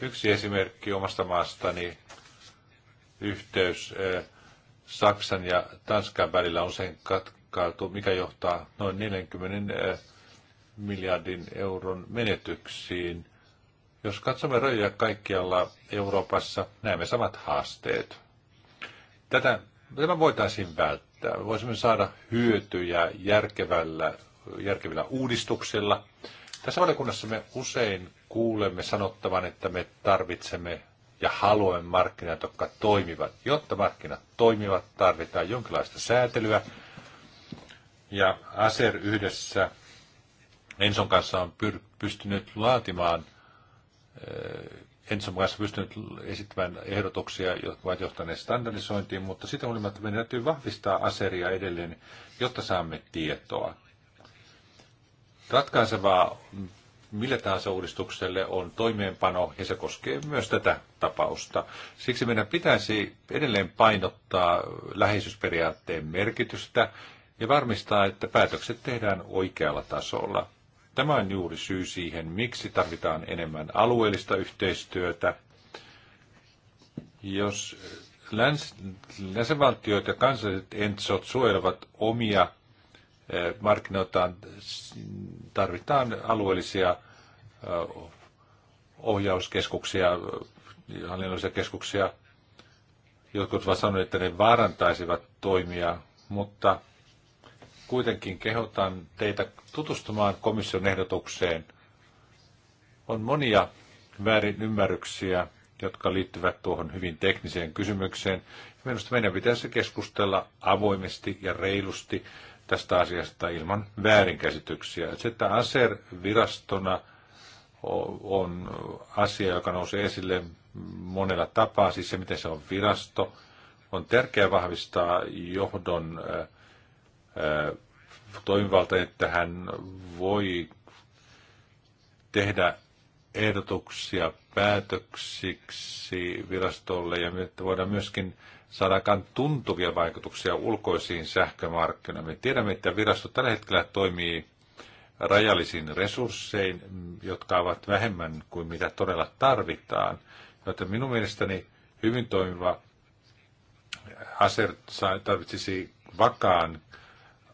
Speaker 1: Yksi esimerkki omasta maastani yhteys eh, Saksan ja Tanskan välillä on sen katkaitu, mikä johtaa noin 40 miljardin euron menetyksiin. Jos katsomme rajoja kaikkialla Euroopassa, näemme samat haasteet. Tätä, tämä voitaisiin välttää. Voisimme saada hyötyjä järkevällä, järkevillä uudistuksilla. Tässä valiokunnassa me usein kuulemme sanottavan, että me tarvitsemme ja haluamme markkinat, jotka toimivat. Jotta markkinat toimivat, tarvitaan jonkinlaista säätelyä. Ja ASER yhdessä Enson kanssa on pyr- pystynyt laatimaan, eh, Enson kanssa pystynyt esittämään ehdotuksia, jotka ovat johtaneet standardisointiin, mutta sitä huolimatta meidän täytyy vahvistaa aseria edelleen, jotta saamme tietoa. Ratkaisevaa millä tahansa uudistukselle on toimeenpano, ja se koskee myös tätä tapausta. Siksi meidän pitäisi edelleen painottaa läheisyysperiaatteen merkitystä ja varmistaa, että päätökset tehdään oikealla tasolla. Tämä on juuri syy siihen, miksi tarvitaan enemmän alueellista yhteistyötä. Jos läns, länsivaltiot ja kansalliset entsot suojelevat omia eh, markkinoitaan, tarvitaan alueellisia eh, ohjauskeskuksia, hallinnollisia keskuksia. Jotkut ovat sanoneet, että ne vaarantaisivat toimia, mutta kuitenkin kehotan teitä tutustumaan komission ehdotukseen. On monia väärinymmärryksiä, jotka liittyvät tuohon hyvin tekniseen kysymykseen. Minusta meidän pitäisi keskustella avoimesti ja reilusti tästä asiasta ilman väärinkäsityksiä. Se, että ASER-virastona on asia, joka nousee esille monella tapaa, siis se, miten se on virasto, on tärkeää vahvistaa johdon äh, toimivaltainen, että hän voi tehdä ehdotuksia päätöksiksi virastolle ja että voidaan myöskin saadaan tuntuvia vaikutuksia ulkoisiin sähkömarkkinoihin. Me tiedämme, että virasto tällä hetkellä toimii rajallisiin resurssein, jotka ovat vähemmän kuin mitä todella tarvitaan. Joten minun mielestäni hyvin toimiva aser tarvitsisi vakaan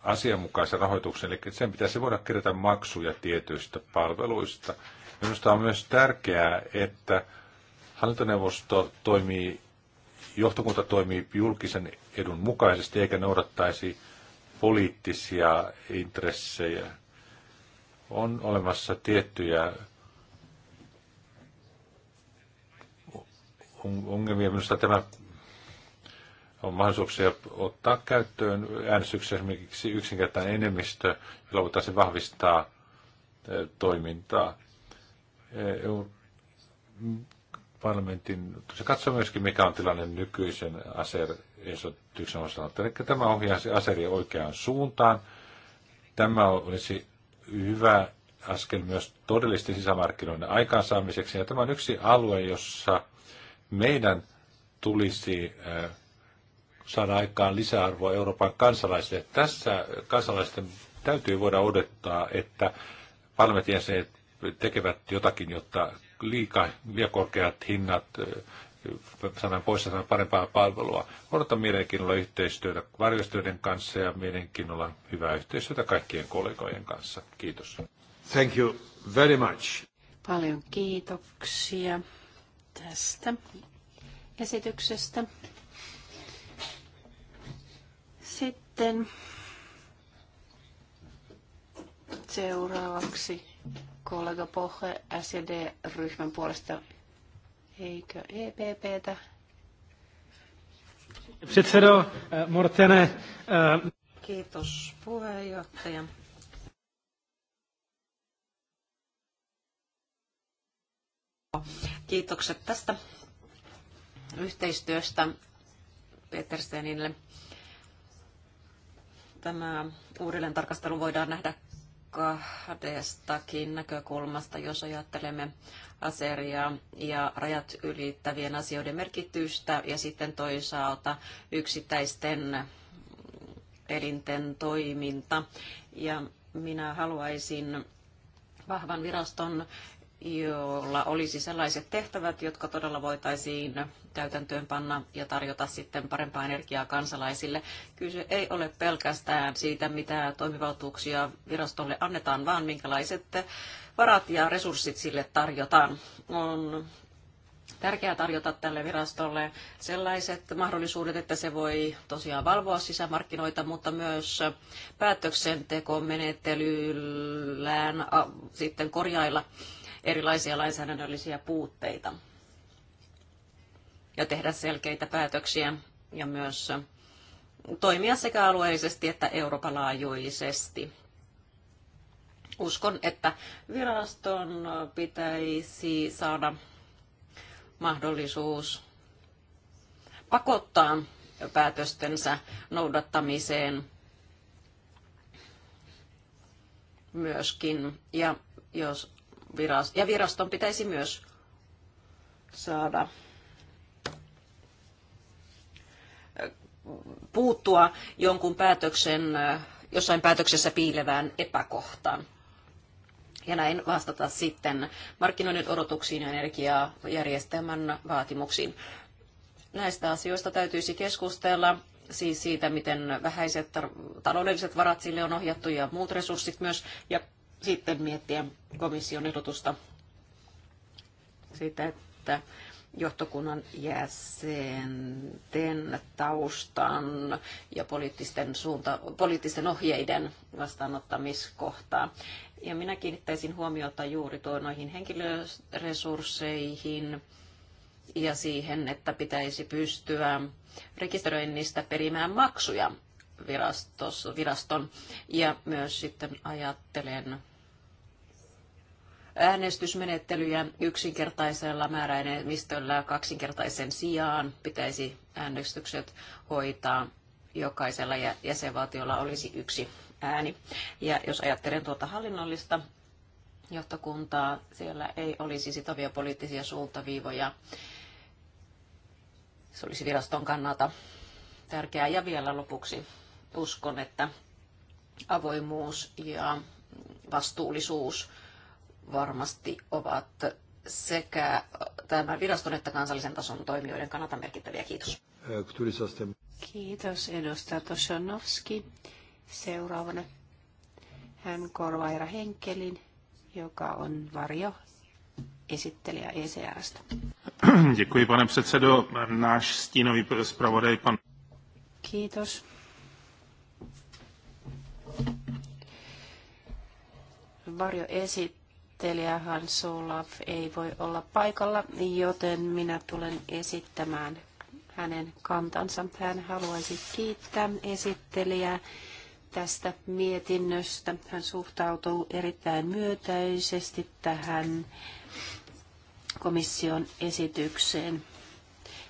Speaker 1: asianmukaisen rahoituksen, eli sen pitäisi voida kerätä maksuja tietyistä palveluista. Minusta on myös tärkeää, että hallintoneuvosto toimii, johtokunta toimii julkisen edun mukaisesti eikä noudattaisi poliittisia intressejä. On olemassa tiettyjä ongelmia. Minusta tämä on mahdollisuuksia ottaa käyttöön äänestyksessä esimerkiksi yksinkertainen enemmistö, jolla voitaisiin vahvistaa eh, toimintaa. Eh, EU parlamentin, se katsoo myöskin mikä on tilanne nykyisen aser-esityksen osalta. Eli tämä ohjaisi aseria oikeaan suuntaan. Tämä olisi hyvä askel myös todellisten sisämarkkinoiden aikaansaamiseksi. Ja tämä on yksi alue, jossa meidän tulisi äh, saada aikaan lisäarvoa Euroopan kansalaisille. Tässä kansalaisten täytyy voida odottaa, että parlamentin jäsenet tekevät jotakin, jotta liika, liian korkeat hinnat eh, saadaan pois ja saadaan parempaa palvelua. Odotan mielenkiinnolla yhteistyötä varjostöiden kanssa ja mielenkiinnolla hyvää yhteistyötä kaikkien kollegojen kanssa. Kiitos. Thank you very much.
Speaker 2: Paljon kiitoksia tästä esityksestä. Sitten seuraavaksi kollega Pohe SED-ryhmän puolesta. Eikö EPPtä?
Speaker 1: Předsedo eh, Mortene. Eh.
Speaker 3: Kiitos puheenjohtaja. Kiitokset tästä yhteistyöstä Petersenille tämä uudelleen tarkastelu voidaan nähdä kahdestakin näkökulmasta, jos ajattelemme aseria ja rajat ylittävien asioiden merkitystä ja sitten toisaalta yksittäisten elinten toiminta. Ja minä haluaisin vahvan viraston jolla olisi sellaiset tehtävät, jotka todella voitaisiin täytäntöön panna ja tarjota sitten parempaa energiaa kansalaisille. Kyse ei ole pelkästään siitä, mitä toimivaltuuksia virastolle annetaan, vaan minkälaiset varat ja resurssit sille tarjotaan. On tärkeää tarjota tälle virastolle sellaiset mahdollisuudet, että se voi tosiaan valvoa sisämarkkinoita, mutta myös päätöksentekomenettelyllään sitten korjailla erilaisia lainsäädännöllisiä puutteita ja tehdä selkeitä päätöksiä ja myös toimia sekä alueellisesti että Euroopan laajuisesti. Uskon, että viraston pitäisi saada mahdollisuus pakottaa päätöstensä noudattamiseen myöskin. Ja jos ja viraston pitäisi myös saada puuttua jonkun päätöksen, jossain päätöksessä piilevään epäkohtaan. Ja näin vastata sitten markkinoiden odotuksiin ja energiajärjestelmän vaatimuksiin. Näistä asioista täytyisi keskustella, siis siitä, miten vähäiset taloudelliset varat sille on ohjattu ja muut resurssit myös. Ja sitten miettiä komission ehdotusta siitä, että johtokunnan jäsenten taustan ja poliittisten, suunta, poliittisten ohjeiden vastaanottamiskohtaa. Ja minä kiinnittäisin huomiota juuri tuo noihin henkilöresursseihin ja siihen, että pitäisi pystyä rekisteröinnistä perimään maksuja virastos, viraston. Ja myös sitten ajattelen äänestysmenettelyjä yksinkertaisella määräenemmistöllä kaksinkertaisen sijaan pitäisi äänestykset hoitaa. Jokaisella jäsenvaltiolla olisi yksi ääni. Ja jos ajattelen tuota hallinnollista johtokuntaa, siellä ei olisi sitovia poliittisia suuntaviivoja. Se olisi viraston kannalta tärkeää. Ja vielä lopuksi uskon, että avoimuus ja vastuullisuus varmasti ovat sekä tämän viraston että kansallisen tason toimijoiden kannalta merkittäviä. Kiitos. Kiitos edustaja Toshanovski.
Speaker 2: Seuraavana hän korvaa Henkelin, joka on varjo esittelijä ECRstä.
Speaker 1: Děkuji, pane předsedo. Náš stínový zpravodaj, pan...
Speaker 2: Kiitos. Varjo esittää esittelijä Hans Olaf ei voi olla paikalla, joten minä tulen esittämään hänen kantansa. Hän haluaisi kiittää esittelijää tästä mietinnöstä. Hän suhtautuu erittäin myötäisesti tähän komission esitykseen.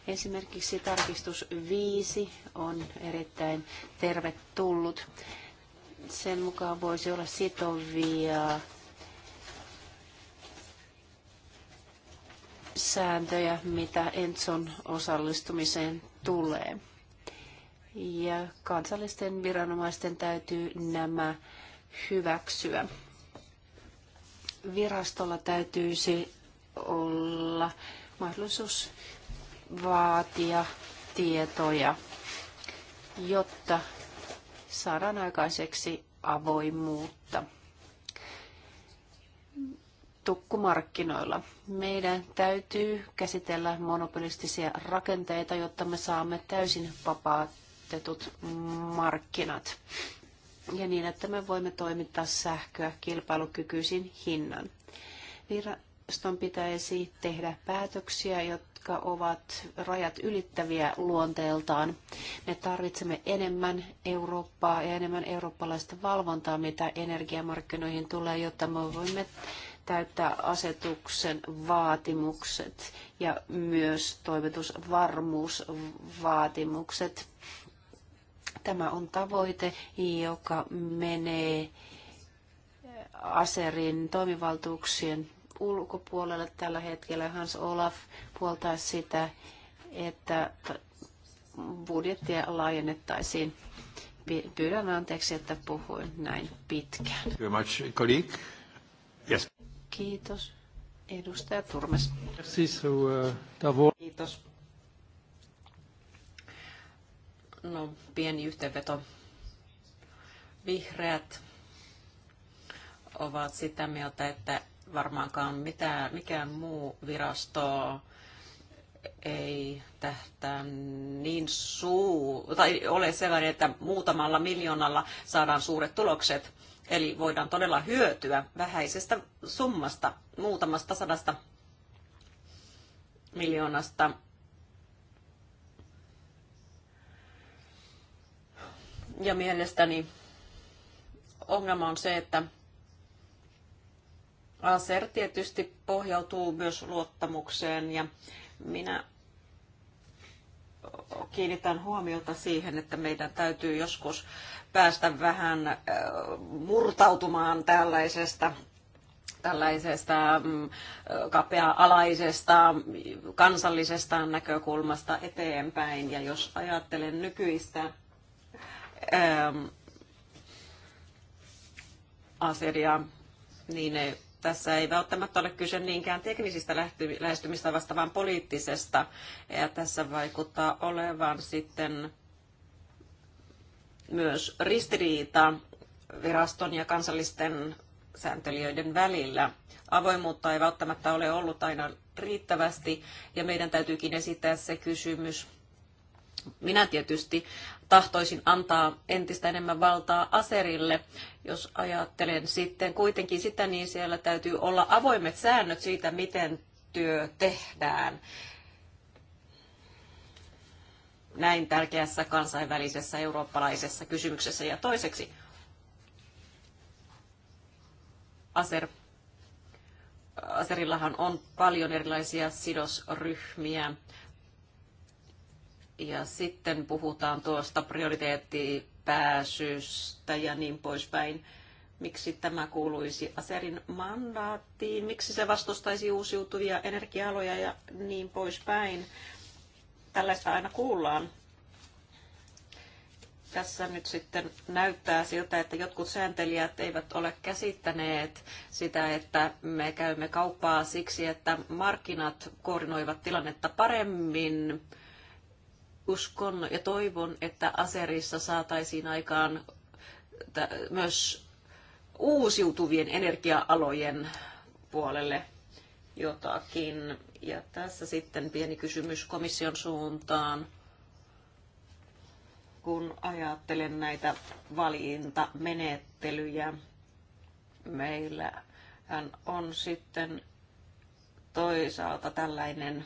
Speaker 2: Esimerkiksi tarkistus 5 on erittäin tervetullut. Sen mukaan voisi olla sitovia sääntöjä, mitä Enson osallistumiseen tulee. Ja kansallisten viranomaisten täytyy nämä hyväksyä. Virastolla täytyisi olla mahdollisuus vaatia tietoja, jotta saadaan aikaiseksi avoimuutta tukkumarkkinoilla. Meidän täytyy käsitellä monopolistisia rakenteita, jotta me saamme täysin vapaatetut markkinat. Ja niin, että me voimme toimittaa sähköä kilpailukykyisin hinnan. Viraston pitäisi tehdä päätöksiä, jotka ovat rajat ylittäviä luonteeltaan. Me tarvitsemme enemmän Eurooppaa ja enemmän eurooppalaista valvontaa, mitä energiamarkkinoihin tulee, jotta me voimme täyttää asetuksen vaatimukset ja myös toimitusvarmuusvaatimukset. Tämä on tavoite, joka menee Aserin toimivaltuuksien ulkopuolelle tällä hetkellä. Hans Olaf puoltaa sitä, että budjettia laajennettaisiin. Pyydän anteeksi, että puhuin näin pitkään.
Speaker 1: Very much, colleague.
Speaker 2: Kiitos.
Speaker 3: Edustaja Turmes.
Speaker 1: Uh,
Speaker 3: Kiitos. No, pieni yhteenveto. Vihreät ovat sitä mieltä, että varmaankaan mitään, mikään muu virasto ei tähtää niin suu, tai ole sellainen, että muutamalla miljoonalla saadaan suuret tulokset Eli voidaan todella hyötyä vähäisestä summasta, muutamasta sadasta miljoonasta. Ja mielestäni ongelma on se, että ASER tietysti pohjautuu myös luottamukseen ja minä kiinnitän huomiota siihen, että meidän täytyy joskus päästä vähän murtautumaan tällaisesta tällaisesta mm, kapea-alaisesta kansallisesta näkökulmasta eteenpäin. Ja jos ajattelen nykyistä ähm, aseria, niin tässä ei välttämättä ole kyse niinkään teknisistä lähestymistavasta, vaan poliittisesta. Ja tässä vaikuttaa olevan sitten myös ristiriita viraston ja kansallisten sääntelijöiden välillä. Avoimuutta ei välttämättä ole ollut aina riittävästi ja meidän täytyykin esittää se kysymys. Minä tietysti tahtoisin antaa entistä enemmän valtaa aserille. Jos ajattelen sitten kuitenkin sitä, niin siellä täytyy olla avoimet säännöt siitä, miten työ tehdään näin tärkeässä kansainvälisessä eurooppalaisessa kysymyksessä. Ja toiseksi Aser, Aserillahan on paljon erilaisia sidosryhmiä. Ja sitten puhutaan tuosta prioriteettipääsystä ja niin poispäin. Miksi tämä kuuluisi Aserin mandaattiin? Miksi se vastustaisi uusiutuvia energialoja ja niin poispäin? Tällaista aina kuullaan. Tässä nyt sitten näyttää siltä, että jotkut sääntelijät eivät ole käsittäneet sitä, että me käymme kauppaa siksi, että markkinat koordinoivat tilannetta paremmin. Uskon ja toivon, että Aserissa saataisiin aikaan myös uusiutuvien energia-alojen puolelle jotakin. Ja tässä sitten pieni kysymys komission suuntaan. Kun ajattelen näitä valintamenettelyjä, meillä on sitten toisaalta tällainen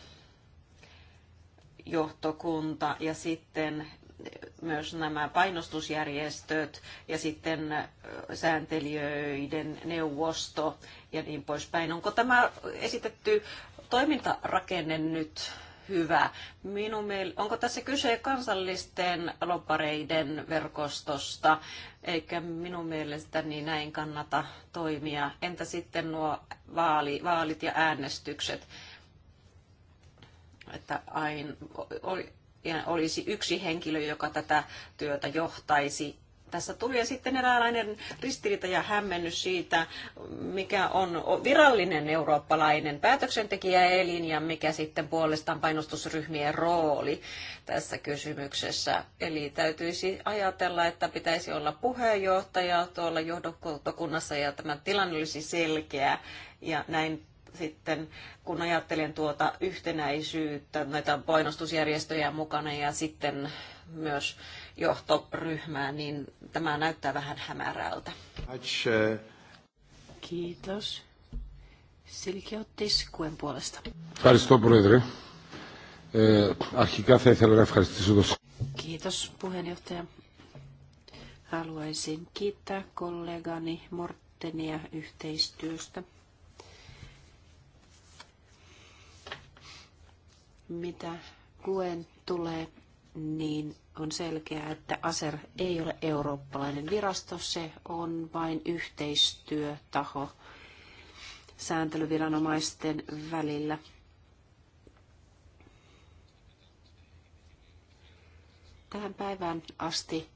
Speaker 3: johtokunta ja sitten myös nämä painostusjärjestöt ja sitten sääntelijöiden neuvosto ja niin poispäin. Onko tämä esitetty toimintarakenne nyt hyvä. Minun miel- onko tässä kyse kansallisten lopareiden verkostosta, eikä minun mielestäni näin kannata toimia. Entä sitten nuo vaali- vaalit ja äänestykset? Että ain, oli, olisi yksi henkilö, joka tätä työtä johtaisi. Tässä tuli sitten eräänlainen ristiriita ja hämmennys siitä, mikä on virallinen eurooppalainen päätöksentekijäelin ja mikä sitten puolestaan painostusryhmien rooli tässä kysymyksessä. Eli täytyisi ajatella, että pitäisi olla puheenjohtaja tuolla johdokunnassa ja tämä tilanne olisi selkeä ja näin sitten, kun ajattelen tuota yhtenäisyyttä, näitä painostusjärjestöjä mukana ja sitten myös johtoryhmää, niin tämä näyttää vähän hämärältä. Kiitos.
Speaker 2: Silkiottis Kuen puolesta. Kiitos, puheenjohtaja. Haluaisin kiittää kollegani Mortenia yhteistyöstä. Mitä kuen tulee, niin on selkeää, että ASER ei ole eurooppalainen virasto, se on vain yhteistyötaho sääntelyviranomaisten välillä. Tähän päivään asti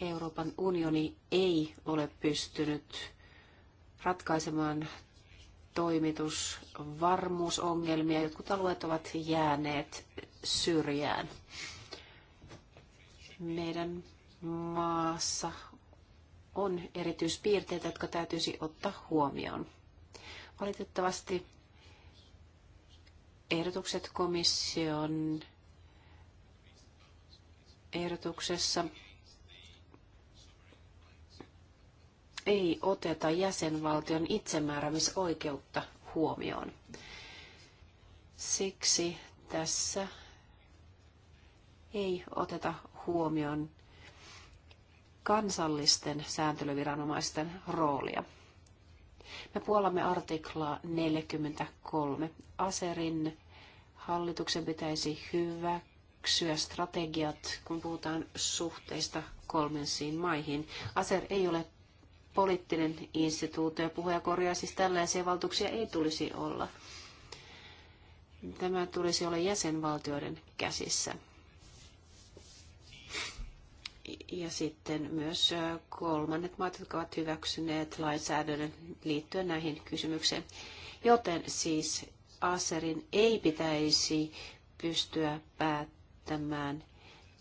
Speaker 2: Euroopan unioni ei ole pystynyt ratkaisemaan toimitusvarmuusongelmia. Jotkut alueet ovat jääneet syrjään. Meidän maassa on erityispiirteitä, jotka täytyisi ottaa huomioon. Valitettavasti ehdotukset komission ehdotuksessa ei oteta jäsenvaltion itsemääräämisoikeutta huomioon. Siksi tässä ei oteta huomioon kansallisten sääntelyviranomaisten roolia. Me puolamme artiklaa 43. Aserin hallituksen pitäisi hyväksyä strategiat, kun puhutaan suhteista kolmensiin maihin. Aser ei ole poliittinen instituutio ja puhuja korjaa, siis tällaisia valtuuksia ei tulisi olla. Tämä tulisi olla jäsenvaltioiden käsissä. Ja sitten myös kolmannet maat, jotka ovat hyväksyneet lainsäädännön liittyen näihin kysymyksiin. Joten siis Aserin ei pitäisi pystyä päättämään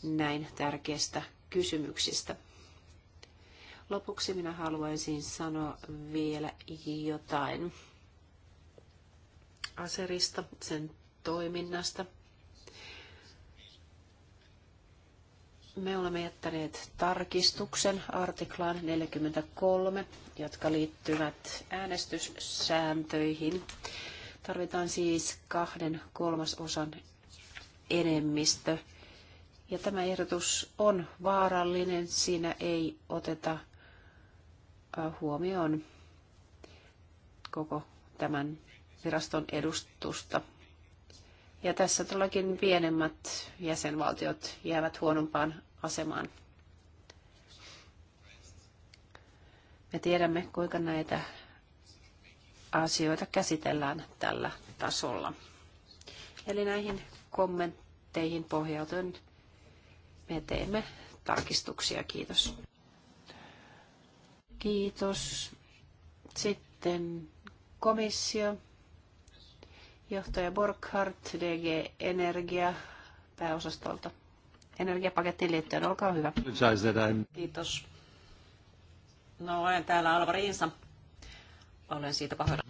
Speaker 2: näin tärkeistä kysymyksistä. Lopuksi minä haluaisin sanoa vielä jotain aserista, sen toiminnasta. Me olemme jättäneet tarkistuksen artiklaan 43, jotka liittyvät äänestyssääntöihin. Tarvitaan siis kahden kolmasosan enemmistö. Ja tämä ehdotus on vaarallinen, siinä ei oteta huomioon koko tämän viraston edustusta. Ja tässä todellakin pienemmät jäsenvaltiot jäävät huonompaan asemaan. Me tiedämme, kuinka näitä asioita käsitellään tällä tasolla. Eli näihin kommentteihin pohjautuen me teemme tarkistuksia. Kiitos. Kiitos. Sitten komissio. Johtaja Borkhardt, DG Energia pääosastolta.
Speaker 3: Energiapakettiin liittyen, olkaa hyvä. Kiitos. No, olen täällä Alvar Insa. Olen siitä pahoilla.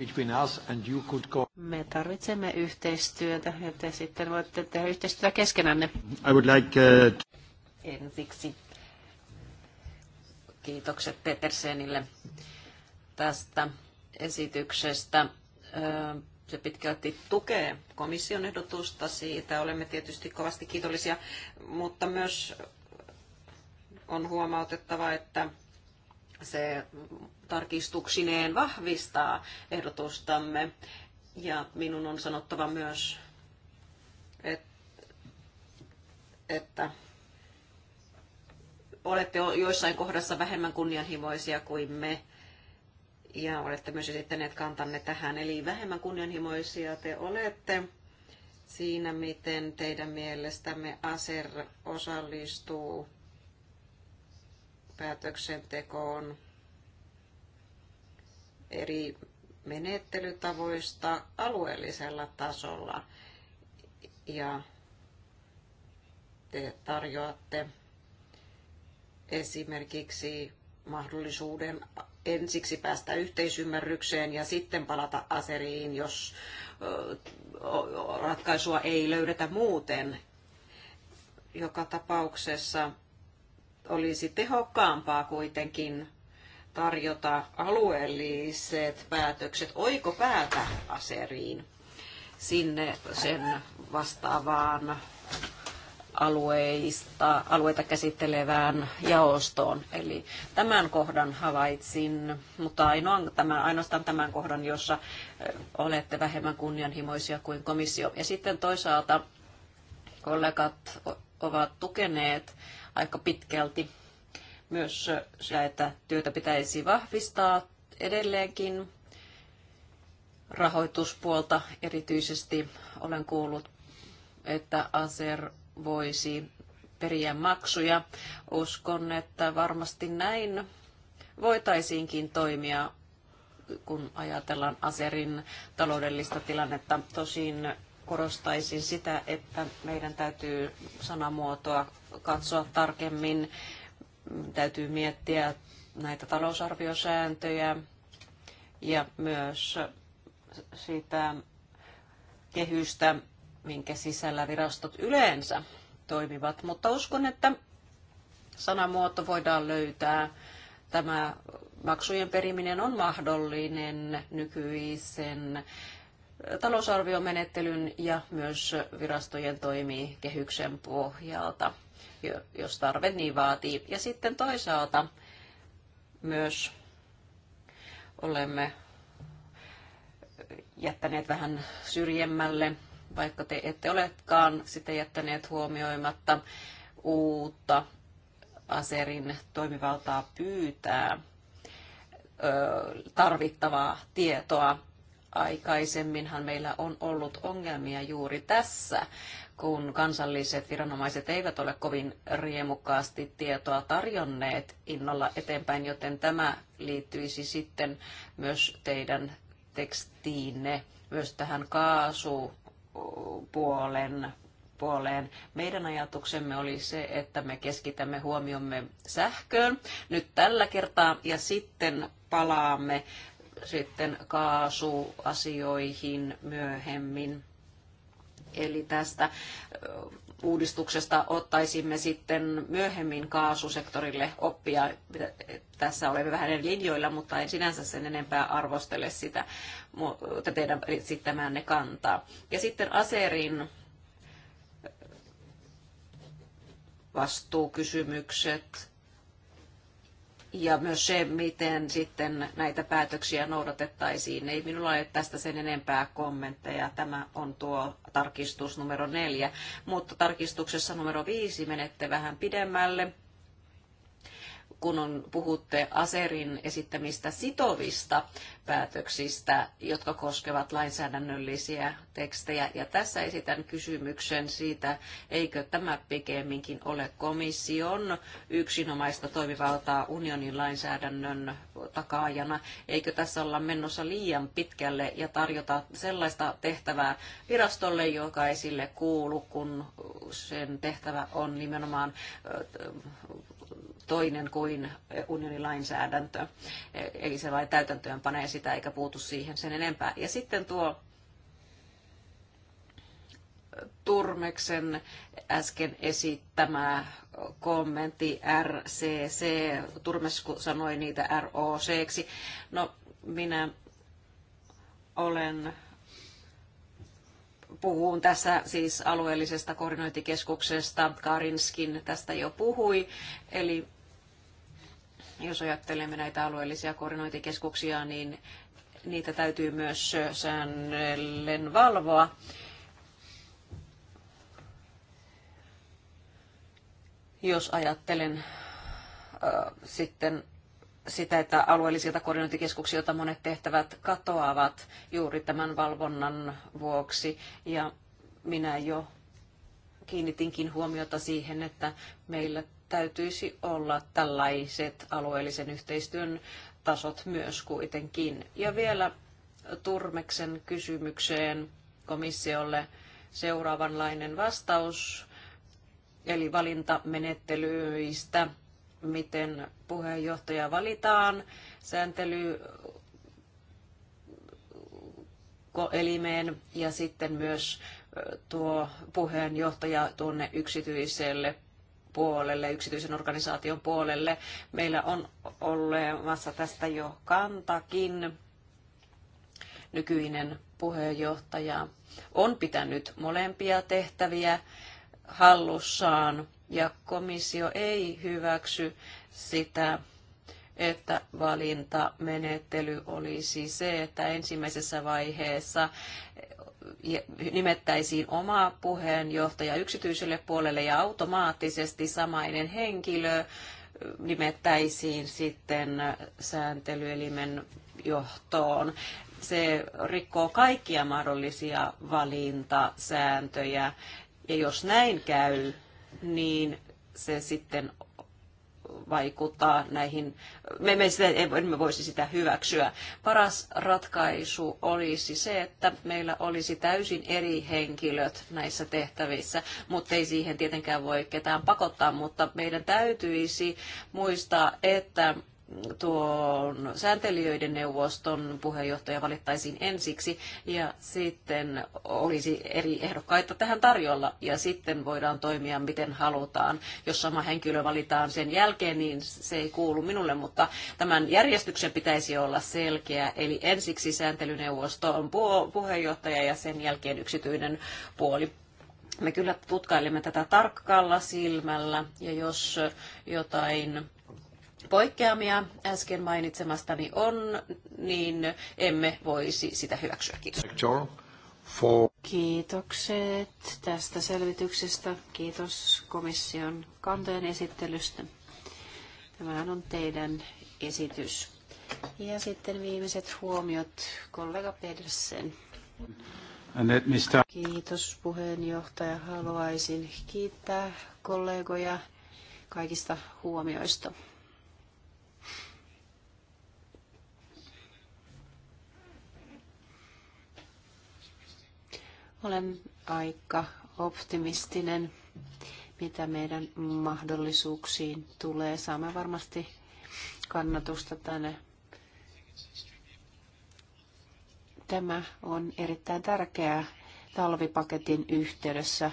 Speaker 1: Me
Speaker 2: tarvitsemme yhteistyötä ja te sitten voitte tehdä yhteistyötä keskenänne. I would
Speaker 1: like, uh...
Speaker 3: Ensiksi Kiitokset Petersenille tästä esityksestä. Se pitkälti tukee komission ehdotusta siitä. Olemme tietysti kovasti kiitollisia, mutta myös on huomautettava, että se tarkistuksineen vahvistaa ehdotustamme. Ja minun on sanottava myös, että, että olette joissain kohdassa vähemmän kunnianhimoisia kuin me. Ja olette myös esittäneet kantanne tähän. Eli vähemmän kunnianhimoisia te olette siinä, miten teidän mielestämme ASER osallistuu päätöksentekoon eri menettelytavoista alueellisella tasolla. Ja te tarjoatte esimerkiksi mahdollisuuden ensiksi päästä yhteisymmärrykseen ja sitten palata aseriin, jos ratkaisua ei löydetä muuten. Joka tapauksessa olisi tehokkaampaa kuitenkin tarjota alueelliset päätökset oikopäätä aseriin sinne sen vastaavaan alueista, alueita käsittelevään jaostoon. Eli tämän kohdan havaitsin, mutta ainoan, tämän, ainoastaan tämän kohdan, jossa olette vähemmän kunnianhimoisia kuin komissio. Ja sitten toisaalta kollegat ovat tukeneet aika pitkälti myös sitä, että työtä pitäisi vahvistaa edelleenkin rahoituspuolta erityisesti olen kuullut, että ASER voisi periä maksuja. Uskon, että varmasti näin voitaisiinkin toimia, kun ajatellaan Aserin taloudellista tilannetta. Tosin korostaisin sitä, että meidän täytyy sanamuotoa katsoa tarkemmin. Täytyy miettiä näitä talousarviosääntöjä ja myös sitä kehystä, minkä sisällä virastot yleensä toimivat, mutta uskon, että sanamuoto voidaan löytää. Tämä maksujen periminen on mahdollinen nykyisen talousarviomenettelyn ja myös virastojen toimii kehyksen pohjalta, jos tarve niin vaatii. Ja sitten toisaalta myös olemme jättäneet vähän syrjemmälle vaikka te ette olekaan sitä jättäneet huomioimatta uutta Aserin toimivaltaa pyytää tarvittavaa tietoa. Aikaisemminhan meillä on ollut ongelmia juuri tässä, kun kansalliset viranomaiset eivät ole kovin riemukkaasti tietoa tarjonneet innolla eteenpäin, joten tämä liittyisi sitten myös teidän tekstiinne, myös tähän kaasu puolen puoleen. Meidän ajatuksemme oli se, että me keskitämme huomiomme sähköön nyt tällä kertaa ja sitten palaamme sitten kaasuasioihin myöhemmin. Eli tästä uudistuksesta ottaisimme sitten myöhemmin kaasusektorille oppia. Tässä olemme vähän eri linjoilla, mutta en sinänsä sen enempää arvostele sitä teidän esittämäänne kantaa. Ja sitten Aserin vastuukysymykset ja myös se, miten sitten näitä päätöksiä noudatettaisiin. Ei minulla ole tästä sen enempää kommentteja. Tämä on tuo tarkistus numero neljä, mutta tarkistuksessa numero viisi menette vähän pidemmälle kun on, puhutte Aserin esittämistä sitovista päätöksistä, jotka koskevat lainsäädännöllisiä tekstejä. Ja tässä esitän kysymyksen siitä, eikö tämä pikemminkin ole komission yksinomaista toimivaltaa unionin lainsäädännön takaajana. Eikö tässä olla menossa liian pitkälle ja tarjota sellaista tehtävää virastolle, joka ei sille kuulu, kun sen tehtävä on nimenomaan toinen kuin unionin lainsäädäntö. Eli se vain täytäntöön panee sitä eikä puutu siihen sen enempää. Ja sitten tuo Turmeksen äsken esittämä kommentti RCC, Turmes sanoi niitä ksi, No, minä olen puhun tässä siis alueellisesta koordinointikeskuksesta, Karinskin tästä jo puhui, eli jos ajattelemme näitä alueellisia koordinointikeskuksia, niin niitä täytyy myös säännellen valvoa. Jos ajattelen äh, sitten sitä, että alueellisilta koordinointikeskuksilta monet tehtävät katoavat juuri tämän valvonnan vuoksi. Ja minä jo kiinnitinkin huomiota siihen, että meillä täytyisi olla tällaiset alueellisen yhteistyön tasot myös kuitenkin. Ja vielä Turmeksen kysymykseen komissiolle seuraavanlainen vastaus, eli valintamenettelyistä, miten puheenjohtaja valitaan, sääntely elimeen ja sitten myös tuo puheenjohtaja tuonne yksityiselle puolelle, yksityisen organisaation puolelle. Meillä on olemassa tästä jo kantakin. Nykyinen puheenjohtaja on pitänyt molempia tehtäviä hallussaan ja komissio ei hyväksy sitä että valintamenettely olisi se, että ensimmäisessä vaiheessa nimettäisiin oma puheenjohtaja yksityiselle puolelle ja automaattisesti samainen henkilö nimettäisiin sitten sääntelyelimen johtoon. Se rikkoo kaikkia mahdollisia valintasääntöjä ja jos näin käy, niin se sitten vaikuttaa näihin, me emme, sitä, emme voisi sitä hyväksyä. Paras ratkaisu olisi se, että meillä olisi täysin eri henkilöt näissä tehtävissä, mutta ei siihen tietenkään voi ketään pakottaa, mutta meidän täytyisi muistaa, että tuon sääntelijöiden neuvoston puheenjohtaja valittaisiin ensiksi ja sitten olisi eri ehdokkaita tähän tarjolla ja sitten voidaan toimia miten halutaan. Jos sama henkilö valitaan sen jälkeen, niin se ei kuulu minulle, mutta tämän järjestyksen pitäisi olla selkeä. Eli ensiksi sääntelyneuvosto on puheenjohtaja ja sen jälkeen yksityinen puoli me kyllä tutkailemme tätä tarkkaalla silmällä ja jos jotain poikkeamia äsken mainitsemastani on, niin emme voisi sitä hyväksyä. Kiitos.
Speaker 2: Kiitokset tästä selvityksestä. Kiitos komission kantojen esittelystä. Tämähän on teidän esitys. Ja sitten viimeiset huomiot kollega Pedersen. Kiitos puheenjohtaja. Haluaisin kiittää kollegoja kaikista huomioista. Olen aika optimistinen, mitä meidän mahdollisuuksiin tulee. Saamme varmasti kannatusta tänne. Tämä on erittäin tärkeää talvipaketin yhteydessä,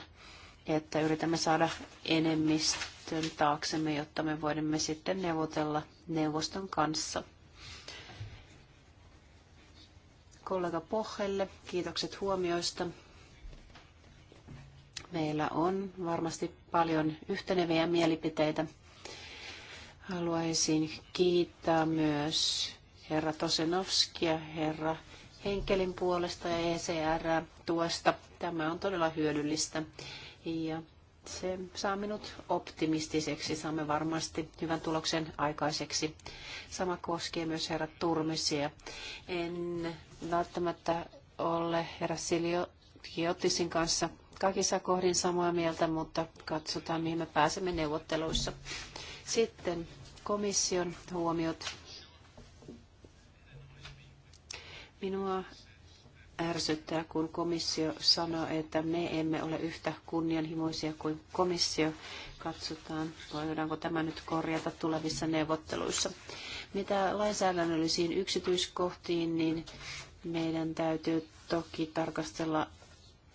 Speaker 2: että yritämme saada enemmistön taaksemme, jotta me voimme sitten neuvotella neuvoston kanssa. Kollega Pohelle, kiitokset huomioista. Meillä on varmasti paljon yhteneviä mielipiteitä. Haluaisin kiittää myös herra Tosenovskia, herra Henkelin puolesta ja ecr Tuosta. Tämä on todella hyödyllistä ja se saa minut optimistiseksi. Saamme varmasti hyvän tuloksen aikaiseksi. Sama koskee myös herra Turmisia. En välttämättä ole herra Silio Kiotisin kanssa kaikissa kohdin samaa mieltä, mutta katsotaan, mihin me pääsemme neuvotteluissa. Sitten komission huomiot. Minua ärsyttää, kun komissio sanoo, että me emme ole yhtä kunnianhimoisia kuin komissio. Katsotaan, voidaanko tämä nyt korjata tulevissa neuvotteluissa. Mitä lainsäädännöllisiin yksityiskohtiin, niin meidän täytyy toki tarkastella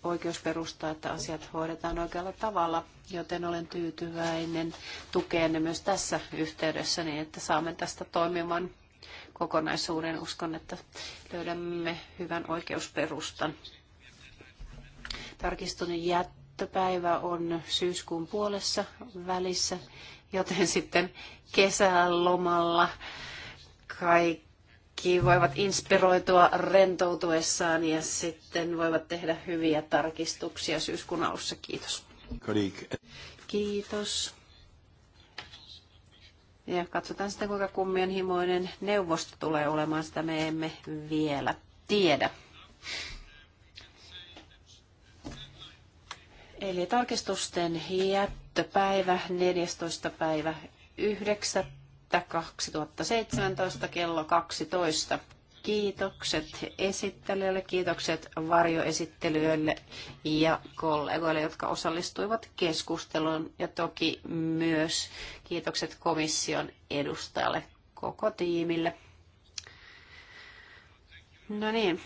Speaker 2: oikeusperustaa, että asiat hoidetaan oikealla tavalla, joten olen tyytyväinen tukeenne myös tässä yhteydessä niin, että saamme tästä toimivan kokonaisuuden. Uskon, että löydämme hyvän oikeusperustan. Tarkistunut jättöpäivä on syyskuun puolessa välissä, joten sitten kesälomalla kaikki kaikki voivat inspiroitua rentoutuessaan ja sitten voivat tehdä hyviä tarkistuksia syyskuun alussa. Kiitos. Kiitos. Ja katsotaan sitten, kuinka kummianhimoinen neuvosto tulee olemaan. Sitä me emme vielä tiedä. Eli tarkistusten jättöpäivä 14. päivä 9. 2017 kello 12. Kiitokset esittelijöille, kiitokset varjoesittelijöille ja kollegoille, jotka osallistuivat keskusteluun ja toki myös kiitokset komission edustajalle, koko tiimille. No niin.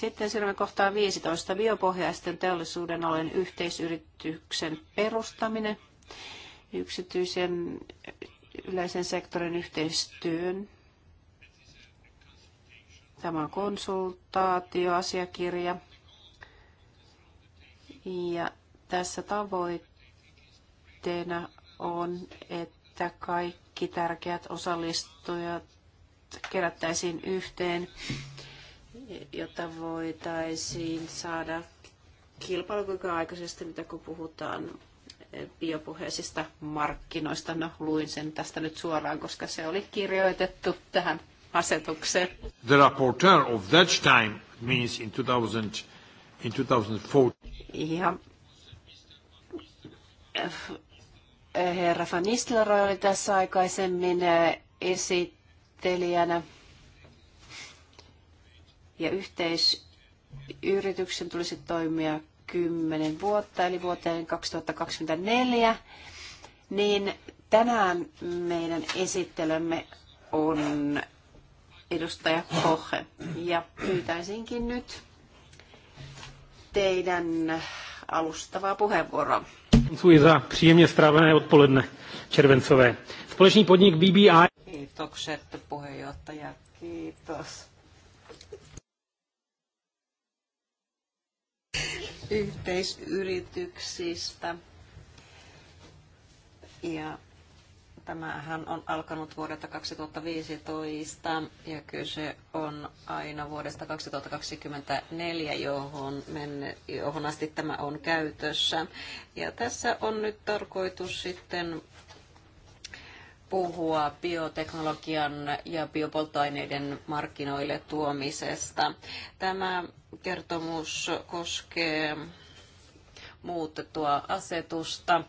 Speaker 2: Sitten siirrymme kohtaan 15. Biopohjaisten teollisuuden alojen yhteisyrityksen perustaminen, yksityisen yleisen sektorin yhteistyön. Tämä on konsultaatioasiakirja. Ja tässä tavoitteena on, että kaikki tärkeät osallistujat kerättäisiin yhteen jota voitaisiin saada kilpailukykyä aikaisesti, mitä kun puhutaan eh, biopuheisista markkinoista. No, luin sen tästä nyt suoraan, koska se oli kirjoitettu tähän asetukseen.
Speaker 1: The rapporteur of that time means in 2000, in 2004. Ja
Speaker 2: eh, herra Van Nistelrooy oli tässä aikaisemmin eh, esittelijänä ja yhteisyrityksen tulisi toimia 10 vuotta, eli vuoteen 2024, niin tänään meidän esittelemme on edustaja Kohe. Ja pyytäisinkin nyt teidän alustavaa puheenvuoroa.
Speaker 1: Děkuji za příjemně strávené odpoledne červencové. Společný podnik BBI.
Speaker 3: Kiitokset puheenjohtaja, kiitos. yhteisyrityksistä. Ja tämähän on alkanut vuodelta 2015 ja kyse on aina vuodesta 2024, johon, menne, johon asti tämä on käytössä. Ja tässä on nyt tarkoitus sitten puhua bioteknologian ja biopolttoaineiden markkinoille tuomisesta. Tämä kertomus koskee muutettua asetusta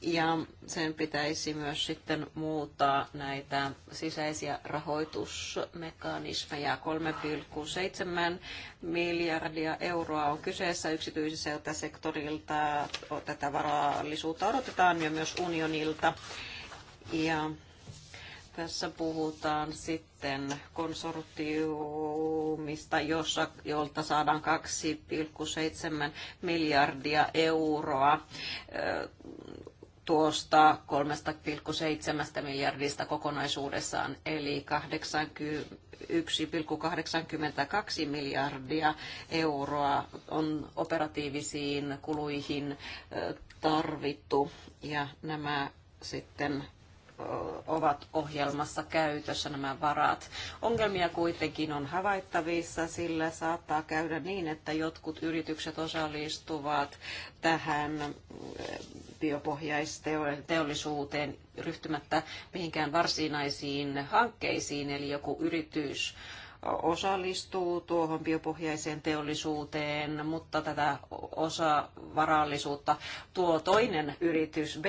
Speaker 3: ja sen pitäisi myös sitten muuttaa näitä sisäisiä rahoitusmekanismeja. 3,7 miljardia euroa on kyseessä yksityiseltä sektorilta. Tätä varallisuutta odotetaan ja myös unionilta. Ja tässä puhutaan sitten konsortiumista, jossa, jolta saadaan 2,7 miljardia euroa tuosta 3,7 miljardista kokonaisuudessaan, eli 1,82 miljardia euroa on operatiivisiin kuluihin tarvittu, ja nämä sitten ovat ohjelmassa käytössä nämä varat. Ongelmia kuitenkin on havaittavissa, sillä saattaa käydä niin, että jotkut yritykset osallistuvat tähän biopohjaisteollisuuteen ryhtymättä mihinkään varsinaisiin hankkeisiin, eli joku yritys osallistuu tuohon biopohjaiseen teollisuuteen, mutta tätä osa varallisuutta tuo toinen yritys B,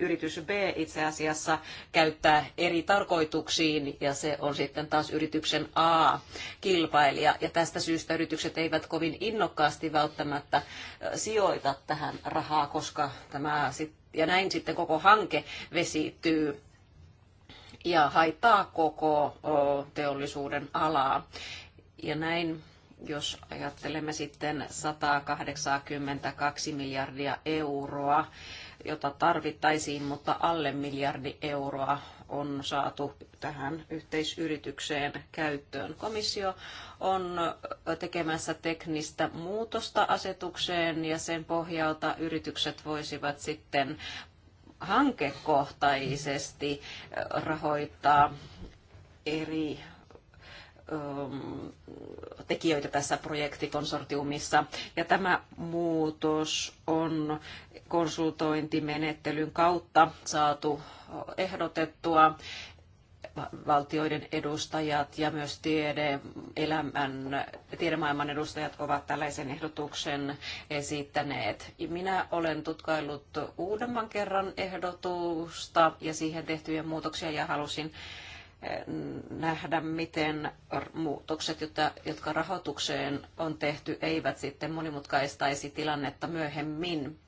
Speaker 3: yritys B itse asiassa käyttää eri tarkoituksiin ja se on sitten taas yrityksen A-kilpailija ja tästä syystä yritykset eivät kovin innokkaasti välttämättä sijoita tähän rahaa, koska tämä sitten ja näin sitten koko hanke vesittyy ja haittaa koko teollisuuden alaa. Ja näin, jos ajattelemme sitten 182 miljardia euroa, jota tarvittaisiin, mutta alle miljardi euroa on saatu tähän yhteisyritykseen käyttöön. Komissio on tekemässä teknistä muutosta asetukseen ja sen pohjalta yritykset voisivat sitten hankekohtaisesti rahoittaa eri tekijöitä tässä projektikonsortiumissa. Ja tämä muutos on konsultointimenettelyn kautta saatu ehdotettua valtioiden edustajat ja myös tiede, elämän, tiedemaailman edustajat ovat tällaisen ehdotuksen esittäneet. Minä olen tutkaillut uudemman kerran ehdotusta ja siihen tehtyjä muutoksia ja halusin eh, nähdä, miten muutokset, jotka rahoitukseen on tehty, eivät sitten monimutkaistaisi tilannetta myöhemmin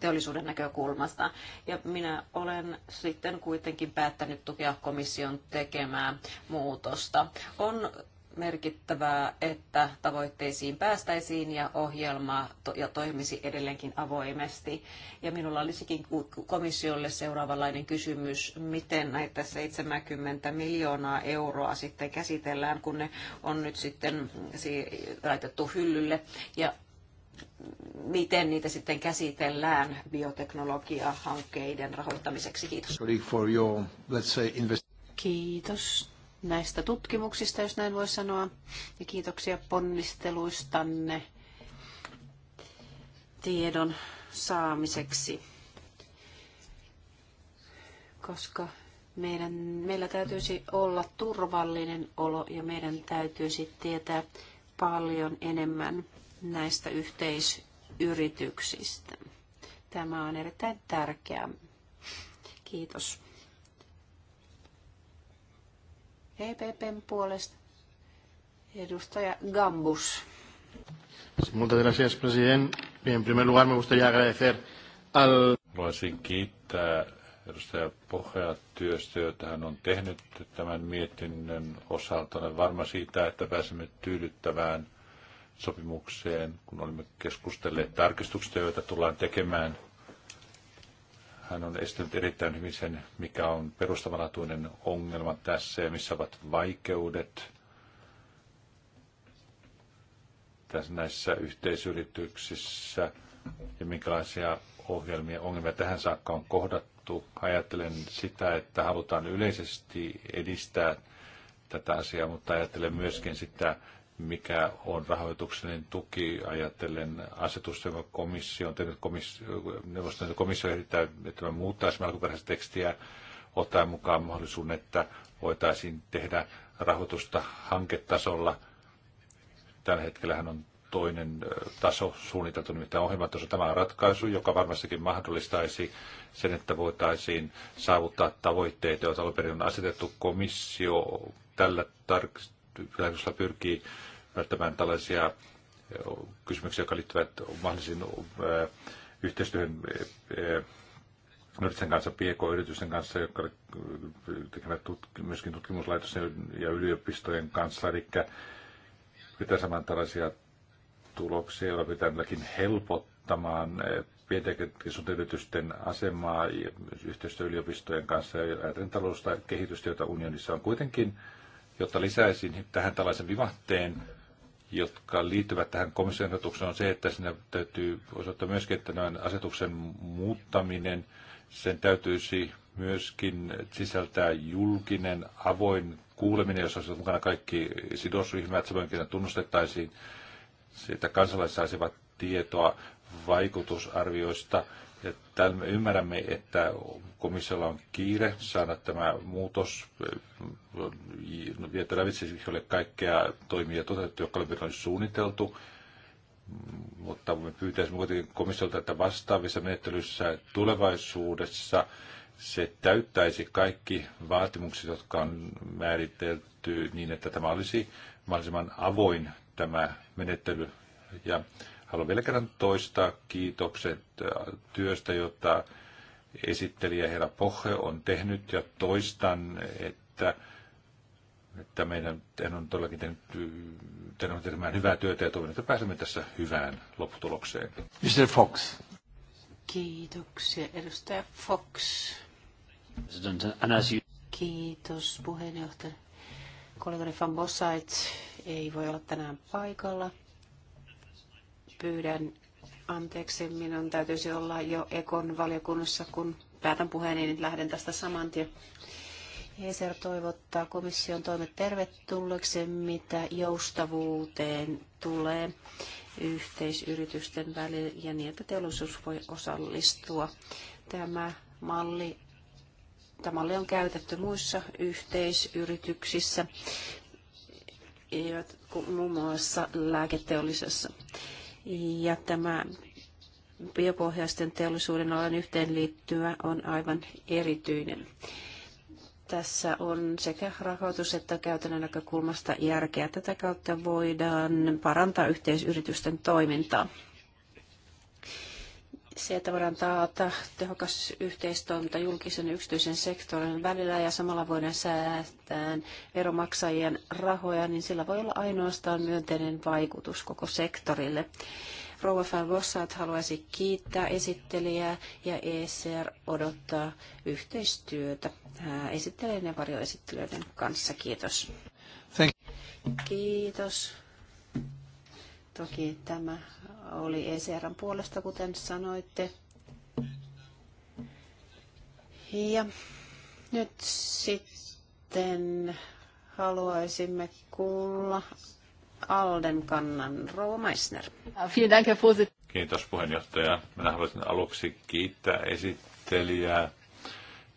Speaker 3: teollisuuden näkökulmasta. Ja minä olen sitten kuitenkin päättänyt tukea komission tekemää muutosta. On merkittävää, että tavoitteisiin päästäisiin ja ohjelma to- ja toimisi edelleenkin avoimesti. Ja minulla olisikin komissiolle seuraavanlainen kysymys, miten näitä 70 miljoonaa euroa sitten käsitellään, kun ne on nyt sitten laitettu hyllylle. Ja miten niitä sitten käsitellään bioteknologiahankkeiden rahoittamiseksi. Kiitos. Kiitos näistä
Speaker 2: tutkimuksista, jos näin voi sanoa, ja kiitoksia ponnisteluistanne tiedon saamiseksi, koska meidän, meillä täytyisi olla turvallinen olo ja meidän täytyisi tietää paljon enemmän näistä yhteisyrityksistä. Tämä on erittäin tärkeää. Kiitos. EPPn puolesta edustaja Gambus.
Speaker 1: Muchas gracias, En primer lugar, me gustaría agradecer al... Haluaisin kiittää edustaja Pohjaa työstä, jota hän on tehnyt tämän mietinnön osalta. Olen varma siitä, että pääsemme tyydyttävään sopimukseen, kun olimme keskustelleet tarkistuksista, joita tullaan tekemään. Hän on estänyt erittäin hyvin sen, mikä on perustavanlaatuinen ongelma tässä ja missä ovat vaikeudet tässä näissä yhteisyrityksissä ja minkälaisia ohjelmia ongelmia tähän saakka on kohdattu. Ajattelen sitä, että halutaan yleisesti edistää tätä asiaa, mutta ajattelen myöskin sitä, mikä on rahoituksellinen tuki, ajatellen asetus, jonka komissio on tehnyt, komissi- neuvoston komissio yrittää, että me muuttaisimme alkuperäistä tekstiä, ottaen mukaan mahdollisuuden, että voitaisiin tehdä rahoitusta hanketasolla. Tällä hetkellähän on toinen taso suunniteltu, nimittäin ohjelmatoso. Tämä on ratkaisu, joka varmastikin mahdollistaisi sen, että voitaisiin saavuttaa tavoitteita, joita alun perin on asetettu komissio tällä tarkistuksella pyrkii välttämään tällaisia eh, kysymyksiä, jotka liittyvät mahdollisiin eh, yhteistyöhön eh, yritysten kanssa, PK-yritysten kanssa, jotka tekevät myöskin tutkimuslaitosten ja yliopistojen kanssa. Eli pitää saman tällaisia tuloksia, joilla pitää helpottamaan pienten yritysten asemaa yhteistyö yliopistojen kanssa ja ajatellen talousta kehitystä, jota unionissa on kuitenkin, jotta lisäisin tähän tällaisen vivahteen, jotka liittyvät tähän komission ehdotukseen, on se, että siinä täytyy osoittaa myöskin, että tämän asetuksen muuttaminen, sen täytyisi myöskin sisältää julkinen, avoin kuuleminen, jossa olisi mukana kaikki sidosryhmät, samoin tunnustettaisiin, että kansalaiset saisivat tietoa vaikutusarvioista, että me ymmärrämme, että komissiolla on kiire saada tämä muutos, eh, vietä lävitse siis ole kaikkea toimia toteutettu, jotka on suunniteltu, mutta me pyytäisimme kuitenkin komissiolta, että vastaavissa menettelyissä tulevaisuudessa se täyttäisi kaikki vaatimukset, jotka on määritelty niin, että tämä olisi mahdollisimman avoin tämä menettely. Ja Haluan vielä kerran toistaa kiitokset äh, työstä, jota esittelijä herra Poche on tehnyt ja toistan, että että meidän en on todellakin tehnyt, tehnyt hyvää työtä ja toivon, että pääsemme tässä hyvään lopputulokseen. Mr. Fox.
Speaker 2: Kiitoksia, edustaja Fox. Kiitos, puheenjohtaja. Kollegani Van Bossait ei voi olla tänään paikalla. Pyydän anteeksi, minun täytyisi olla jo Ekon valiokunnassa, kun päätän puheeni, niin lähden tästä saman tien. ESER toivottaa komission toimet tervetulleeksi, mitä joustavuuteen tulee yhteisyritysten välillä ja niin, että teollisuus voi osallistua. Tämä malli, tämä malli on käytetty muissa yhteisyrityksissä, muun muassa lääketeollisessa. Ja tämä biopohjaisten teollisuuden alan yhteenliittyvä on aivan erityinen. Tässä on sekä rahoitus- että käytännön näkökulmasta järkeä. Tätä kautta voidaan parantaa yhteisyritysten toimintaa se, että voidaan taata tehokas yhteistoiminta julkisen ja yksityisen sektorin välillä ja samalla voidaan säästää veromaksajien rahoja, niin sillä voi olla ainoastaan myönteinen vaikutus koko sektorille. Rouva van Vossat haluaisi kiittää esittelijää ja ECR odottaa yhteistyötä esittelijän ja varjoesittelijöiden kanssa. Kiitos. Kiitos. Toki tämä oli ECRn puolesta, kuten sanoitte. Ja nyt sitten haluaisimme kuulla Alden kannan Rova Meissner.
Speaker 1: Kiitos puheenjohtaja. Minä haluaisin aluksi kiittää esittelijää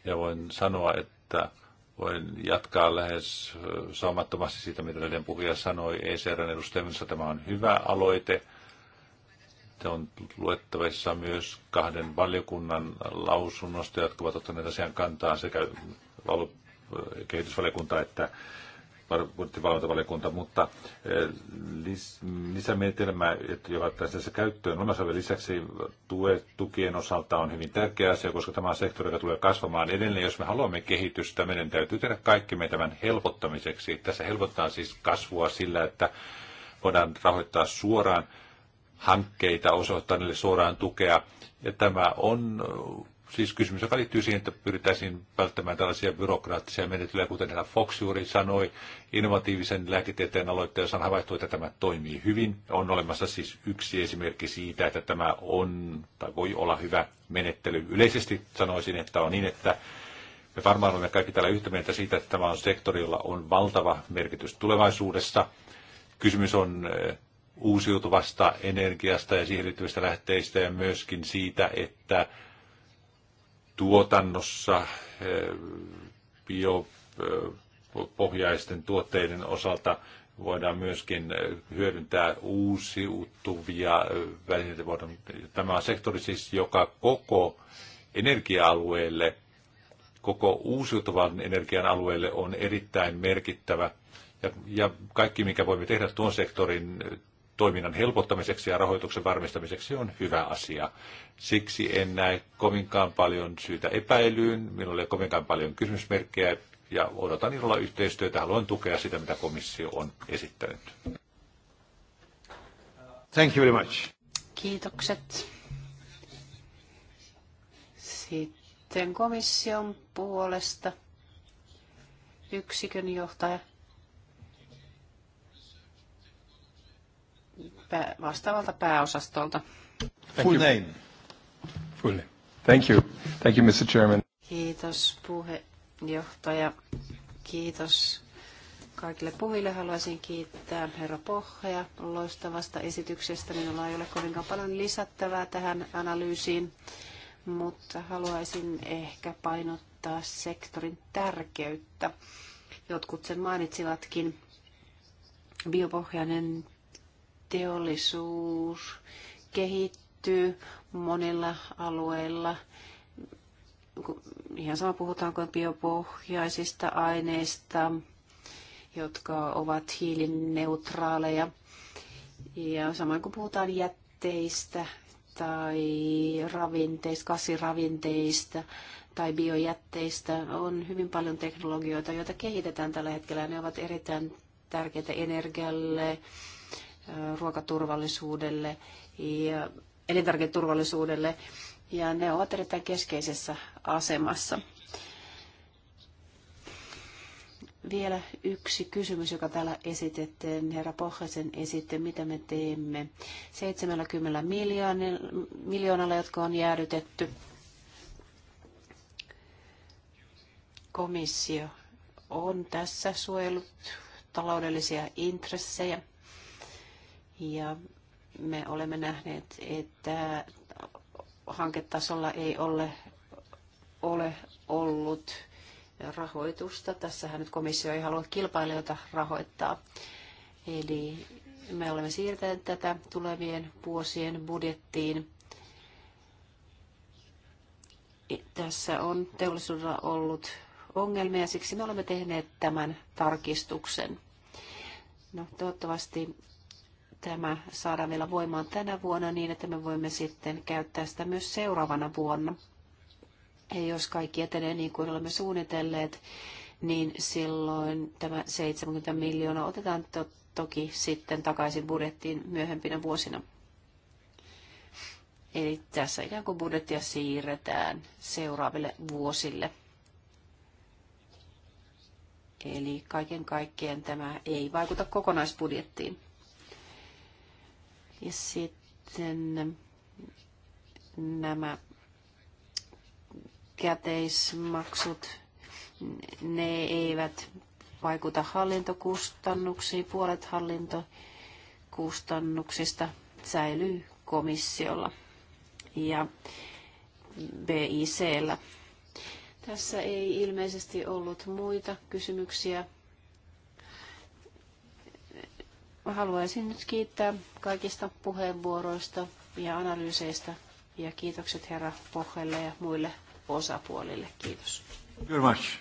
Speaker 1: ja voin sanoa, että voin jatkaa lähes saumattomasti siitä, mitä edellinen puhuja sanoi. ECRn edustajamissa tämä on hyvä aloite sitten on luettavissa myös kahden valiokunnan lausunnosta, jotka ovat ottaneet asian kantaa sekä kehitysvaliokunta että budjettivalvontavaliokunta, mutta eh, lis, että joka tässä käyttöön olemassa lisäksi tue, tukien osalta on hyvin tärkeä asia, koska tämä on sektori, joka tulee kasvamaan edelleen. Jos me haluamme kehitystä, meidän täytyy tehdä kaikki me tämän helpottamiseksi. Tässä helpottaa siis kasvua sillä, että voidaan rahoittaa suoraan hankkeita osoittaneille suoraan tukea. Ja tämä on äh, siis kysymys, joka liittyy siihen, että pyritäisiin välttämään tällaisia byrokraattisia menetelyjä, kuten herra Fox juuri sanoi, innovatiivisen lääketieteen aloitteessa on havaittu, että tämä toimii hyvin. On olemassa siis yksi esimerkki siitä, että tämä on tai voi olla hyvä menettely. Yleisesti sanoisin, että on niin, että me varmaan olemme kaikki täällä yhtä mieltä siitä, että tämä on sektori, jolla on valtava merkitys tulevaisuudessa. Kysymys on äh, uusiutuvasta energiasta ja siihen liittyvistä lähteistä ja myöskin siitä, että tuotannossa eh, biopohjaisten eh, tuotteiden osalta voidaan myöskin eh, hyödyntää uusiutuvia välineitä. Tämä on sektori siis, joka koko energia-alueelle, koko uusiutuvan energian alueelle on erittäin merkittävä. Ja, ja kaikki, mikä voimme tehdä tuon sektorin toiminnan helpottamiseksi ja rahoituksen varmistamiseksi on hyvä asia. Siksi en näe kovinkaan paljon syytä epäilyyn, minulla ei ole kovinkaan paljon kysymysmerkkejä ja odotan ilolla yhteistyötä. Haluan tukea sitä, mitä komissio on esittänyt. Thank you very much.
Speaker 2: Kiitokset. Sitten komission puolesta yksikön johtaja vastaavalta pääosastolta.
Speaker 1: Full name. Full name. Thank you. Thank you, Mr. Chairman.
Speaker 2: Kiitos puheenjohtaja. Kiitos kaikille puhujille. Haluaisin kiittää herra Pohja loistavasta esityksestä. Minulla ei ole kovinkaan paljon lisättävää tähän analyysiin, mutta haluaisin ehkä painottaa sektorin tärkeyttä. Jotkut sen mainitsivatkin. Biopohjainen teollisuus kehittyy monilla alueilla. Ihan sama puhutaanko biopohjaisista aineista, jotka ovat hiilineutraaleja. Ja samoin kun puhutaan jätteistä tai ravinteista, kasiravinteista tai biojätteistä, on hyvin paljon teknologioita, joita kehitetään tällä hetkellä. Ne ovat erittäin tärkeitä energialle, ruokaturvallisuudelle ja elintarviketurvallisuudelle, ja ne ovat erittäin keskeisessä asemassa. Vielä yksi kysymys, joka täällä esitettiin, herra Pohjaisen esitti, mitä me teemme 70 miljoonalla, jotka on jäädytetty. Komissio on tässä suojellut taloudellisia intressejä. Ja me olemme nähneet, että hanketasolla ei ole, ole ollut rahoitusta. Tässähän nyt komissio ei halua kilpailijoita rahoittaa. Eli me olemme siirtäneet tätä tulevien vuosien budjettiin. Tässä on teollisuudella ollut ongelmia ja siksi me olemme tehneet tämän tarkistuksen. No, toivottavasti tämä saadaan vielä voimaan tänä vuonna niin, että me voimme sitten käyttää sitä myös seuraavana vuonna. Ja jos kaikki etenee niin kuin olemme suunnitelleet, niin silloin tämä 70 miljoonaa otetaan to- toki sitten takaisin budjettiin myöhempinä vuosina. Eli tässä ikään kuin budjettia siirretään seuraaville vuosille. Eli kaiken kaikkien tämä ei vaikuta kokonaisbudjettiin. Ja sitten nämä käteismaksut, ne eivät vaikuta hallintokustannuksiin. Puolet hallintokustannuksista säilyy komissiolla ja BICllä. Tässä ei ilmeisesti ollut muita kysymyksiä haluaisin nyt kiittää kaikista puheenvuoroista ja analyyseistä ja kiitokset herra Pohjelle ja muille osapuolille.
Speaker 1: Kiitos. Very much.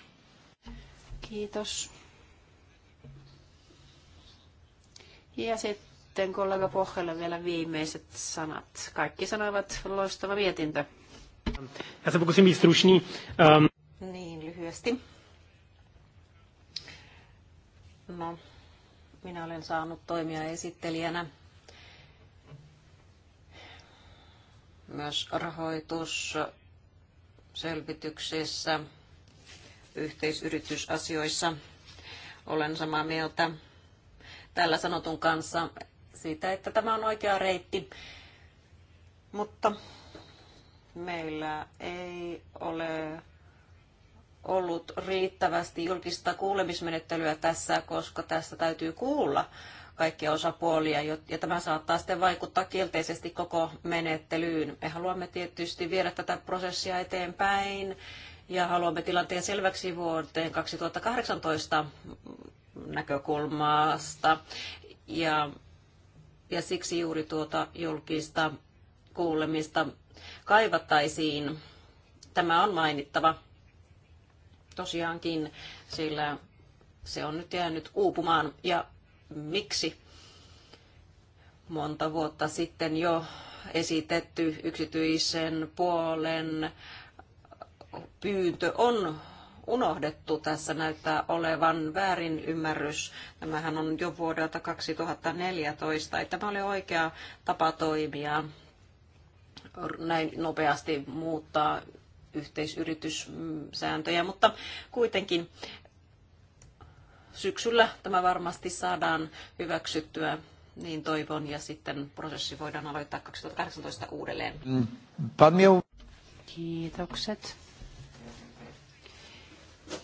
Speaker 2: Kiitos. Ja sitten kollega Pohjelle vielä viimeiset sanat. Kaikki sanoivat loistava mietintö. Já se pokusím um,
Speaker 3: Niin, lyhyesti. No, minä olen saanut toimia esittelijänä myös rahoitusselvityksissä, yhteisyritysasioissa. Olen samaa mieltä tällä sanotun kanssa siitä, että tämä on oikea reitti, mutta meillä ei ole ollut riittävästi julkista kuulemismenettelyä tässä, koska tässä täytyy kuulla kaikkia osapuolia, ja tämä saattaa sitten vaikuttaa kielteisesti koko menettelyyn. Me haluamme tietysti viedä tätä prosessia eteenpäin, ja haluamme tilanteen selväksi vuoteen 2018 näkökulmasta, ja, ja siksi juuri tuota julkista kuulemista kaivattaisiin. Tämä on mainittava tosiaankin, sillä se on nyt jäänyt uupumaan. Ja miksi? Monta vuotta sitten jo esitetty yksityisen puolen pyyntö on unohdettu. Tässä näyttää olevan väärin ymmärrys. Tämähän on jo vuodelta 2014. Ei tämä oli oikea tapa toimia näin nopeasti muuttaa yhteisyrityssääntöjä, mutta kuitenkin syksyllä tämä varmasti saadaan hyväksyttyä, niin toivon, ja sitten prosessi voidaan aloittaa 2018 uudelleen.
Speaker 2: Mm. Kiitokset.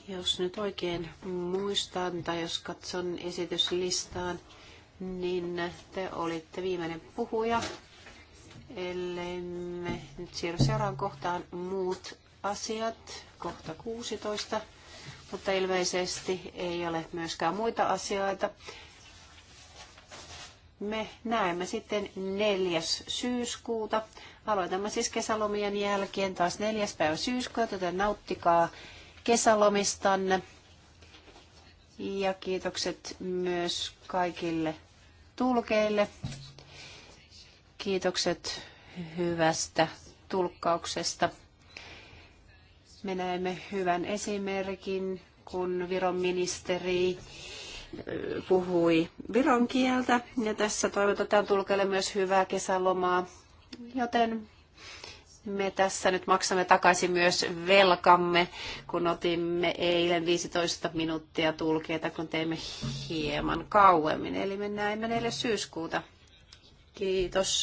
Speaker 2: Jos nyt oikein muistan tai jos katson esityslistaan, niin te olitte viimeinen puhuja ellei me nyt siirry seuraan kohtaan muut asiat, kohta 16, mutta ilmeisesti ei ole myöskään muita asioita. Me näemme sitten 4. syyskuuta. Aloitamme siis kesälomien jälkeen taas 4. päivä syyskuuta, joten nauttikaa kesälomistanne. Ja kiitokset myös kaikille tulkeille. Kiitokset hyvästä tulkkauksesta. Me näemme hyvän esimerkin, kun Viron ministeri puhui viron kieltä. Ja tässä toivotetaan tulkelle myös hyvää kesälomaa. Joten me tässä nyt maksamme takaisin myös velkamme, kun otimme eilen 15 minuuttia tulkeita, kun teimme hieman kauemmin. Eli me näemme 4. syyskuuta. Kiitos.